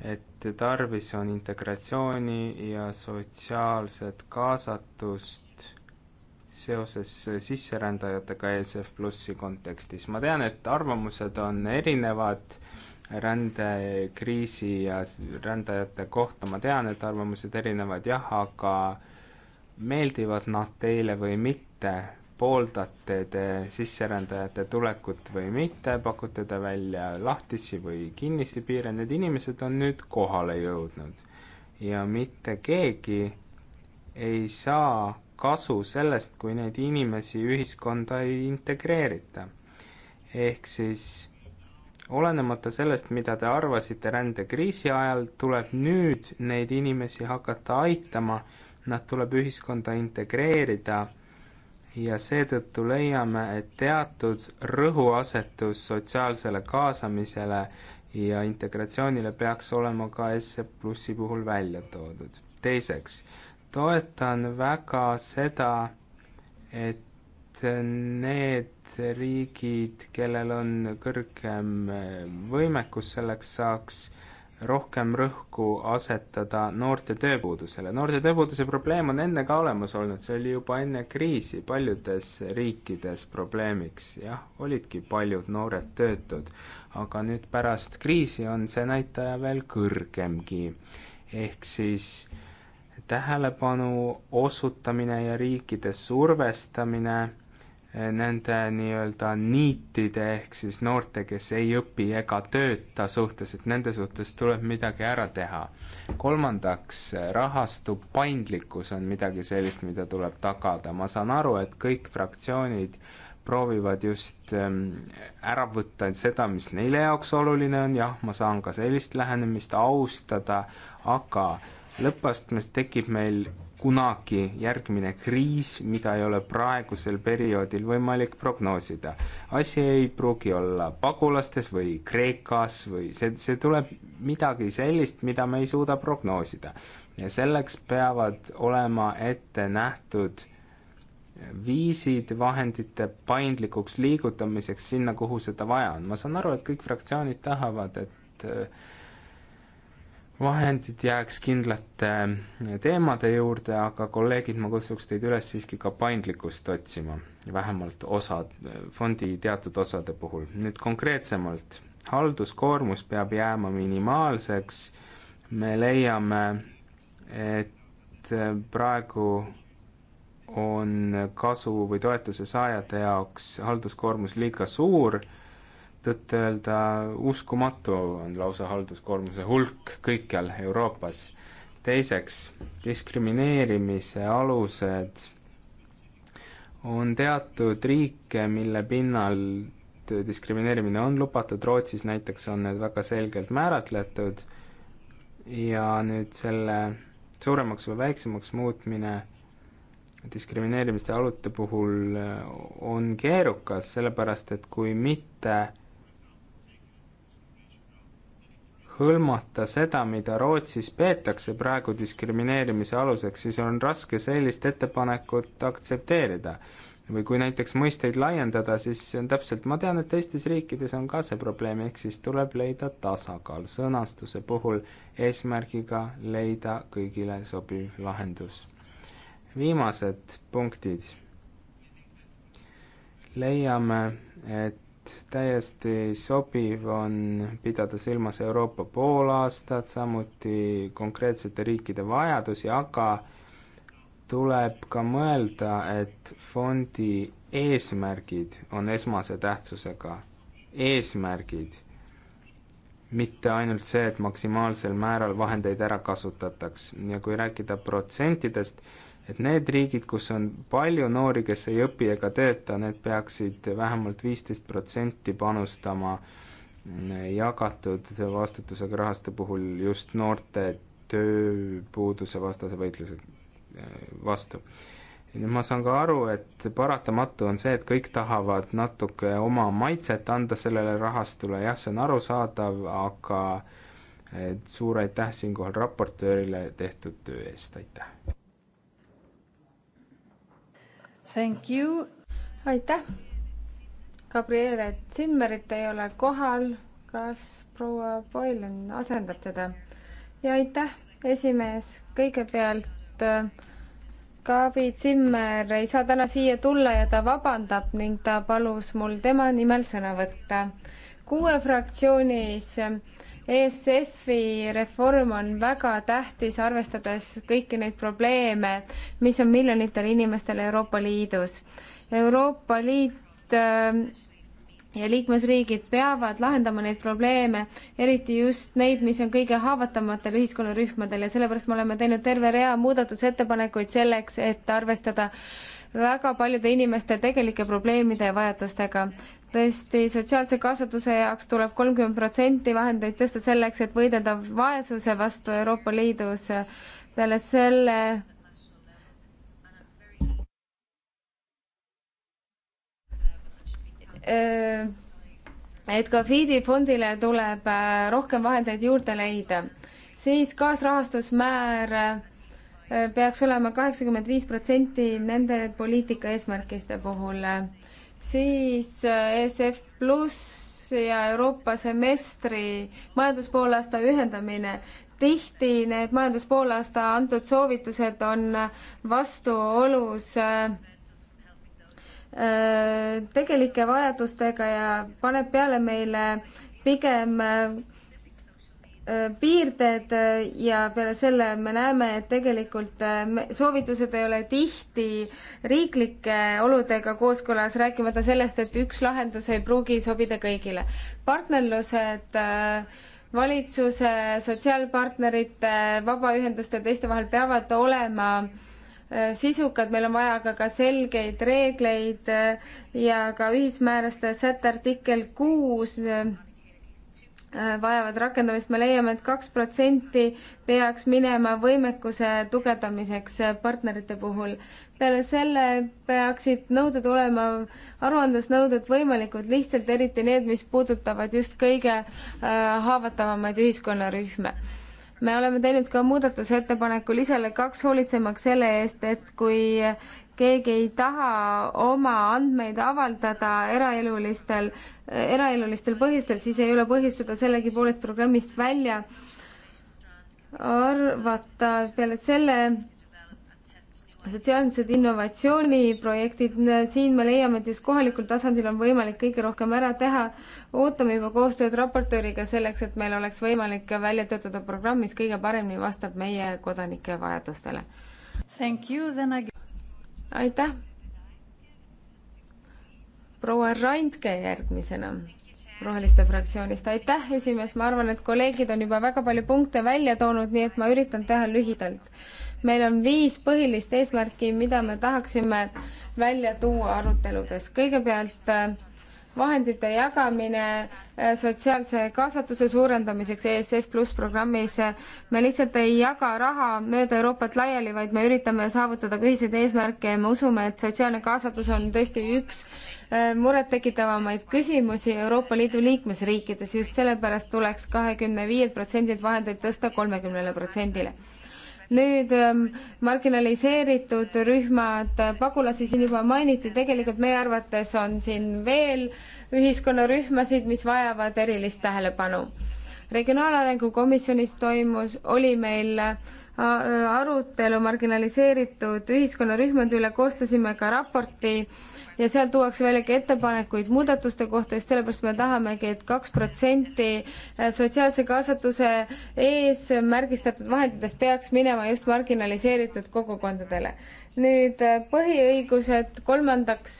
et tarvis on integratsiooni ja sotsiaalset kaasatust seoses sisserändajatega ESF Plussi kontekstis. ma tean, et arvamused on erinevad rändekriisi ja rändajate kohta, ma tean, et arvamused erinevad jah, aga meeldivad nad teile või mitte, pooldate te sisserändajate tulekut või mitte, pakute te välja lahtisi või kinnisi piire, need inimesed on nüüd kohale jõudnud. ja mitte keegi ei saa kasu sellest, kui neid inimesi ühiskonda ei integreerita. ehk siis olenemata sellest, mida te arvasite rändekriisi ajal, tuleb nüüd neid inimesi hakata aitama, nad tuleb ühiskonda integreerida ja seetõttu leiame, et teatud rõhuasetus sotsiaalsele kaasamisele ja integratsioonile peaks olema ka SE Plussi puhul välja toodud. teiseks, toetan väga seda, et need riigid, kellel on kõrgem võimekus selleks, saaks rohkem rõhku asetada noorte tööpuudusele. noorte tööpuuduse probleem on enne ka olemas olnud, see oli juba enne kriisi paljudes riikides probleemiks, jah, olidki paljud noored töötud, aga nüüd pärast kriisi on see näitaja veel kõrgemgi. ehk siis tähelepanu osutamine ja riikide survestamine Eh, nende nii-öelda niitide ehk siis noorte, kes ei õpi ega tööta suhtes, et nende suhtes tuleb midagi ära teha. kolmandaks, eh, rahastu paindlikkus on midagi sellist, mida tuleb tagada, ma saan aru, et kõik fraktsioonid proovivad just ehm, ära võtta seda, mis neile jaoks oluline on, jah, ma saan ka sellist lähenemist austada, aga lõppastmes tekib meil kunagi järgmine kriis, mida ei ole praegusel perioodil võimalik prognoosida. asi ei pruugi olla pagulastes või Kreekas või see, see tuleb midagi sellist, mida me ei suuda prognoosida. ja selleks peavad olema ette nähtud viisid vahendite paindlikuks liigutamiseks sinna, kuhu seda vaja on. ma saan aru, et kõik fraktsioonid tahavad, et äh, vahendid jääks kindlate eh, teemade juurde, aga kolleegid, ma kutsuks teid üles siiski ka paindlikkust otsima, vähemalt osa, eh, fondi teatud osade puhul. nüüd konkreetsemalt, halduskoormus peab jääma minimaalseks, me leiame, et eh, praegu on kasu või toetuse saajate jaoks halduskoormus liiga suur tõtt-öelda uskumatu on lausa halduskoormuse hulk kõikjal Euroopas. teiseks, diskrimineerimise alused on teatud riike, mille pinnalt diskrimineerimine on lubatud, Rootsis näiteks on need väga selgelt määratletud ja nüüd selle suuremaks või väiksemaks muutmine diskrimineerimiste alute puhul on keerukas, sellepärast et kui mitte hõlmata seda, mida Rootsis peetakse praegu diskrimineerimise aluseks, siis on raske sellist ettepanekut aktsepteerida. või kui näiteks mõisteid laiendada, siis täpselt, ma tean, et teistes riikides on ka see probleem, ehk siis tuleb leida tasakaal sõnastuse puhul eesmärgiga leida kõigile sobiv lahendus. viimased punktid. leiame, et et täiesti sobiv on pidada silmas Euroopa poolaastat, samuti konkreetsete riikide vajadusi, aga tuleb ka mõelda, et fondi eesmärgid on esmase tähtsusega, eesmärgid, mitte ainult see, et maksimaalsel määral vahendeid ära kasutataks ja kui rääkida protsentidest, et need riigid, kus on palju noori, kes ei õpi ega tööta, need peaksid vähemalt viisteist protsenti panustama jagatud vastutusega rahaste puhul just noorte tööpuuduse vastase võitluse eh, vastu. ma saan ka aru, et paratamatu on see, et kõik tahavad natuke oma maitset anda sellele rahastule, jah, see on arusaadav, aga eh, suur aitäh siinkohal raportöörile tehtud töö eest, aitäh! Thank you. aitäh. Gabriele Zimmerit ei ole kohal. kas proua Boylan asendab teda? ja aitäh, esimees. kõigepealt äh, Gabi Zimmer ei saa täna siia tulla ja ta vabandab ning ta palus mul tema nimel sõna võtta. kuue fraktsioonis äh, ESF-i reform on väga tähtis, arvestades kõiki neid probleeme, mis on miljonitel inimestel Euroopa Liidus. Euroopa Liit äh, ja liikmesriigid peavad lahendama neid probleeme, eriti just neid, mis on kõige haavatavamatel ühiskonnarühmadel ja sellepärast me oleme teinud terve rea muudatusettepanekuid selleks, et arvestada äh, väga paljude inimeste tegelike probleemide ja vajadustega. tõesti, sotsiaalse kaasatuse jaoks tuleb kolmkümmend protsenti vahendeid tõsta selleks, et võidelda vaesuse vastu Euroopa Liidus. peale selle et ka FIDi fondile tuleb äh, rohkem vahendeid juurde leida, siis kaasrahastusmäär peaks olema kaheksakümmend viis protsenti nende poliitika eesmärkide puhul. siis eh, ESF pluss ja Euroopa semestri majanduspoolaasta ühendamine. tihti need majanduspoolaasta antud soovitused on vastuolus eh, tegelike vajadustega ja paneb peale meile pigem eh, Äh, piirded äh, ja peale selle me näeme, et tegelikult äh, soovitused ei ole tihti riiklike oludega kooskõlas, rääkimata sellest, et üks lahendus ei pruugi sobida kõigile. partnerlused valitsuse, sotsiaalpartnerite, vabaühenduste ja teiste vahel peavad olema sisukad, meil on vaja ka, ka selgeid reegleid ja ka ühismääraste sätte artikkel kuus Äh, vajavad rakendamist, me leiame et, et kaks protsenti peaks minema võimekuse tugevdamiseks äh, partnerite puhul. peale selle peaksid nõuded olema, aruandlusnõuded võimalikult lihtsalt, eriti need, mis puudutavad just kõige äh, haavatavamaid ühiskonnarühme me oleme teinud ka muudatusettepaneku lisale kaks, hoolitsemaks selle eest, et kui keegi ei taha oma andmeid avaldada eraelulistel, eraelulistel põhjustel, siis ei ole põhjust teda sellegipoolest programmist välja arvata. peale selle sotsiaalsed innovatsiooniprojektid, siin me leiame, et just kohalikul tasandil on võimalik kõige rohkem ära teha. ootame juba koostööd raportööriga selleks, et meil oleks võimalik välja töötada programm, mis kõige paremini vastab meie kodanike vajadustele. Thank you, Then I aitäh! proua Randke järgmisena Roheliste fraktsioonist, aitäh, esimees, ma arvan, et kolleegid on juba väga palju punkte välja toonud, nii et ma üritan teha lühidalt. meil on viis põhilist eesmärki, mida me tahaksime välja tuua aruteludes. kõigepealt äh, vahendite jagamine äh, sotsiaalse kaasatuse suurendamiseks ESF pluss programmis. me lihtsalt ei jaga raha mööda Euroopat laiali, vaid me üritame saavutada ka ühiseid eesmärke ja me usume, et sotsiaalne kaasatus on tõesti üks äh, murettekitavamaid küsimusi Euroopa Liidu liikmesriikides, just sellepärast tuleks kahekümne viielt protsendilt vahendeid tõsta kolmekümnele protsendile nüüd ähm, marginaliseeritud rühmad, äh, pagulasi siin juba mainiti, tegelikult meie arvates on siin veel ühiskonnarühmasid, mis vajavad erilist tähelepanu. regionaalarengu komisjonis toimus, oli meil äh, arutelu marginaliseeritud ühiskonnarühmade üle, koostasime ka raporti äh, ja seal tuuakse välja ka ettepanekuid muudatuste kohta, just sellepärast me tahamegi et, et kaks protsenti äh, sotsiaalse kaasatuse ees märgistatud vahenditest peaks minema just marginaliseeritud kogukondadele. nüüd äh, põhiõigused kolmandaks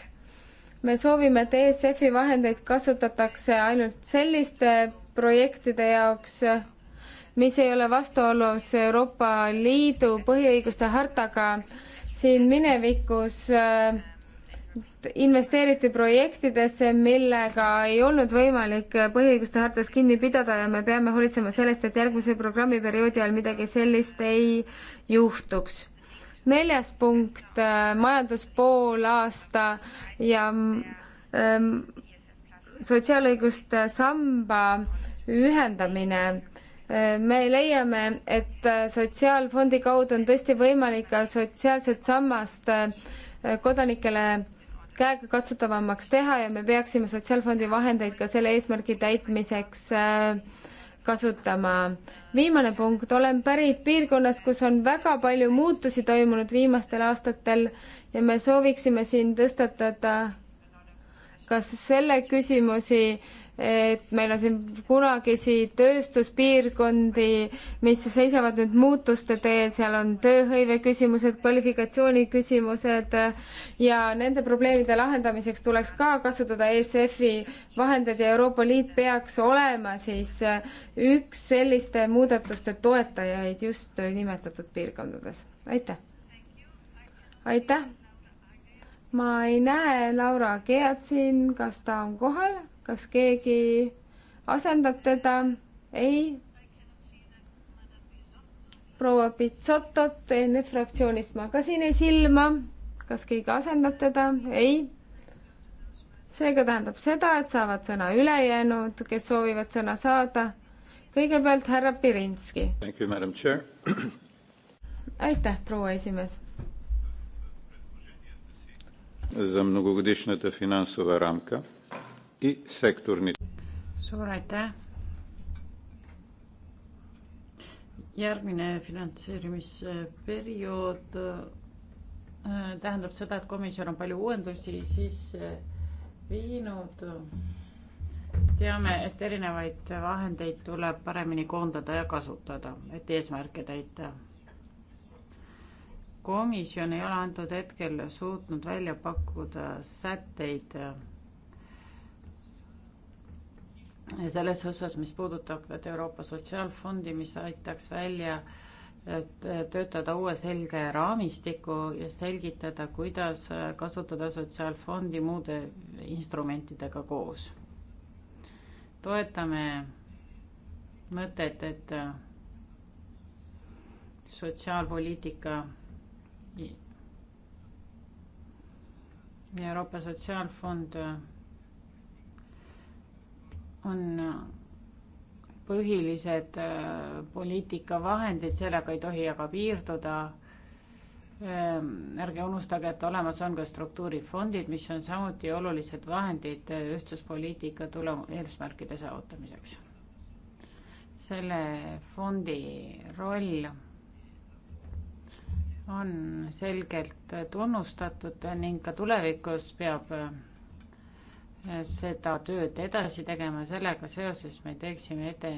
me soovime, et ESF-i vahendeid kasutatakse ainult selliste projektide jaoks, mis ei ole vastuolus Euroopa Liidu põhiõiguste hartaga. siin minevikus äh, investeeriti projektidesse, millega ei olnud võimalik põhiõiguste hartas kinni pidada ja me peame hoolitsema sellest, et järgmise programmiperioodi ajal midagi sellist ei juhtuks. neljas punkt, äh, majanduspoolaasta ja ähm, sotsiaalõiguste samba ühendamine äh, me leiame, et äh, sotsiaalfondi kaudu on tõesti võimalik ka sotsiaalset sammast kodanikele käegakatsutavamaks teha ja me peaksime Sotsiaalfondi vahendeid ka selle eesmärgi täitmiseks äh, kasutama. viimane punkt, olen pärit piirkonnast, kus on väga palju muutusi toimunud viimastel aastatel ja me sooviksime siin tõstatada kas selle küsimusi, et meil on siin kunagisi tööstuspiirkondi, mis seisavad nüüd muutuste teel, seal on tööhõive küsimused, kvalifikatsiooni küsimused ja nende probleemide lahendamiseks tuleks ka kasutada ESF-i vahendeid ja Euroopa Liit peaks olema siis üks selliste muudatuste toetajaid just nimetatud piirkondades. aitäh! aitäh! ma ei näe Laura Keat siin, kas ta on kohal? kas keegi asendab teda? ei. proua Pitsotot ENF fraktsioonist ma ka siin ei silma. kas keegi asendab teda? ei. seega tähendab seda, et saavad sõna ülejäänud, kes soovivad sõna saada. kõigepealt härra Pirinski. aitäh, proua esimees za mnogogodишната финансова рамка sektorni. suur aitäh. järgmine finantseerimisperiood äh, tähendab seda, et komisjon on palju uuendusi sisse viinud. teame, et erinevaid vahendeid tuleb paremini koondada ja kasutada, et eesmärke täita. komisjon ei ole antud hetkel suutnud välja pakkuda sätteid selles osas, mis puudutavad Euroopa Sotsiaalfondi, mis aitaks välja äh, töötada uue selge raamistiku ja selgitada, kuidas äh, kasutada sotsiaalfondi muude instrumentidega koos. toetame mõtet, et äh, sotsiaalpoliitika Euroopa Sotsiaalfond on äh, põhilised äh, poliitikavahendid, sellega ei tohi aga piirduda. Ähm, ärge unustage, et olemas on ka struktuurifondid, mis on samuti olulised vahendid äh, ühtsuspoliitika tule-, eesmärkide saavutamiseks. selle fondi roll on selgelt tunnustatud ning ka tulevikus peab seda tööd edasi tegema, sellega seoses me teeksime ette,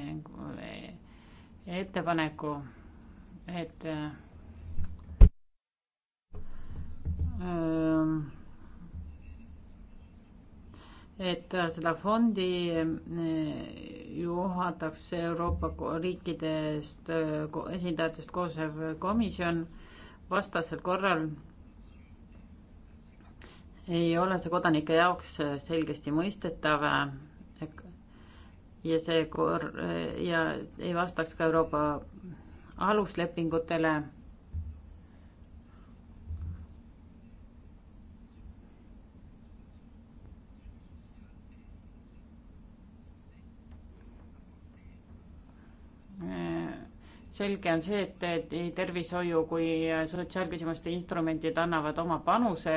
ettepaneku, et ähm, et seda fondi äh, juhataks Euroopa riikidest esindajatest koosnev komisjon, vastasel korral ei ole see kodanike jaoks äh, selgesti mõistetav äh, ja see kor- äh, ja ei vastaks ka Euroopa aluslepingutele. selge on see, et, et nii tervishoiu kui sotsiaalküsimuste instrumendid annavad oma panuse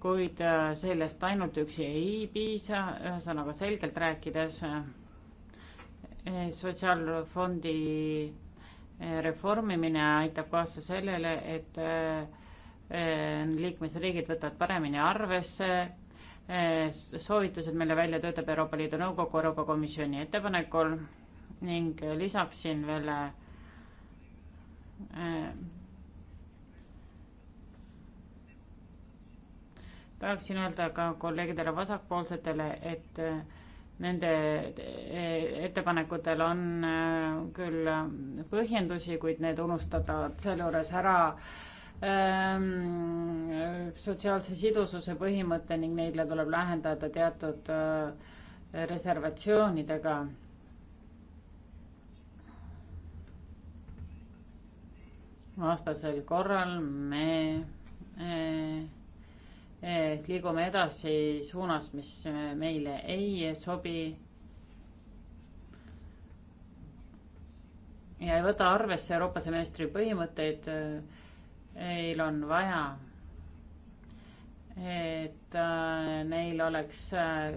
kuid äh, sellest ainult üksi ei piisa, ühesõnaga selgelt rääkides äh, eh, sotsiaalfondi äh, reformimine aitab kaasa sellele, et liikmesriigid võtavad paremini arvesse soovitused, mille välja töötab Euroopa Liidu Nõukogu Euroopa Komisjoni ettepanekul ning lisaksin veel tahaksin öelda ka kolleegidele vasakpoolsetele, et äh, nende äh, ettepanekutel on äh, küll põhjendusi, kuid need unustavad sealjuures ära ähm, sotsiaalse sidususe põhimõte ning neile tuleb lähendada teatud äh, reservatsioonidega. vastasel korral me äh, et liigume edasi suunas, mis äh, meile ei sobi. ja ei võta arvesse Euroopa semestri põhimõtteid. Neil äh, on vaja, et äh, neil oleks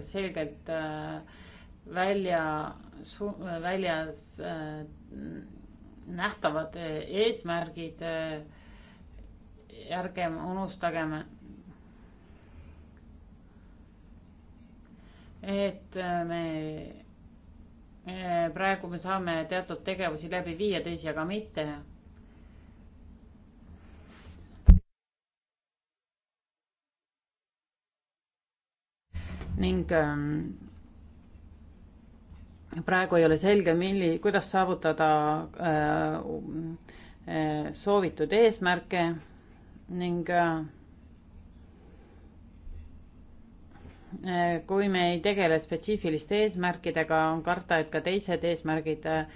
selgelt välja, väljas nähtavad eesmärgid ärgem unustagem, et äh, me äh, praegu me saame teatud tegevusi läbi viia, teisi aga mitte. ning ähm, praegu ei ole selge, milli, kuidas saavutada äh, soovitud eesmärke ning kui me ei tegele spetsiifiliste eesmärkidega, on karta, et ka teised eesmärgid äh,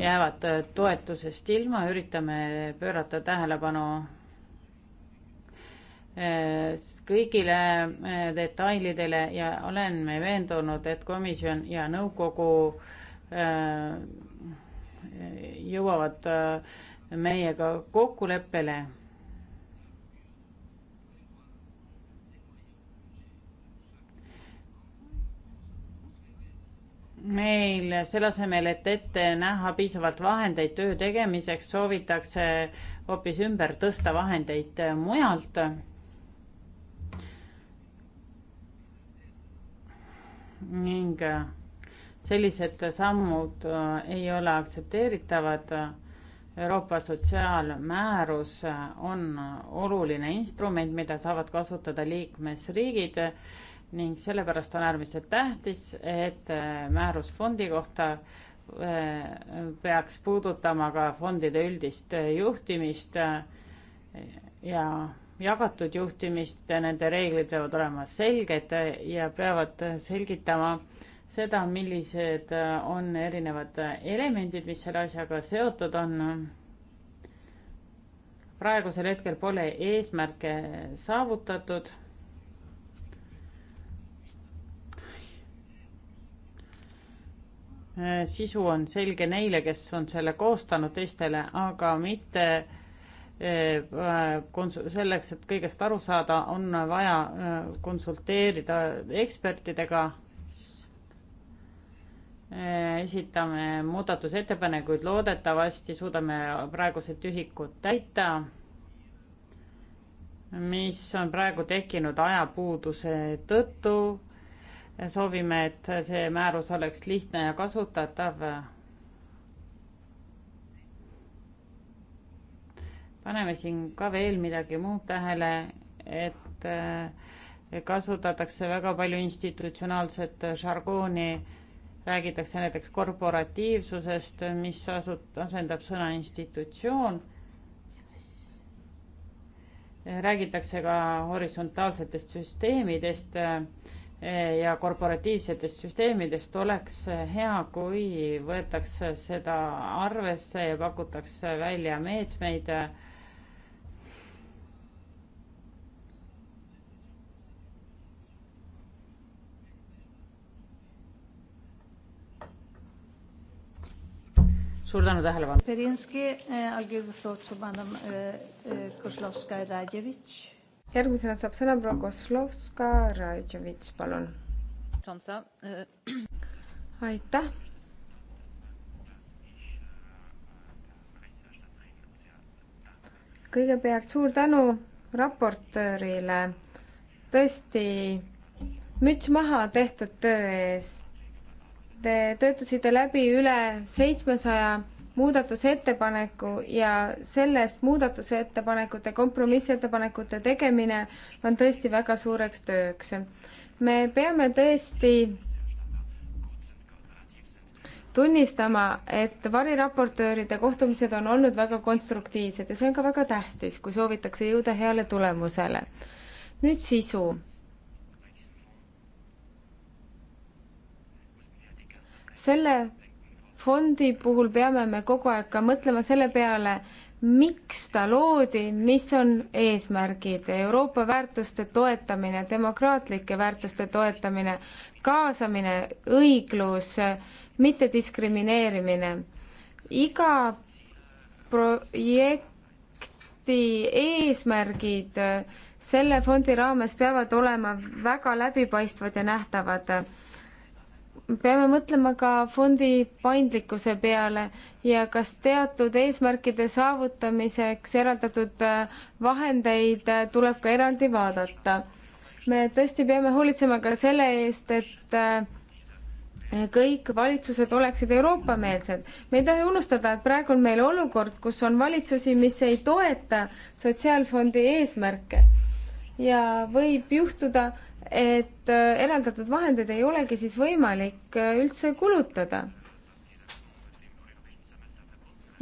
jäävad äh, toetusest ilma, üritame pöörata tähelepanu äh, kõigile detailidele ja oleme veendunud, et komisjon ja nõukogu jõuavad meiega kokkuleppele meil selle asemel, et ette näha piisavalt vahendeid töö tegemiseks, soovitakse hoopis ümber tõsta vahendeid mujalt. ning sellised sammud ei ole aktsepteeritavad. Euroopa sotsiaalmäärus on oluline instrument, mida saavad kasutada liikmesriigid ning sellepärast on äärmiselt tähtis, et äh, määrus fondi kohta äh, peaks puudutama ka fondide üldist äh, juhtimist ja jagatud juhtimist, nende reeglid peavad olema selged ja peavad selgitama seda, millised on erinevad elemendid, mis selle asjaga seotud on. praegusel hetkel pole eesmärke saavutatud Äh, sisu on selge neile, kes on selle koostanud teistele, aga mitte äh, äh, kons-, selleks, et kõigest aru saada, on vaja konsulteerida ekspertidega, esitame muudatusettepanekuid, loodetavasti suudame praegused ühikud täita, mis on praegu tekkinud ajapuuduse tõttu soovime, et see määrus oleks lihtne ja kasutatav. paneme siin ka veel midagi muud tähele, et eh, kasutatakse väga palju institutsionaalset žargooni, räägitakse näiteks korporatiivsusest, mis asut-, asendab sõna institutsioon räägitakse ka horisontaalsetest süsteemidest eh, ja korporatiivsetest süsteemidest, oleks hea, kui võetakse seda arvesse ja pakutakse välja meetmeid. suur tänu tähelepanu järgmisena saab sõna proua Kozlovska-Rajtšovitš, palun. Äh, aitäh. kõigepealt suur tänu raportöörile tõesti müts maha tehtud töö eest. Te töötasite läbi üle seitsmesaja muudatusettepaneku ja sellest muudatusettepanekute, kompromissettepanekute tegemine on tõesti väga suureks tööks. me peame tõesti tunnistama, et variraportööride kohtumised on olnud väga konstruktiivsed ja see on ka väga tähtis, kui soovitakse jõuda heale tulemusele. nüüd sisu. selle fondi puhul peame me kogu aeg ka mõtlema selle peale, miks ta loodi, mis on eesmärgid, Euroopa väärtuste toetamine, demokraatlike väärtuste toetamine, kaasamine, õiglus, mittediskrimineerimine. iga projekti eesmärgid selle fondi raames peavad olema väga läbipaistvad ja nähtavad peame mõtlema ka fondi paindlikkuse peale ja kas teatud eesmärkide saavutamiseks eraldatud äh, vahendeid äh, tuleb ka eraldi vaadata. me tõesti peame hoolitsema ka selle eest, et äh, kõik valitsused oleksid Euroopa-meelsed. me ei tohi unustada, et praegu on meil olukord, kus on valitsusi, mis ei toeta sotsiaalfondi eesmärke ja võib juhtuda, et äh, eraldatud vahendeid ei olegi siis võimalik äh, üldse kulutada.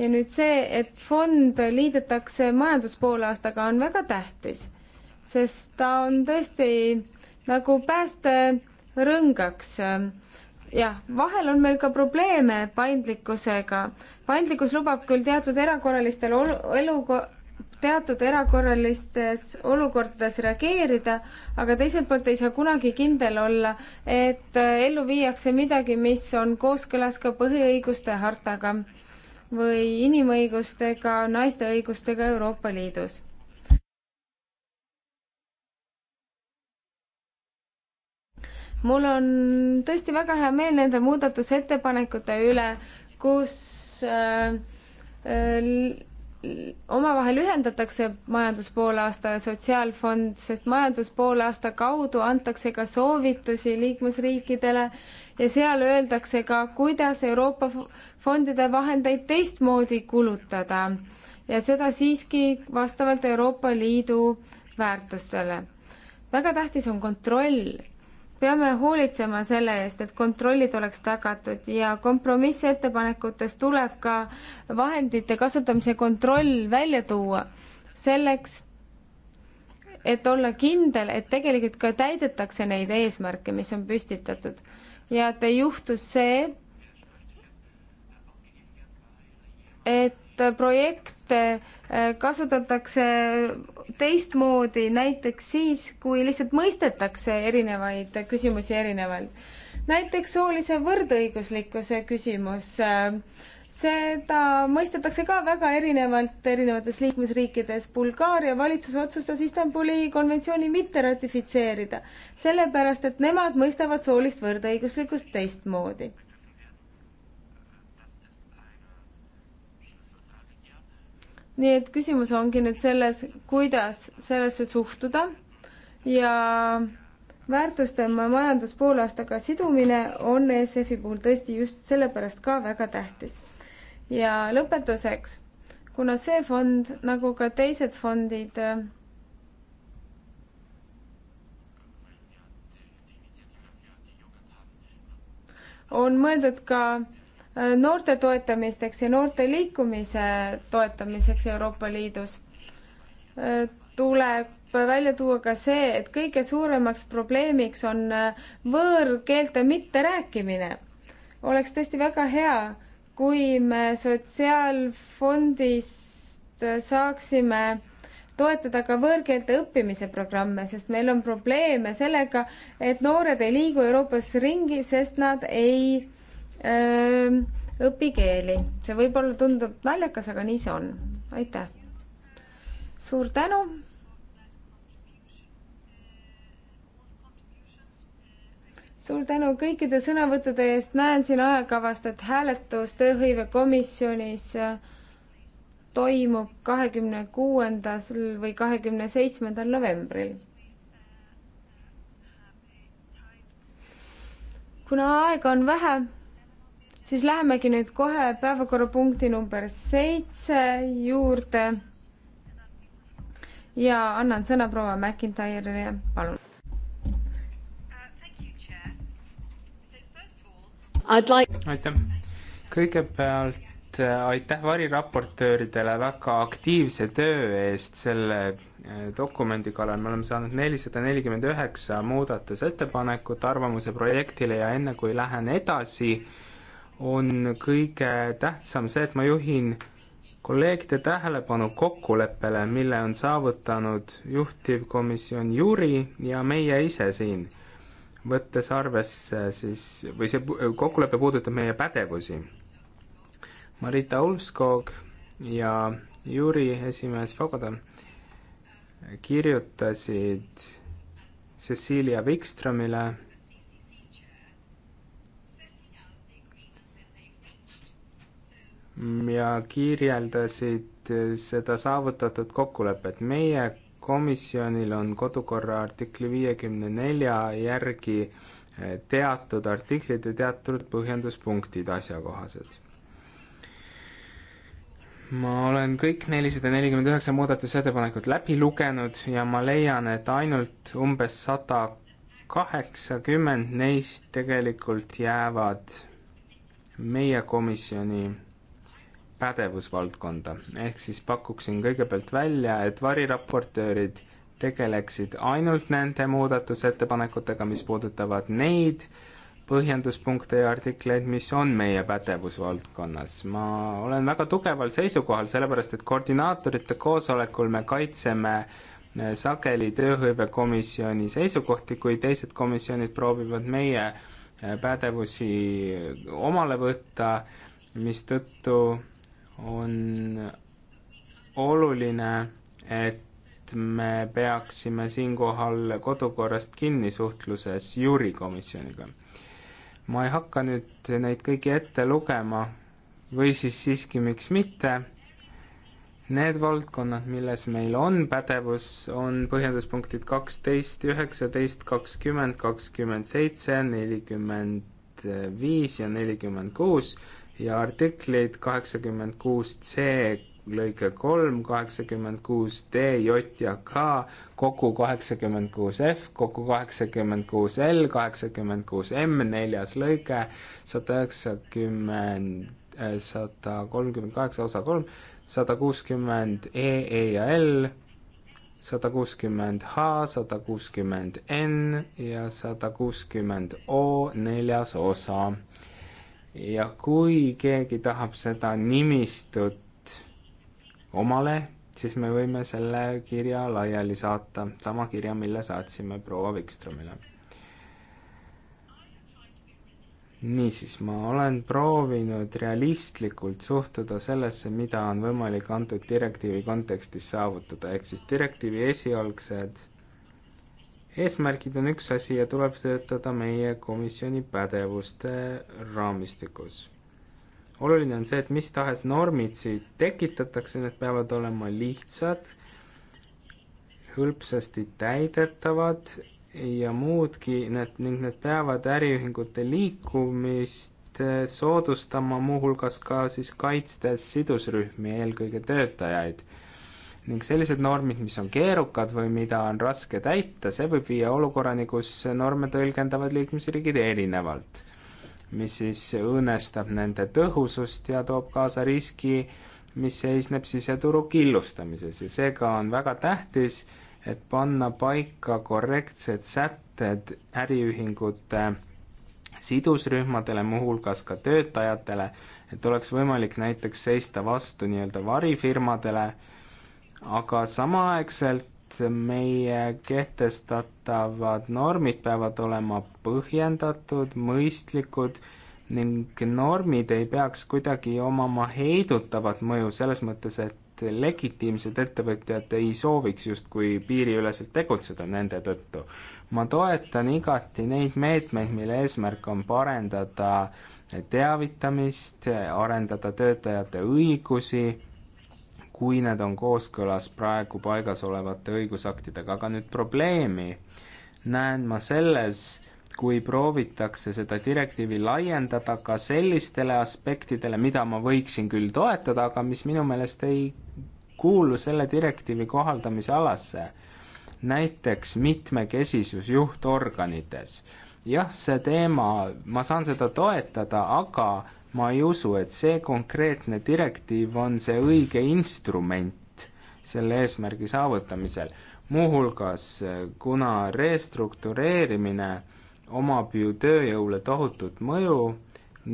ja nüüd see, et fond liidetakse majanduspoolaastaga, on väga tähtis, sest ta on tõesti nagu päästerõngaks jah, vahel on meil ka probleeme paindlikkusega. paindlikkus lubab küll teatud erakorralistel olu-, elu-, teatud erakorralistes olukordades reageerida, aga teiselt poolt ei saa kunagi kindel olla, et äh, ellu viiakse midagi, mis on kooskõlas ka põhiõiguste hartaga või inimõigustega, naiste õigustega Euroopa Liidus mul on tõesti väga hea meel nende muudatusettepanekute üle, kus äh, äh, omavahel ühendatakse majanduspoolaasta ja sotsiaalfond, sest majanduspoolaasta kaudu antakse ka soovitusi liikmesriikidele ja seal öeldakse ka, kuidas Euroopa fondide vahendeid teistmoodi kulutada ja seda siiski vastavalt Euroopa Liidu väärtustele. väga tähtis on kontroll peame hoolitsema selle eest, et kontrollid oleks tagatud ja kompromissettepanekutes tuleb ka vahendite kasutamise kontroll välja tuua selleks, et olla kindel, et tegelikult ka täidetakse neid eesmärke, mis on püstitatud ja et ei juhtu see, et projekt Äh, kasutatakse teistmoodi, näiteks siis, kui lihtsalt mõistetakse erinevaid küsimusi erinevalt. näiteks soolise võrdõiguslikkuse küsimus, äh, seda mõistetakse ka väga erinevalt erinevates liikmesriikides. Bulgaaria valitsus otsustas Istanbuli konventsiooni mitte ratifitseerida, sellepärast et nemad mõistavad soolist võrdõiguslikkust teistmoodi nii et küsimus ongi nüüd selles, kuidas sellesse suhtuda ja väärtuste majandus poolaastaga sidumine on ESF-i puhul tõesti just sellepärast ka väga tähtis. ja lõpetuseks, kuna see fond nagu ka teised fondid on mõeldud ka Äh, noorte toetamiseks ja noorte liikumise toetamiseks Euroopa Liidus äh, tuleb välja tuua ka see, et kõige suuremaks probleemiks on äh, võõrkeelte mitterääkimine. oleks tõesti väga hea, kui me sotsiaalfondist saaksime toetada ka võõrkeelte õppimise programme, sest meil on probleeme sellega, et noored ei liigu Euroopas ringi, sest nad ei äh, õpikeeli. see võib-olla tundub naljakas, aga nii see on. aitäh! suur tänu! suur tänu kõikide sõnavõttude eest, näen siin ajakavast, et hääletus tööhõivekomisjonis äh, toimub kahekümne kuuendal või kahekümne seitsmendal novembril kuna aega on vähe, siis lähemegi nüüd kohe päevakorrapunkti number seitse juurde ja annan sõna proua McIntyre'ile, palun. aitäh, kõigepealt äh, aitäh variraportööridele väga aktiivse töö eest selle äh, dokumendi kallal, me oleme saanud nelisada nelikümmend üheksa muudatusettepanekut arvamuse projektile ja enne kui lähen edasi, on kõige tähtsam see, et ma juhin kolleegide tähelepanu kokkuleppele, mille on saavutanud juhtivkomisjon Juri ja meie ise siin, võttes arvesse siis, või see kokkulepe puudutab meie pädevusi. Marita Ulfskog ja Juri esimees Fogoda kirjutasid Cecilia Wikströmile ja kirjeldasid seda saavutatud kokkulepet. meie komisjonil on kodukorra artikli viiekümne nelja järgi eh, teatud artiklid ja teatud põhjenduspunktid asjakohased. ma olen kõik nelisada nelikümmend üheksa muudatusettepanekut läbi lugenud ja ma leian, et ainult umbes sada kaheksakümmend neist tegelikult jäävad meie komisjoni pädevusvaldkonda. ehk siis pakuksin kõigepealt välja, et variraportöörid tegeleksid ainult nende muudatusettepanekutega, mis puudutavad neid põhjenduspunkte ja artikleid, mis on meie pädevusvaldkonnas. ma olen väga tugeval seisukohal, sellepärast et koordinaatorite koosolekul me kaitseme eh, sageli tööhõivekomisjoni seisukohti, kui teised komisjonid proovivad meie eh, pädevusi omale võtta, mistõttu on oluline, et me peaksime siinkohal kodukorrast kinni suhtluses juurikomisjoniga. ma ei hakka nüüd neid kõiki ette lugema või siis siiski, miks mitte Need valdkonnad, milles meil on pädevus, on põhjenduspunktid kaksteist, üheksateist, kakskümmend, kakskümmend seitse, nelikümmend viis ja nelikümmend kuus ja artikleid kaheksakümmend kuus C lõige kolm, kaheksakümmend kuus D, J ja K, kokku kaheksakümmend kuus F, kokku kaheksakümmend kuus L, kaheksakümmend kuus M, neljas lõige, sada üheksakümmend, äh, sada kolmkümmend kaheksa osa kolm, sada kuuskümmend E, E ja L, sada kuuskümmend H, sada kuuskümmend N ja sada kuuskümmend O neljas osa ja kui keegi tahab seda nimistut omale, siis me võime selle kirja laiali saata, sama kirja, mille saatsime proua Vikstrumile. niisiis, ma olen proovinud realistlikult suhtuda sellesse, mida on võimalik antud direktiivi kontekstis saavutada, ehk siis direktiivi esialgsed eesmärgid on üks asi ja tuleb töötada meie komisjoni pädevuste raamistikus. oluline on see, et mis tahes normid siit tekitatakse, need peavad olema lihtsad, hõlpsasti täidetavad ja muudki, need, ning need peavad äriühingute liikumist soodustama, muuhulgas ka siis kaitstes sidusrühmi, eelkõige töötajaid ning sellised normid, mis on keerukad või mida on raske täita, see võib viia olukorrani, kus norme tõlgendavad liikmesriigid erinevalt, mis siis õõnestab nende tõhusust ja toob kaasa riski, mis seisneb siseturu killustamises ja seega on väga tähtis, et panna paika korrektsed sätted äriühingute sidusrühmadele, muuhulgas ka töötajatele, et oleks võimalik näiteks seista vastu nii-öelda varifirmadele, aga samaaegselt meie kehtestatavad normid peavad olema põhjendatud, mõistlikud ning normid ei peaks kuidagi omama heidutavat mõju selles mõttes, et legitiimsed ettevõtjad ei sooviks justkui piiriüleselt tegutseda nende tõttu. ma toetan igati neid meetmeid, mille eesmärk on parendada teavitamist, arendada töötajate õigusi kui need on kooskõlas praegu paigas olevate õigusaktidega, aga nüüd probleemi näen ma selles, kui proovitakse seda direktiivi laiendada ka sellistele aspektidele, mida ma võiksin küll toetada, aga mis minu meelest ei kuulu selle direktiivi kohaldamise alasse. näiteks mitmekesisus juhtorganites. jah, see teema, ma saan seda toetada, aga ma ei usu, et see konkreetne direktiiv on see õige instrument selle eesmärgi saavutamisel. muuhulgas, kuna restruktureerimine omab ju tööjõule tohutut mõju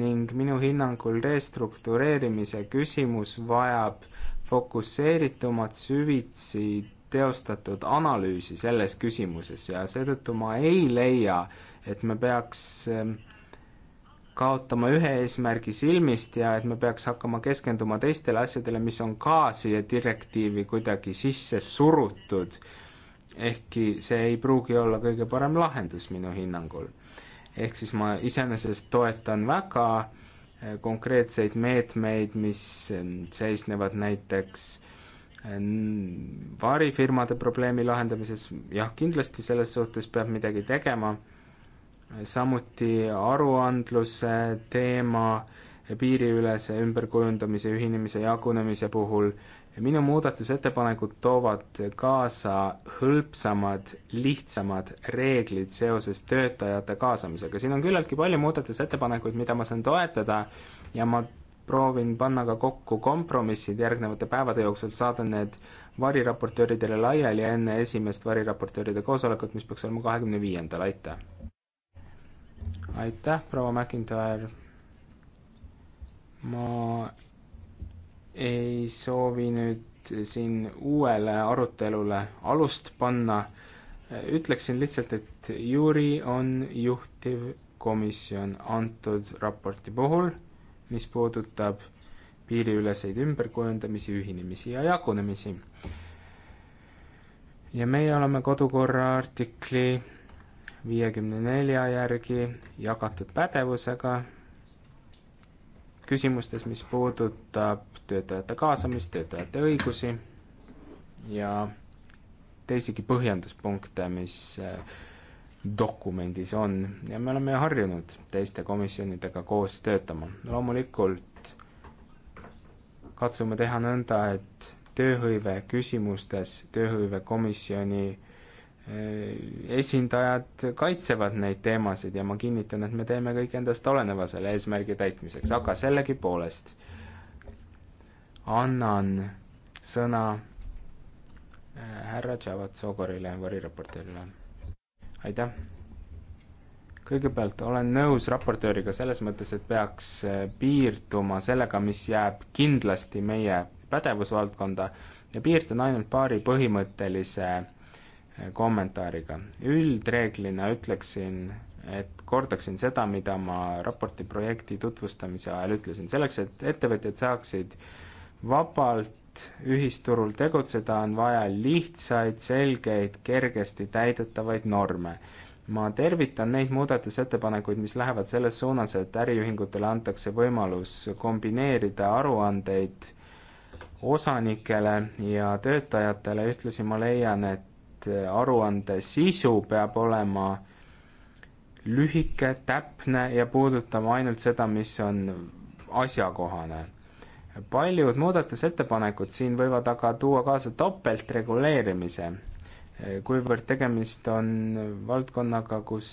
ning minu hinnangul restruktureerimise küsimus vajab fokusseeritumat süvitsi teostatud analüüsi selles küsimuses ja seetõttu ma ei leia, et me peaks kaotama ühe eesmärgi silmist ja et me peaks hakkama keskenduma teistele asjadele, mis on ka siia direktiivi kuidagi sisse surutud. ehkki see ei pruugi olla kõige parem lahendus minu hinnangul. ehk siis ma iseenesest toetan väga eh, konkreetseid meetmeid, mis seisnevad näiteks varifirmade probleemi lahendamises, jah, kindlasti selles suhtes peab midagi tegema samuti aruandluse teema piiriülese ümberkujundamise, ühinemise, jagunemise puhul. minu muudatusettepanekud toovad kaasa hõlpsamad, lihtsamad reeglid seoses töötajate kaasamisega. siin on küllaltki palju muudatusettepanekuid, mida ma saan toetada ja ma proovin panna ka kokku kompromissid järgnevate päevade jooksul, saadan need variraportööridele laiali enne esimest variraportööride koosolekut, mis peaks olema kahekümne viiendal, aitäh! aitäh, proua McIntyre. ma ei soovi nüüd siin uuele arutelule alust panna. ütleksin lihtsalt, et juuri on juhtiv komisjon antud raporti puhul, mis puudutab piiriüleseid ümberkujundamisi, ühinemisi ja jagunemisi. ja meie oleme kodukorra artikli viiekümne nelja järgi jagatud pädevusega küsimustes, mis puudutab töötajate kaasamist, töötajate õigusi ja teisigi põhjenduspunkte, mis eh, dokumendis on ja me oleme harjunud teiste komisjonidega koos töötama. loomulikult katsume teha nõnda, et tööhõive küsimustes tööhõivekomisjoni Äh, esindajad kaitsevad neid teemasid ja ma kinnitan, et me teeme kõik endast oleneva selle eesmärgi täitmiseks, aga sellegipoolest annan sõna äh, härra Tšavat Sogorile, varireporterile. aitäh! kõigepealt olen nõus raportööriga selles mõttes, et peaks äh, piirduma sellega, mis jääb kindlasti meie pädevusvaldkonda ja piirdun ainult paari põhimõttelise kommentaariga. üldreeglina ütleksin, et kordaksin seda, mida ma raporti projekti tutvustamise ajal ütlesin, selleks, et ettevõtjad saaksid vabalt ühisturul tegutseda, on vaja lihtsaid, selgeid, kergesti täidetavaid norme. ma tervitan neid muudatusettepanekuid, mis lähevad selles suunas, et äriühingutele antakse võimalus kombineerida aruandeid osanikele ja töötajatele, ühtlasi ma leian, et et äh, aruande sisu peab olema lühike, täpne ja puudutama ainult seda, mis on asjakohane. paljud muudatusettepanekud siin võivad aga tuua kaasa topeltreguleerimise, äh, kuivõrd tegemist on valdkonnaga, kus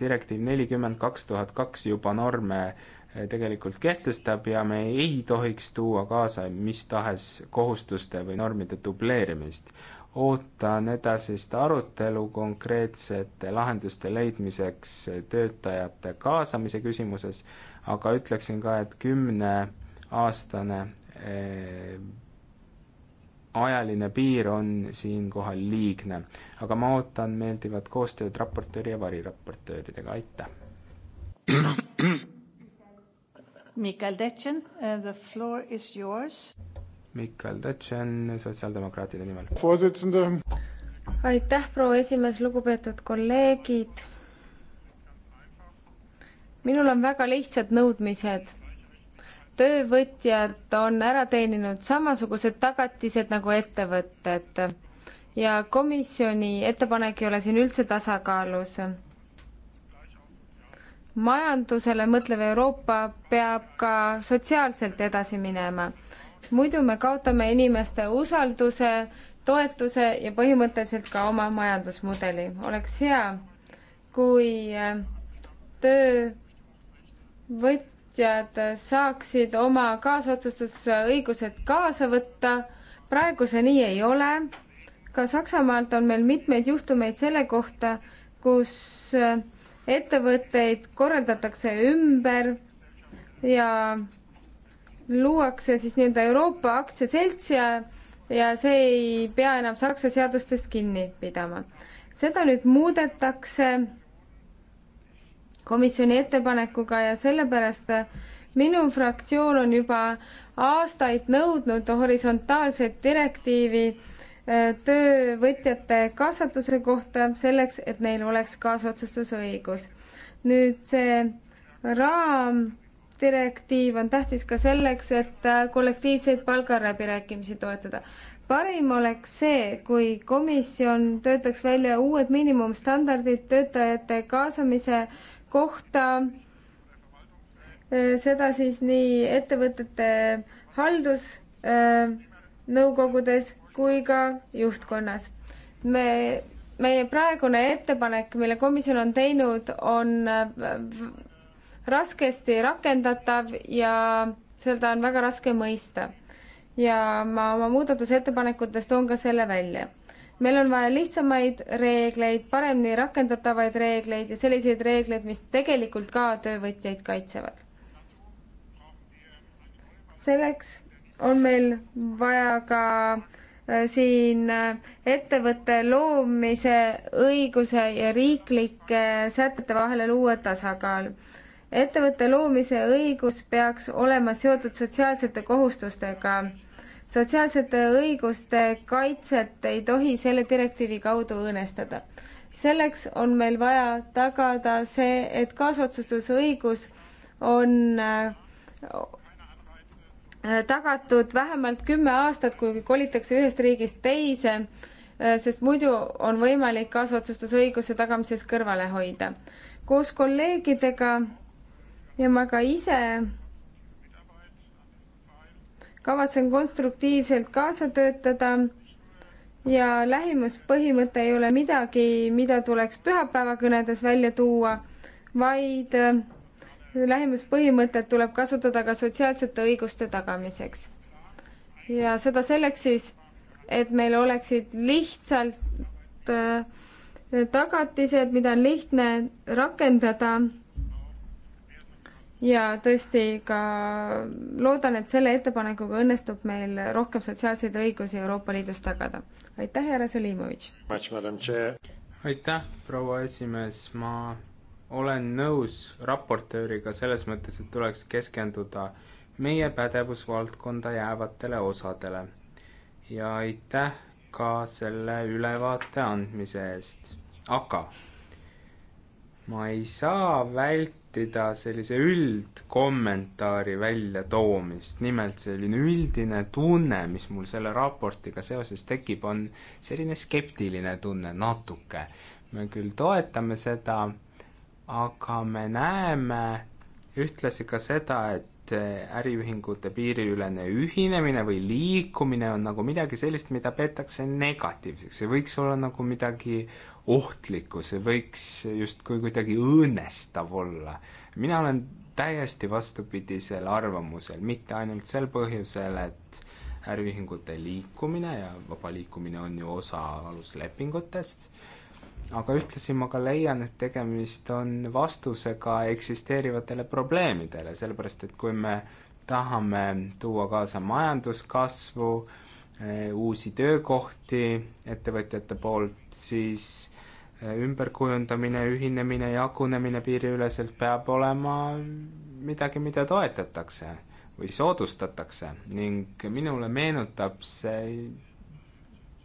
direktiiv nelikümmend kaks tuhat kaks juba norme äh, tegelikult kehtestab ja me ei tohiks tuua kaasa mis tahes kohustuste või normide dubleerimist ootan edasist arutelu konkreetsete lahenduste leidmiseks töötajate kaasamise küsimuses, aga ütleksin ka, et kümneaastane eh, ajaline piir on siinkohal liigne. aga ma ootan meeldivat koostööd raportööri ja variraportööridega, aitäh! Mikael Detchen, eh, the floor is yours. Mikkel Detšen sotsiaaldemokraatide nimel. aitäh, proua esimees, lugupeetud kolleegid. minul on väga lihtsad nõudmised. töövõtjad on ära teeninud samasugused tagatised nagu ettevõtted ja komisjoni ettepanek ei ole siin üldse tasakaalus. majandusele mõtlev Euroopa peab ka sotsiaalselt edasi minema muidu me kaotame inimeste usalduse, toetuse ja põhimõtteliselt ka oma majandusmudeli. oleks hea, kui äh, töövõtjad saaksid oma kaasotsustusõigused kaasa võtta. praegu see nii ei ole. ka Saksamaalt on meil mitmeid juhtumeid selle kohta, kus äh, ettevõtteid korraldatakse ümber ja luuakse siis nii-öelda Euroopa aktsiaselts ja, ja see ei pea enam Saksa seadustest kinni pidama. seda nüüd muudetakse komisjoni ettepanekuga ja sellepärast minu fraktsioon on juba aastaid nõudnud horisontaalset direktiivi äh, töövõtjate kaasatuse kohta selleks, et neil oleks kaasotsustusõigus. nüüd see raam direktiiv on tähtis ka selleks, et äh, kollektiivseid palgaläbirääkimisi toetada. parim oleks see, kui komisjon töötaks välja uued miinimumstandardid töötajate kaasamise kohta, äh, seda siis nii ettevõtete haldusnõukogudes äh, kui ka juhtkonnas. me meie praegune ettepanek, mille komisjon on teinud, on raskesti rakendatav ja seda on väga raske mõista. ja ma oma muudatusettepanekutes toon ka selle välja. meil on vaja lihtsamaid reegleid, paremini rakendatavaid reegleid ja selliseid reegleid, mis tegelikult ka töövõtjaid kaitsevad. selleks on meil vaja ka äh, siin äh, ettevõtte loomise õiguse ja riiklike äh, sätete vahele luua tasakaal ettevõtte loomise õigus peaks olema seotud sotsiaalsete kohustustega. sotsiaalsete õiguste kaitset ei tohi selle direktiivi kaudu õõnestada. selleks on meil vaja tagada see, et kaasotsustusõigus on äh, tagatud vähemalt kümme aastat, kui kolitakse ühest riigist teise, äh, sest muidu on võimalik kaasotsustusõiguse tagamisest kõrvale hoida. koos kolleegidega ja ma ka ise kavatsen konstruktiivselt kaasa töötada ja lähimuspõhimõte ei ole midagi, mida tuleks pühapäevakõnedes välja tuua, vaid lähimuspõhimõtet tuleb kasutada ka sotsiaalsete õiguste tagamiseks. ja seda selleks siis, et meil oleksid lihtsalt äh, tagatised, mida on lihtne rakendada ja tõesti ka loodan, et selle ettepanekuga õnnestub meil rohkem sotsiaalseid õigusi Euroopa Liidus tagada. aitäh, härra Selimovitš! aitäh, proua esimees, ma olen nõus raportööriga selles mõttes, et tuleks keskenduda meie pädevusvaldkonda jäävatele osadele. ja aitäh ka selle ülevaate andmise eest, aga ma ei saa vält-, vältida sellise üldkommentaari väljatoomist, nimelt selline üldine tunne, mis mul selle raportiga seoses tekib, on selline skeptiline tunne natuke. me küll toetame seda, aga me näeme ühtlasi ka seda, et et äh, äriühingute piiriülene ühinemine või liikumine on nagu midagi sellist, mida peetakse negatiivseks, see võiks olla nagu midagi ohtlikku, see võiks justkui kuidagi õõnestav olla. mina olen täiesti vastupidisel arvamusel, mitte ainult sel põhjusel, et äriühingute liikumine ja vaba liikumine on ju osa aluslepingutest aga ühtlasi ma ka leian, et tegemist on vastusega eksisteerivatele probleemidele, sellepärast et kui me tahame tuua kaasa majanduskasvu, eh, uusi töökohti ettevõtjate poolt, siis eh, ümberkujundamine, ühinemine, jagunemine piiriüleselt peab olema midagi, mida toetatakse või soodustatakse ning minule meenutab see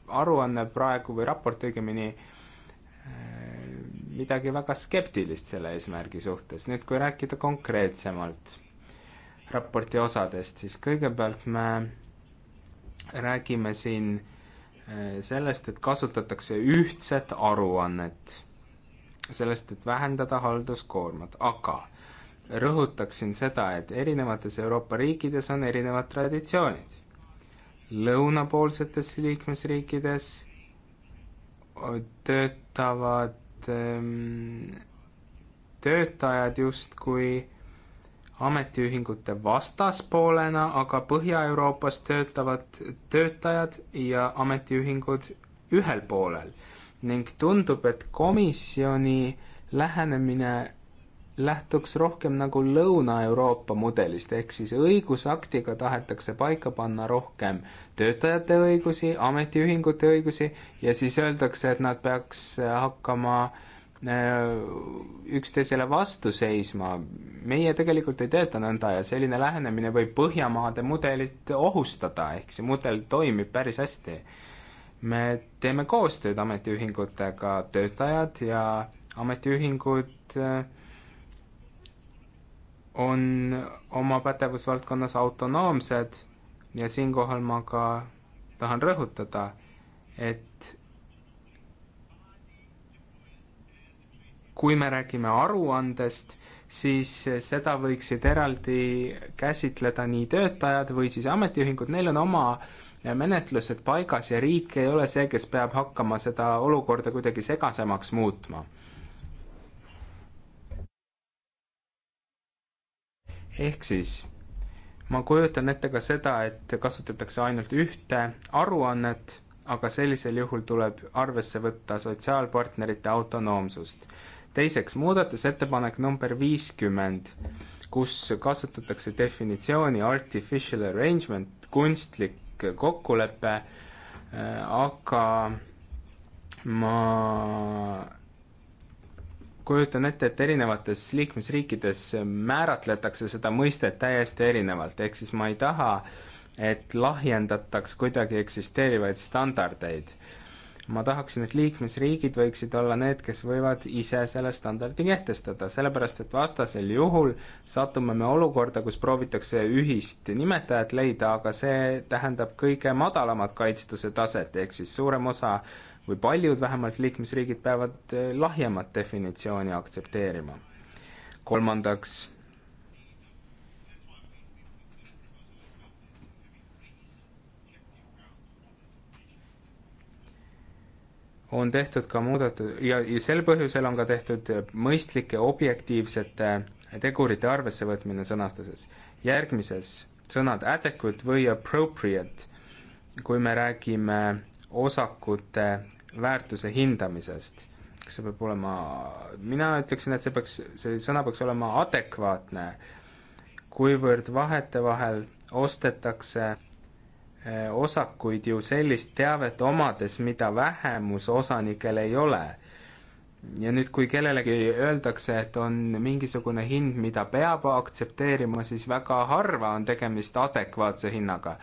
aruanne praegu või raport õigemini äh, Äh, midagi väga skeptilist selle eesmärgi suhtes. nüüd, kui rääkida konkreetsemalt raporti osadest, siis kõigepealt me räägime siin äh, sellest, et kasutatakse ühtset aruannet, sellest, et vähendada halduskoormat, aga rõhutaksin seda, et erinevates Euroopa riikides on erinevad traditsioonid. lõunapoolsetes liikmesriikides töötavad ehm, töötajad justkui ametiühingute vastaspoolena, aga Põhja-Euroopas töötavad töötajad ja ametiühingud ühel poolel ning tundub, et komisjoni lähenemine lähtuks rohkem nagu Lõuna-Euroopa mudelist, ehk siis õigusaktiga tahetakse paika panna rohkem töötajate õigusi, ametiühingute õigusi ja siis öeldakse, et nad peaks äh, hakkama äh, üksteisele vastu seisma. meie tegelikult ei tööta nõnda ja selline lähenemine võib Põhjamaade mudelit ohustada, ehk see mudel toimib päris hästi. me teeme koostööd ametiühingutega, töötajad ja ametiühingud äh, on oma pädevusvaldkonnas autonoomsed ja siinkohal ma ka tahan rõhutada, et kui me räägime aruandest, siis seda võiksid eraldi käsitleda nii töötajad või siis ametiühingud, neil on oma menetlused paigas ja riik ei ole see, kes peab hakkama seda olukorda kuidagi segasemaks muutma ehk siis ma kujutan ette ka seda, et kasutatakse ainult ühte aruannet, aga sellisel juhul tuleb arvesse võtta sotsiaalpartnerite autonoomsust. teiseks, muudatusettepanek number viiskümmend, kus kasutatakse definitsiooni artificial arrangement, kunstlik kokkulepe, äh, aga ma kujutan ette, et erinevates liikmesriikides määratletakse seda mõistet täiesti erinevalt, ehk siis ma ei taha, et lahjendataks kuidagi eksisteerivaid standardeid. ma tahaksin, et liikmesriigid võiksid olla need, kes võivad ise selle standardi kehtestada, sellepärast et vastasel juhul satume me olukorda, kus proovitakse ühist nimetajat leida, aga see tähendab kõige madalamat kaitstuse taset, ehk siis suurem osa või paljud vähemalt liikmesriigid peavad eh, lahjemat definitsiooni aktsepteerima. kolmandaks, on tehtud ka muudatud ja, ja sel põhjusel on ka tehtud eh, mõistlike objektiivsete tegurite arvessevõtmine sõnastuses. järgmises sõnad adequate või appropriate, kui me räägime osakute väärtuse hindamisest. kas see peab olema, mina ütleksin, et see peaks, see sõna peaks olema adekvaatne, kuivõrd vahetevahel ostetakse eh, osakuid ju sellist teavet omades, mida vähemusosanikel ei ole ja nüüd, kui kellelegi öeldakse, et on mingisugune hind, mida peab aktsepteerima, siis väga harva on tegemist adekvaatse hinnaga.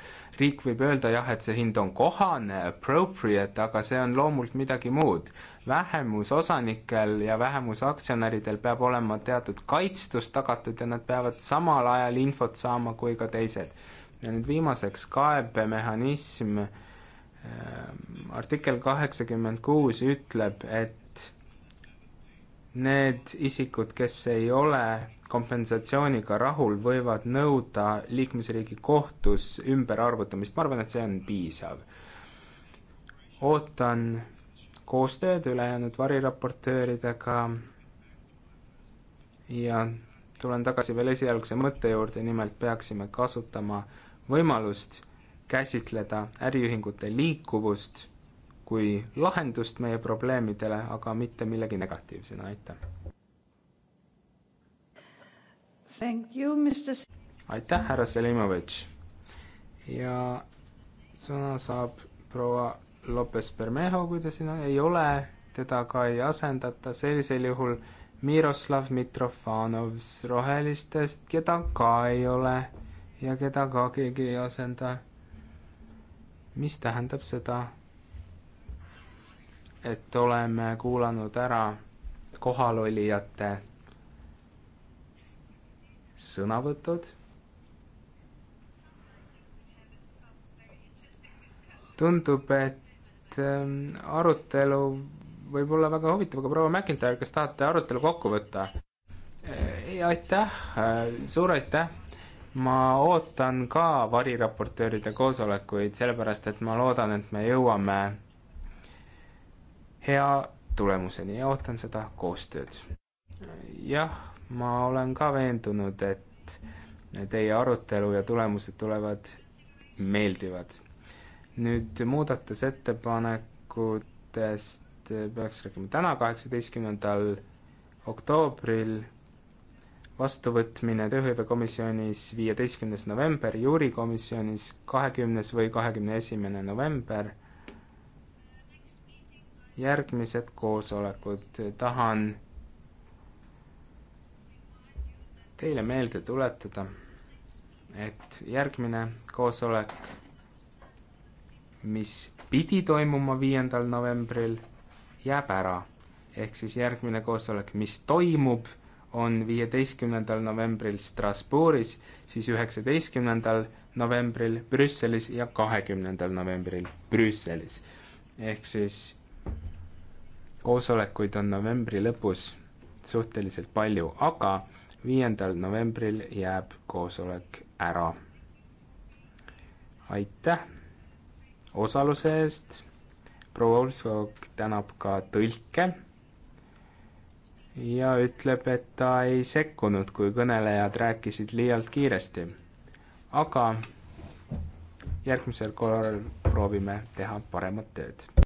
riik võib öelda jah, et see hind on kohane, appropriate, aga see on loomult midagi muud. vähemusosanikel ja vähemusaktsionäridel peab olema teatud kaitstus tagatud ja nad peavad samal ajal infot saama kui ka teised. ja nüüd viimaseks kaebemehhanism, äh, artikkel kaheksakümmend kuus ütleb, et Need isikud, kes ei ole kompensatsiooniga rahul, võivad nõuda liikmesriigi kohtus ümberarvutamist, ma arvan, et see on piisav. ootan koostööd ülejäänud variraportööridega ja tulen tagasi veel esialgse mõtte juurde, nimelt peaksime kasutama võimalust käsitleda äriühingute liikuvust kui lahendust meie probleemidele, aga mitte millegi negatiivsena, aitäh. aitäh, härra Selimovitš. ja sõna saab proua Lopez Bermejo, kui ta siin ei ole, teda ka ei asendata, sellisel juhul Miroslav Mitrofanovs Rohelistest, keda ka ei ole ja keda ka keegi ei asenda. mis tähendab seda, et oleme kuulanud ära kohalolijate sõnavõtud. tundub, et ähm, arutelu võib olla väga huvitav, aga proua McIntyre, kas tahate arutelu kokku võtta? aitäh, äh, suur aitäh ma ootan ka variraportööride koosolekuid, sellepärast et ma loodan, et me jõuame hea tulemuseni ja ootan seda koostööd. jah, ma olen ka veendunud, et teie arutelu ja tulemused tulevad meeldivad. nüüd muudatusettepanekutest peaks rääkima täna, kaheksateistkümnendal oktoobril, vastuvõtmine Tööhõivekomisjonis viieteistkümnes november, juurikomisjonis kahekümnes või kahekümne esimene november järgmised koosolekud, tahan teile meelde tuletada, et järgmine koosolek, mis pidi toimuma viiendal novembril, jääb ära. ehk siis järgmine koosolek, mis toimub, on viieteistkümnendal novembril Strasbourgis, siis üheksateistkümnendal novembril Brüsselis ja kahekümnendal novembril Brüsselis. ehk siis koosolekuid on novembri lõpus suhteliselt palju, aga viiendal novembril jääb koosolek ära. aitäh osaluse eest, proua Ulfsog tänab ka tõlke ja ütleb, et ta ei sekkunud, kui kõnelejad rääkisid liialt kiiresti. aga järgmisel korral proovime teha paremat tööd.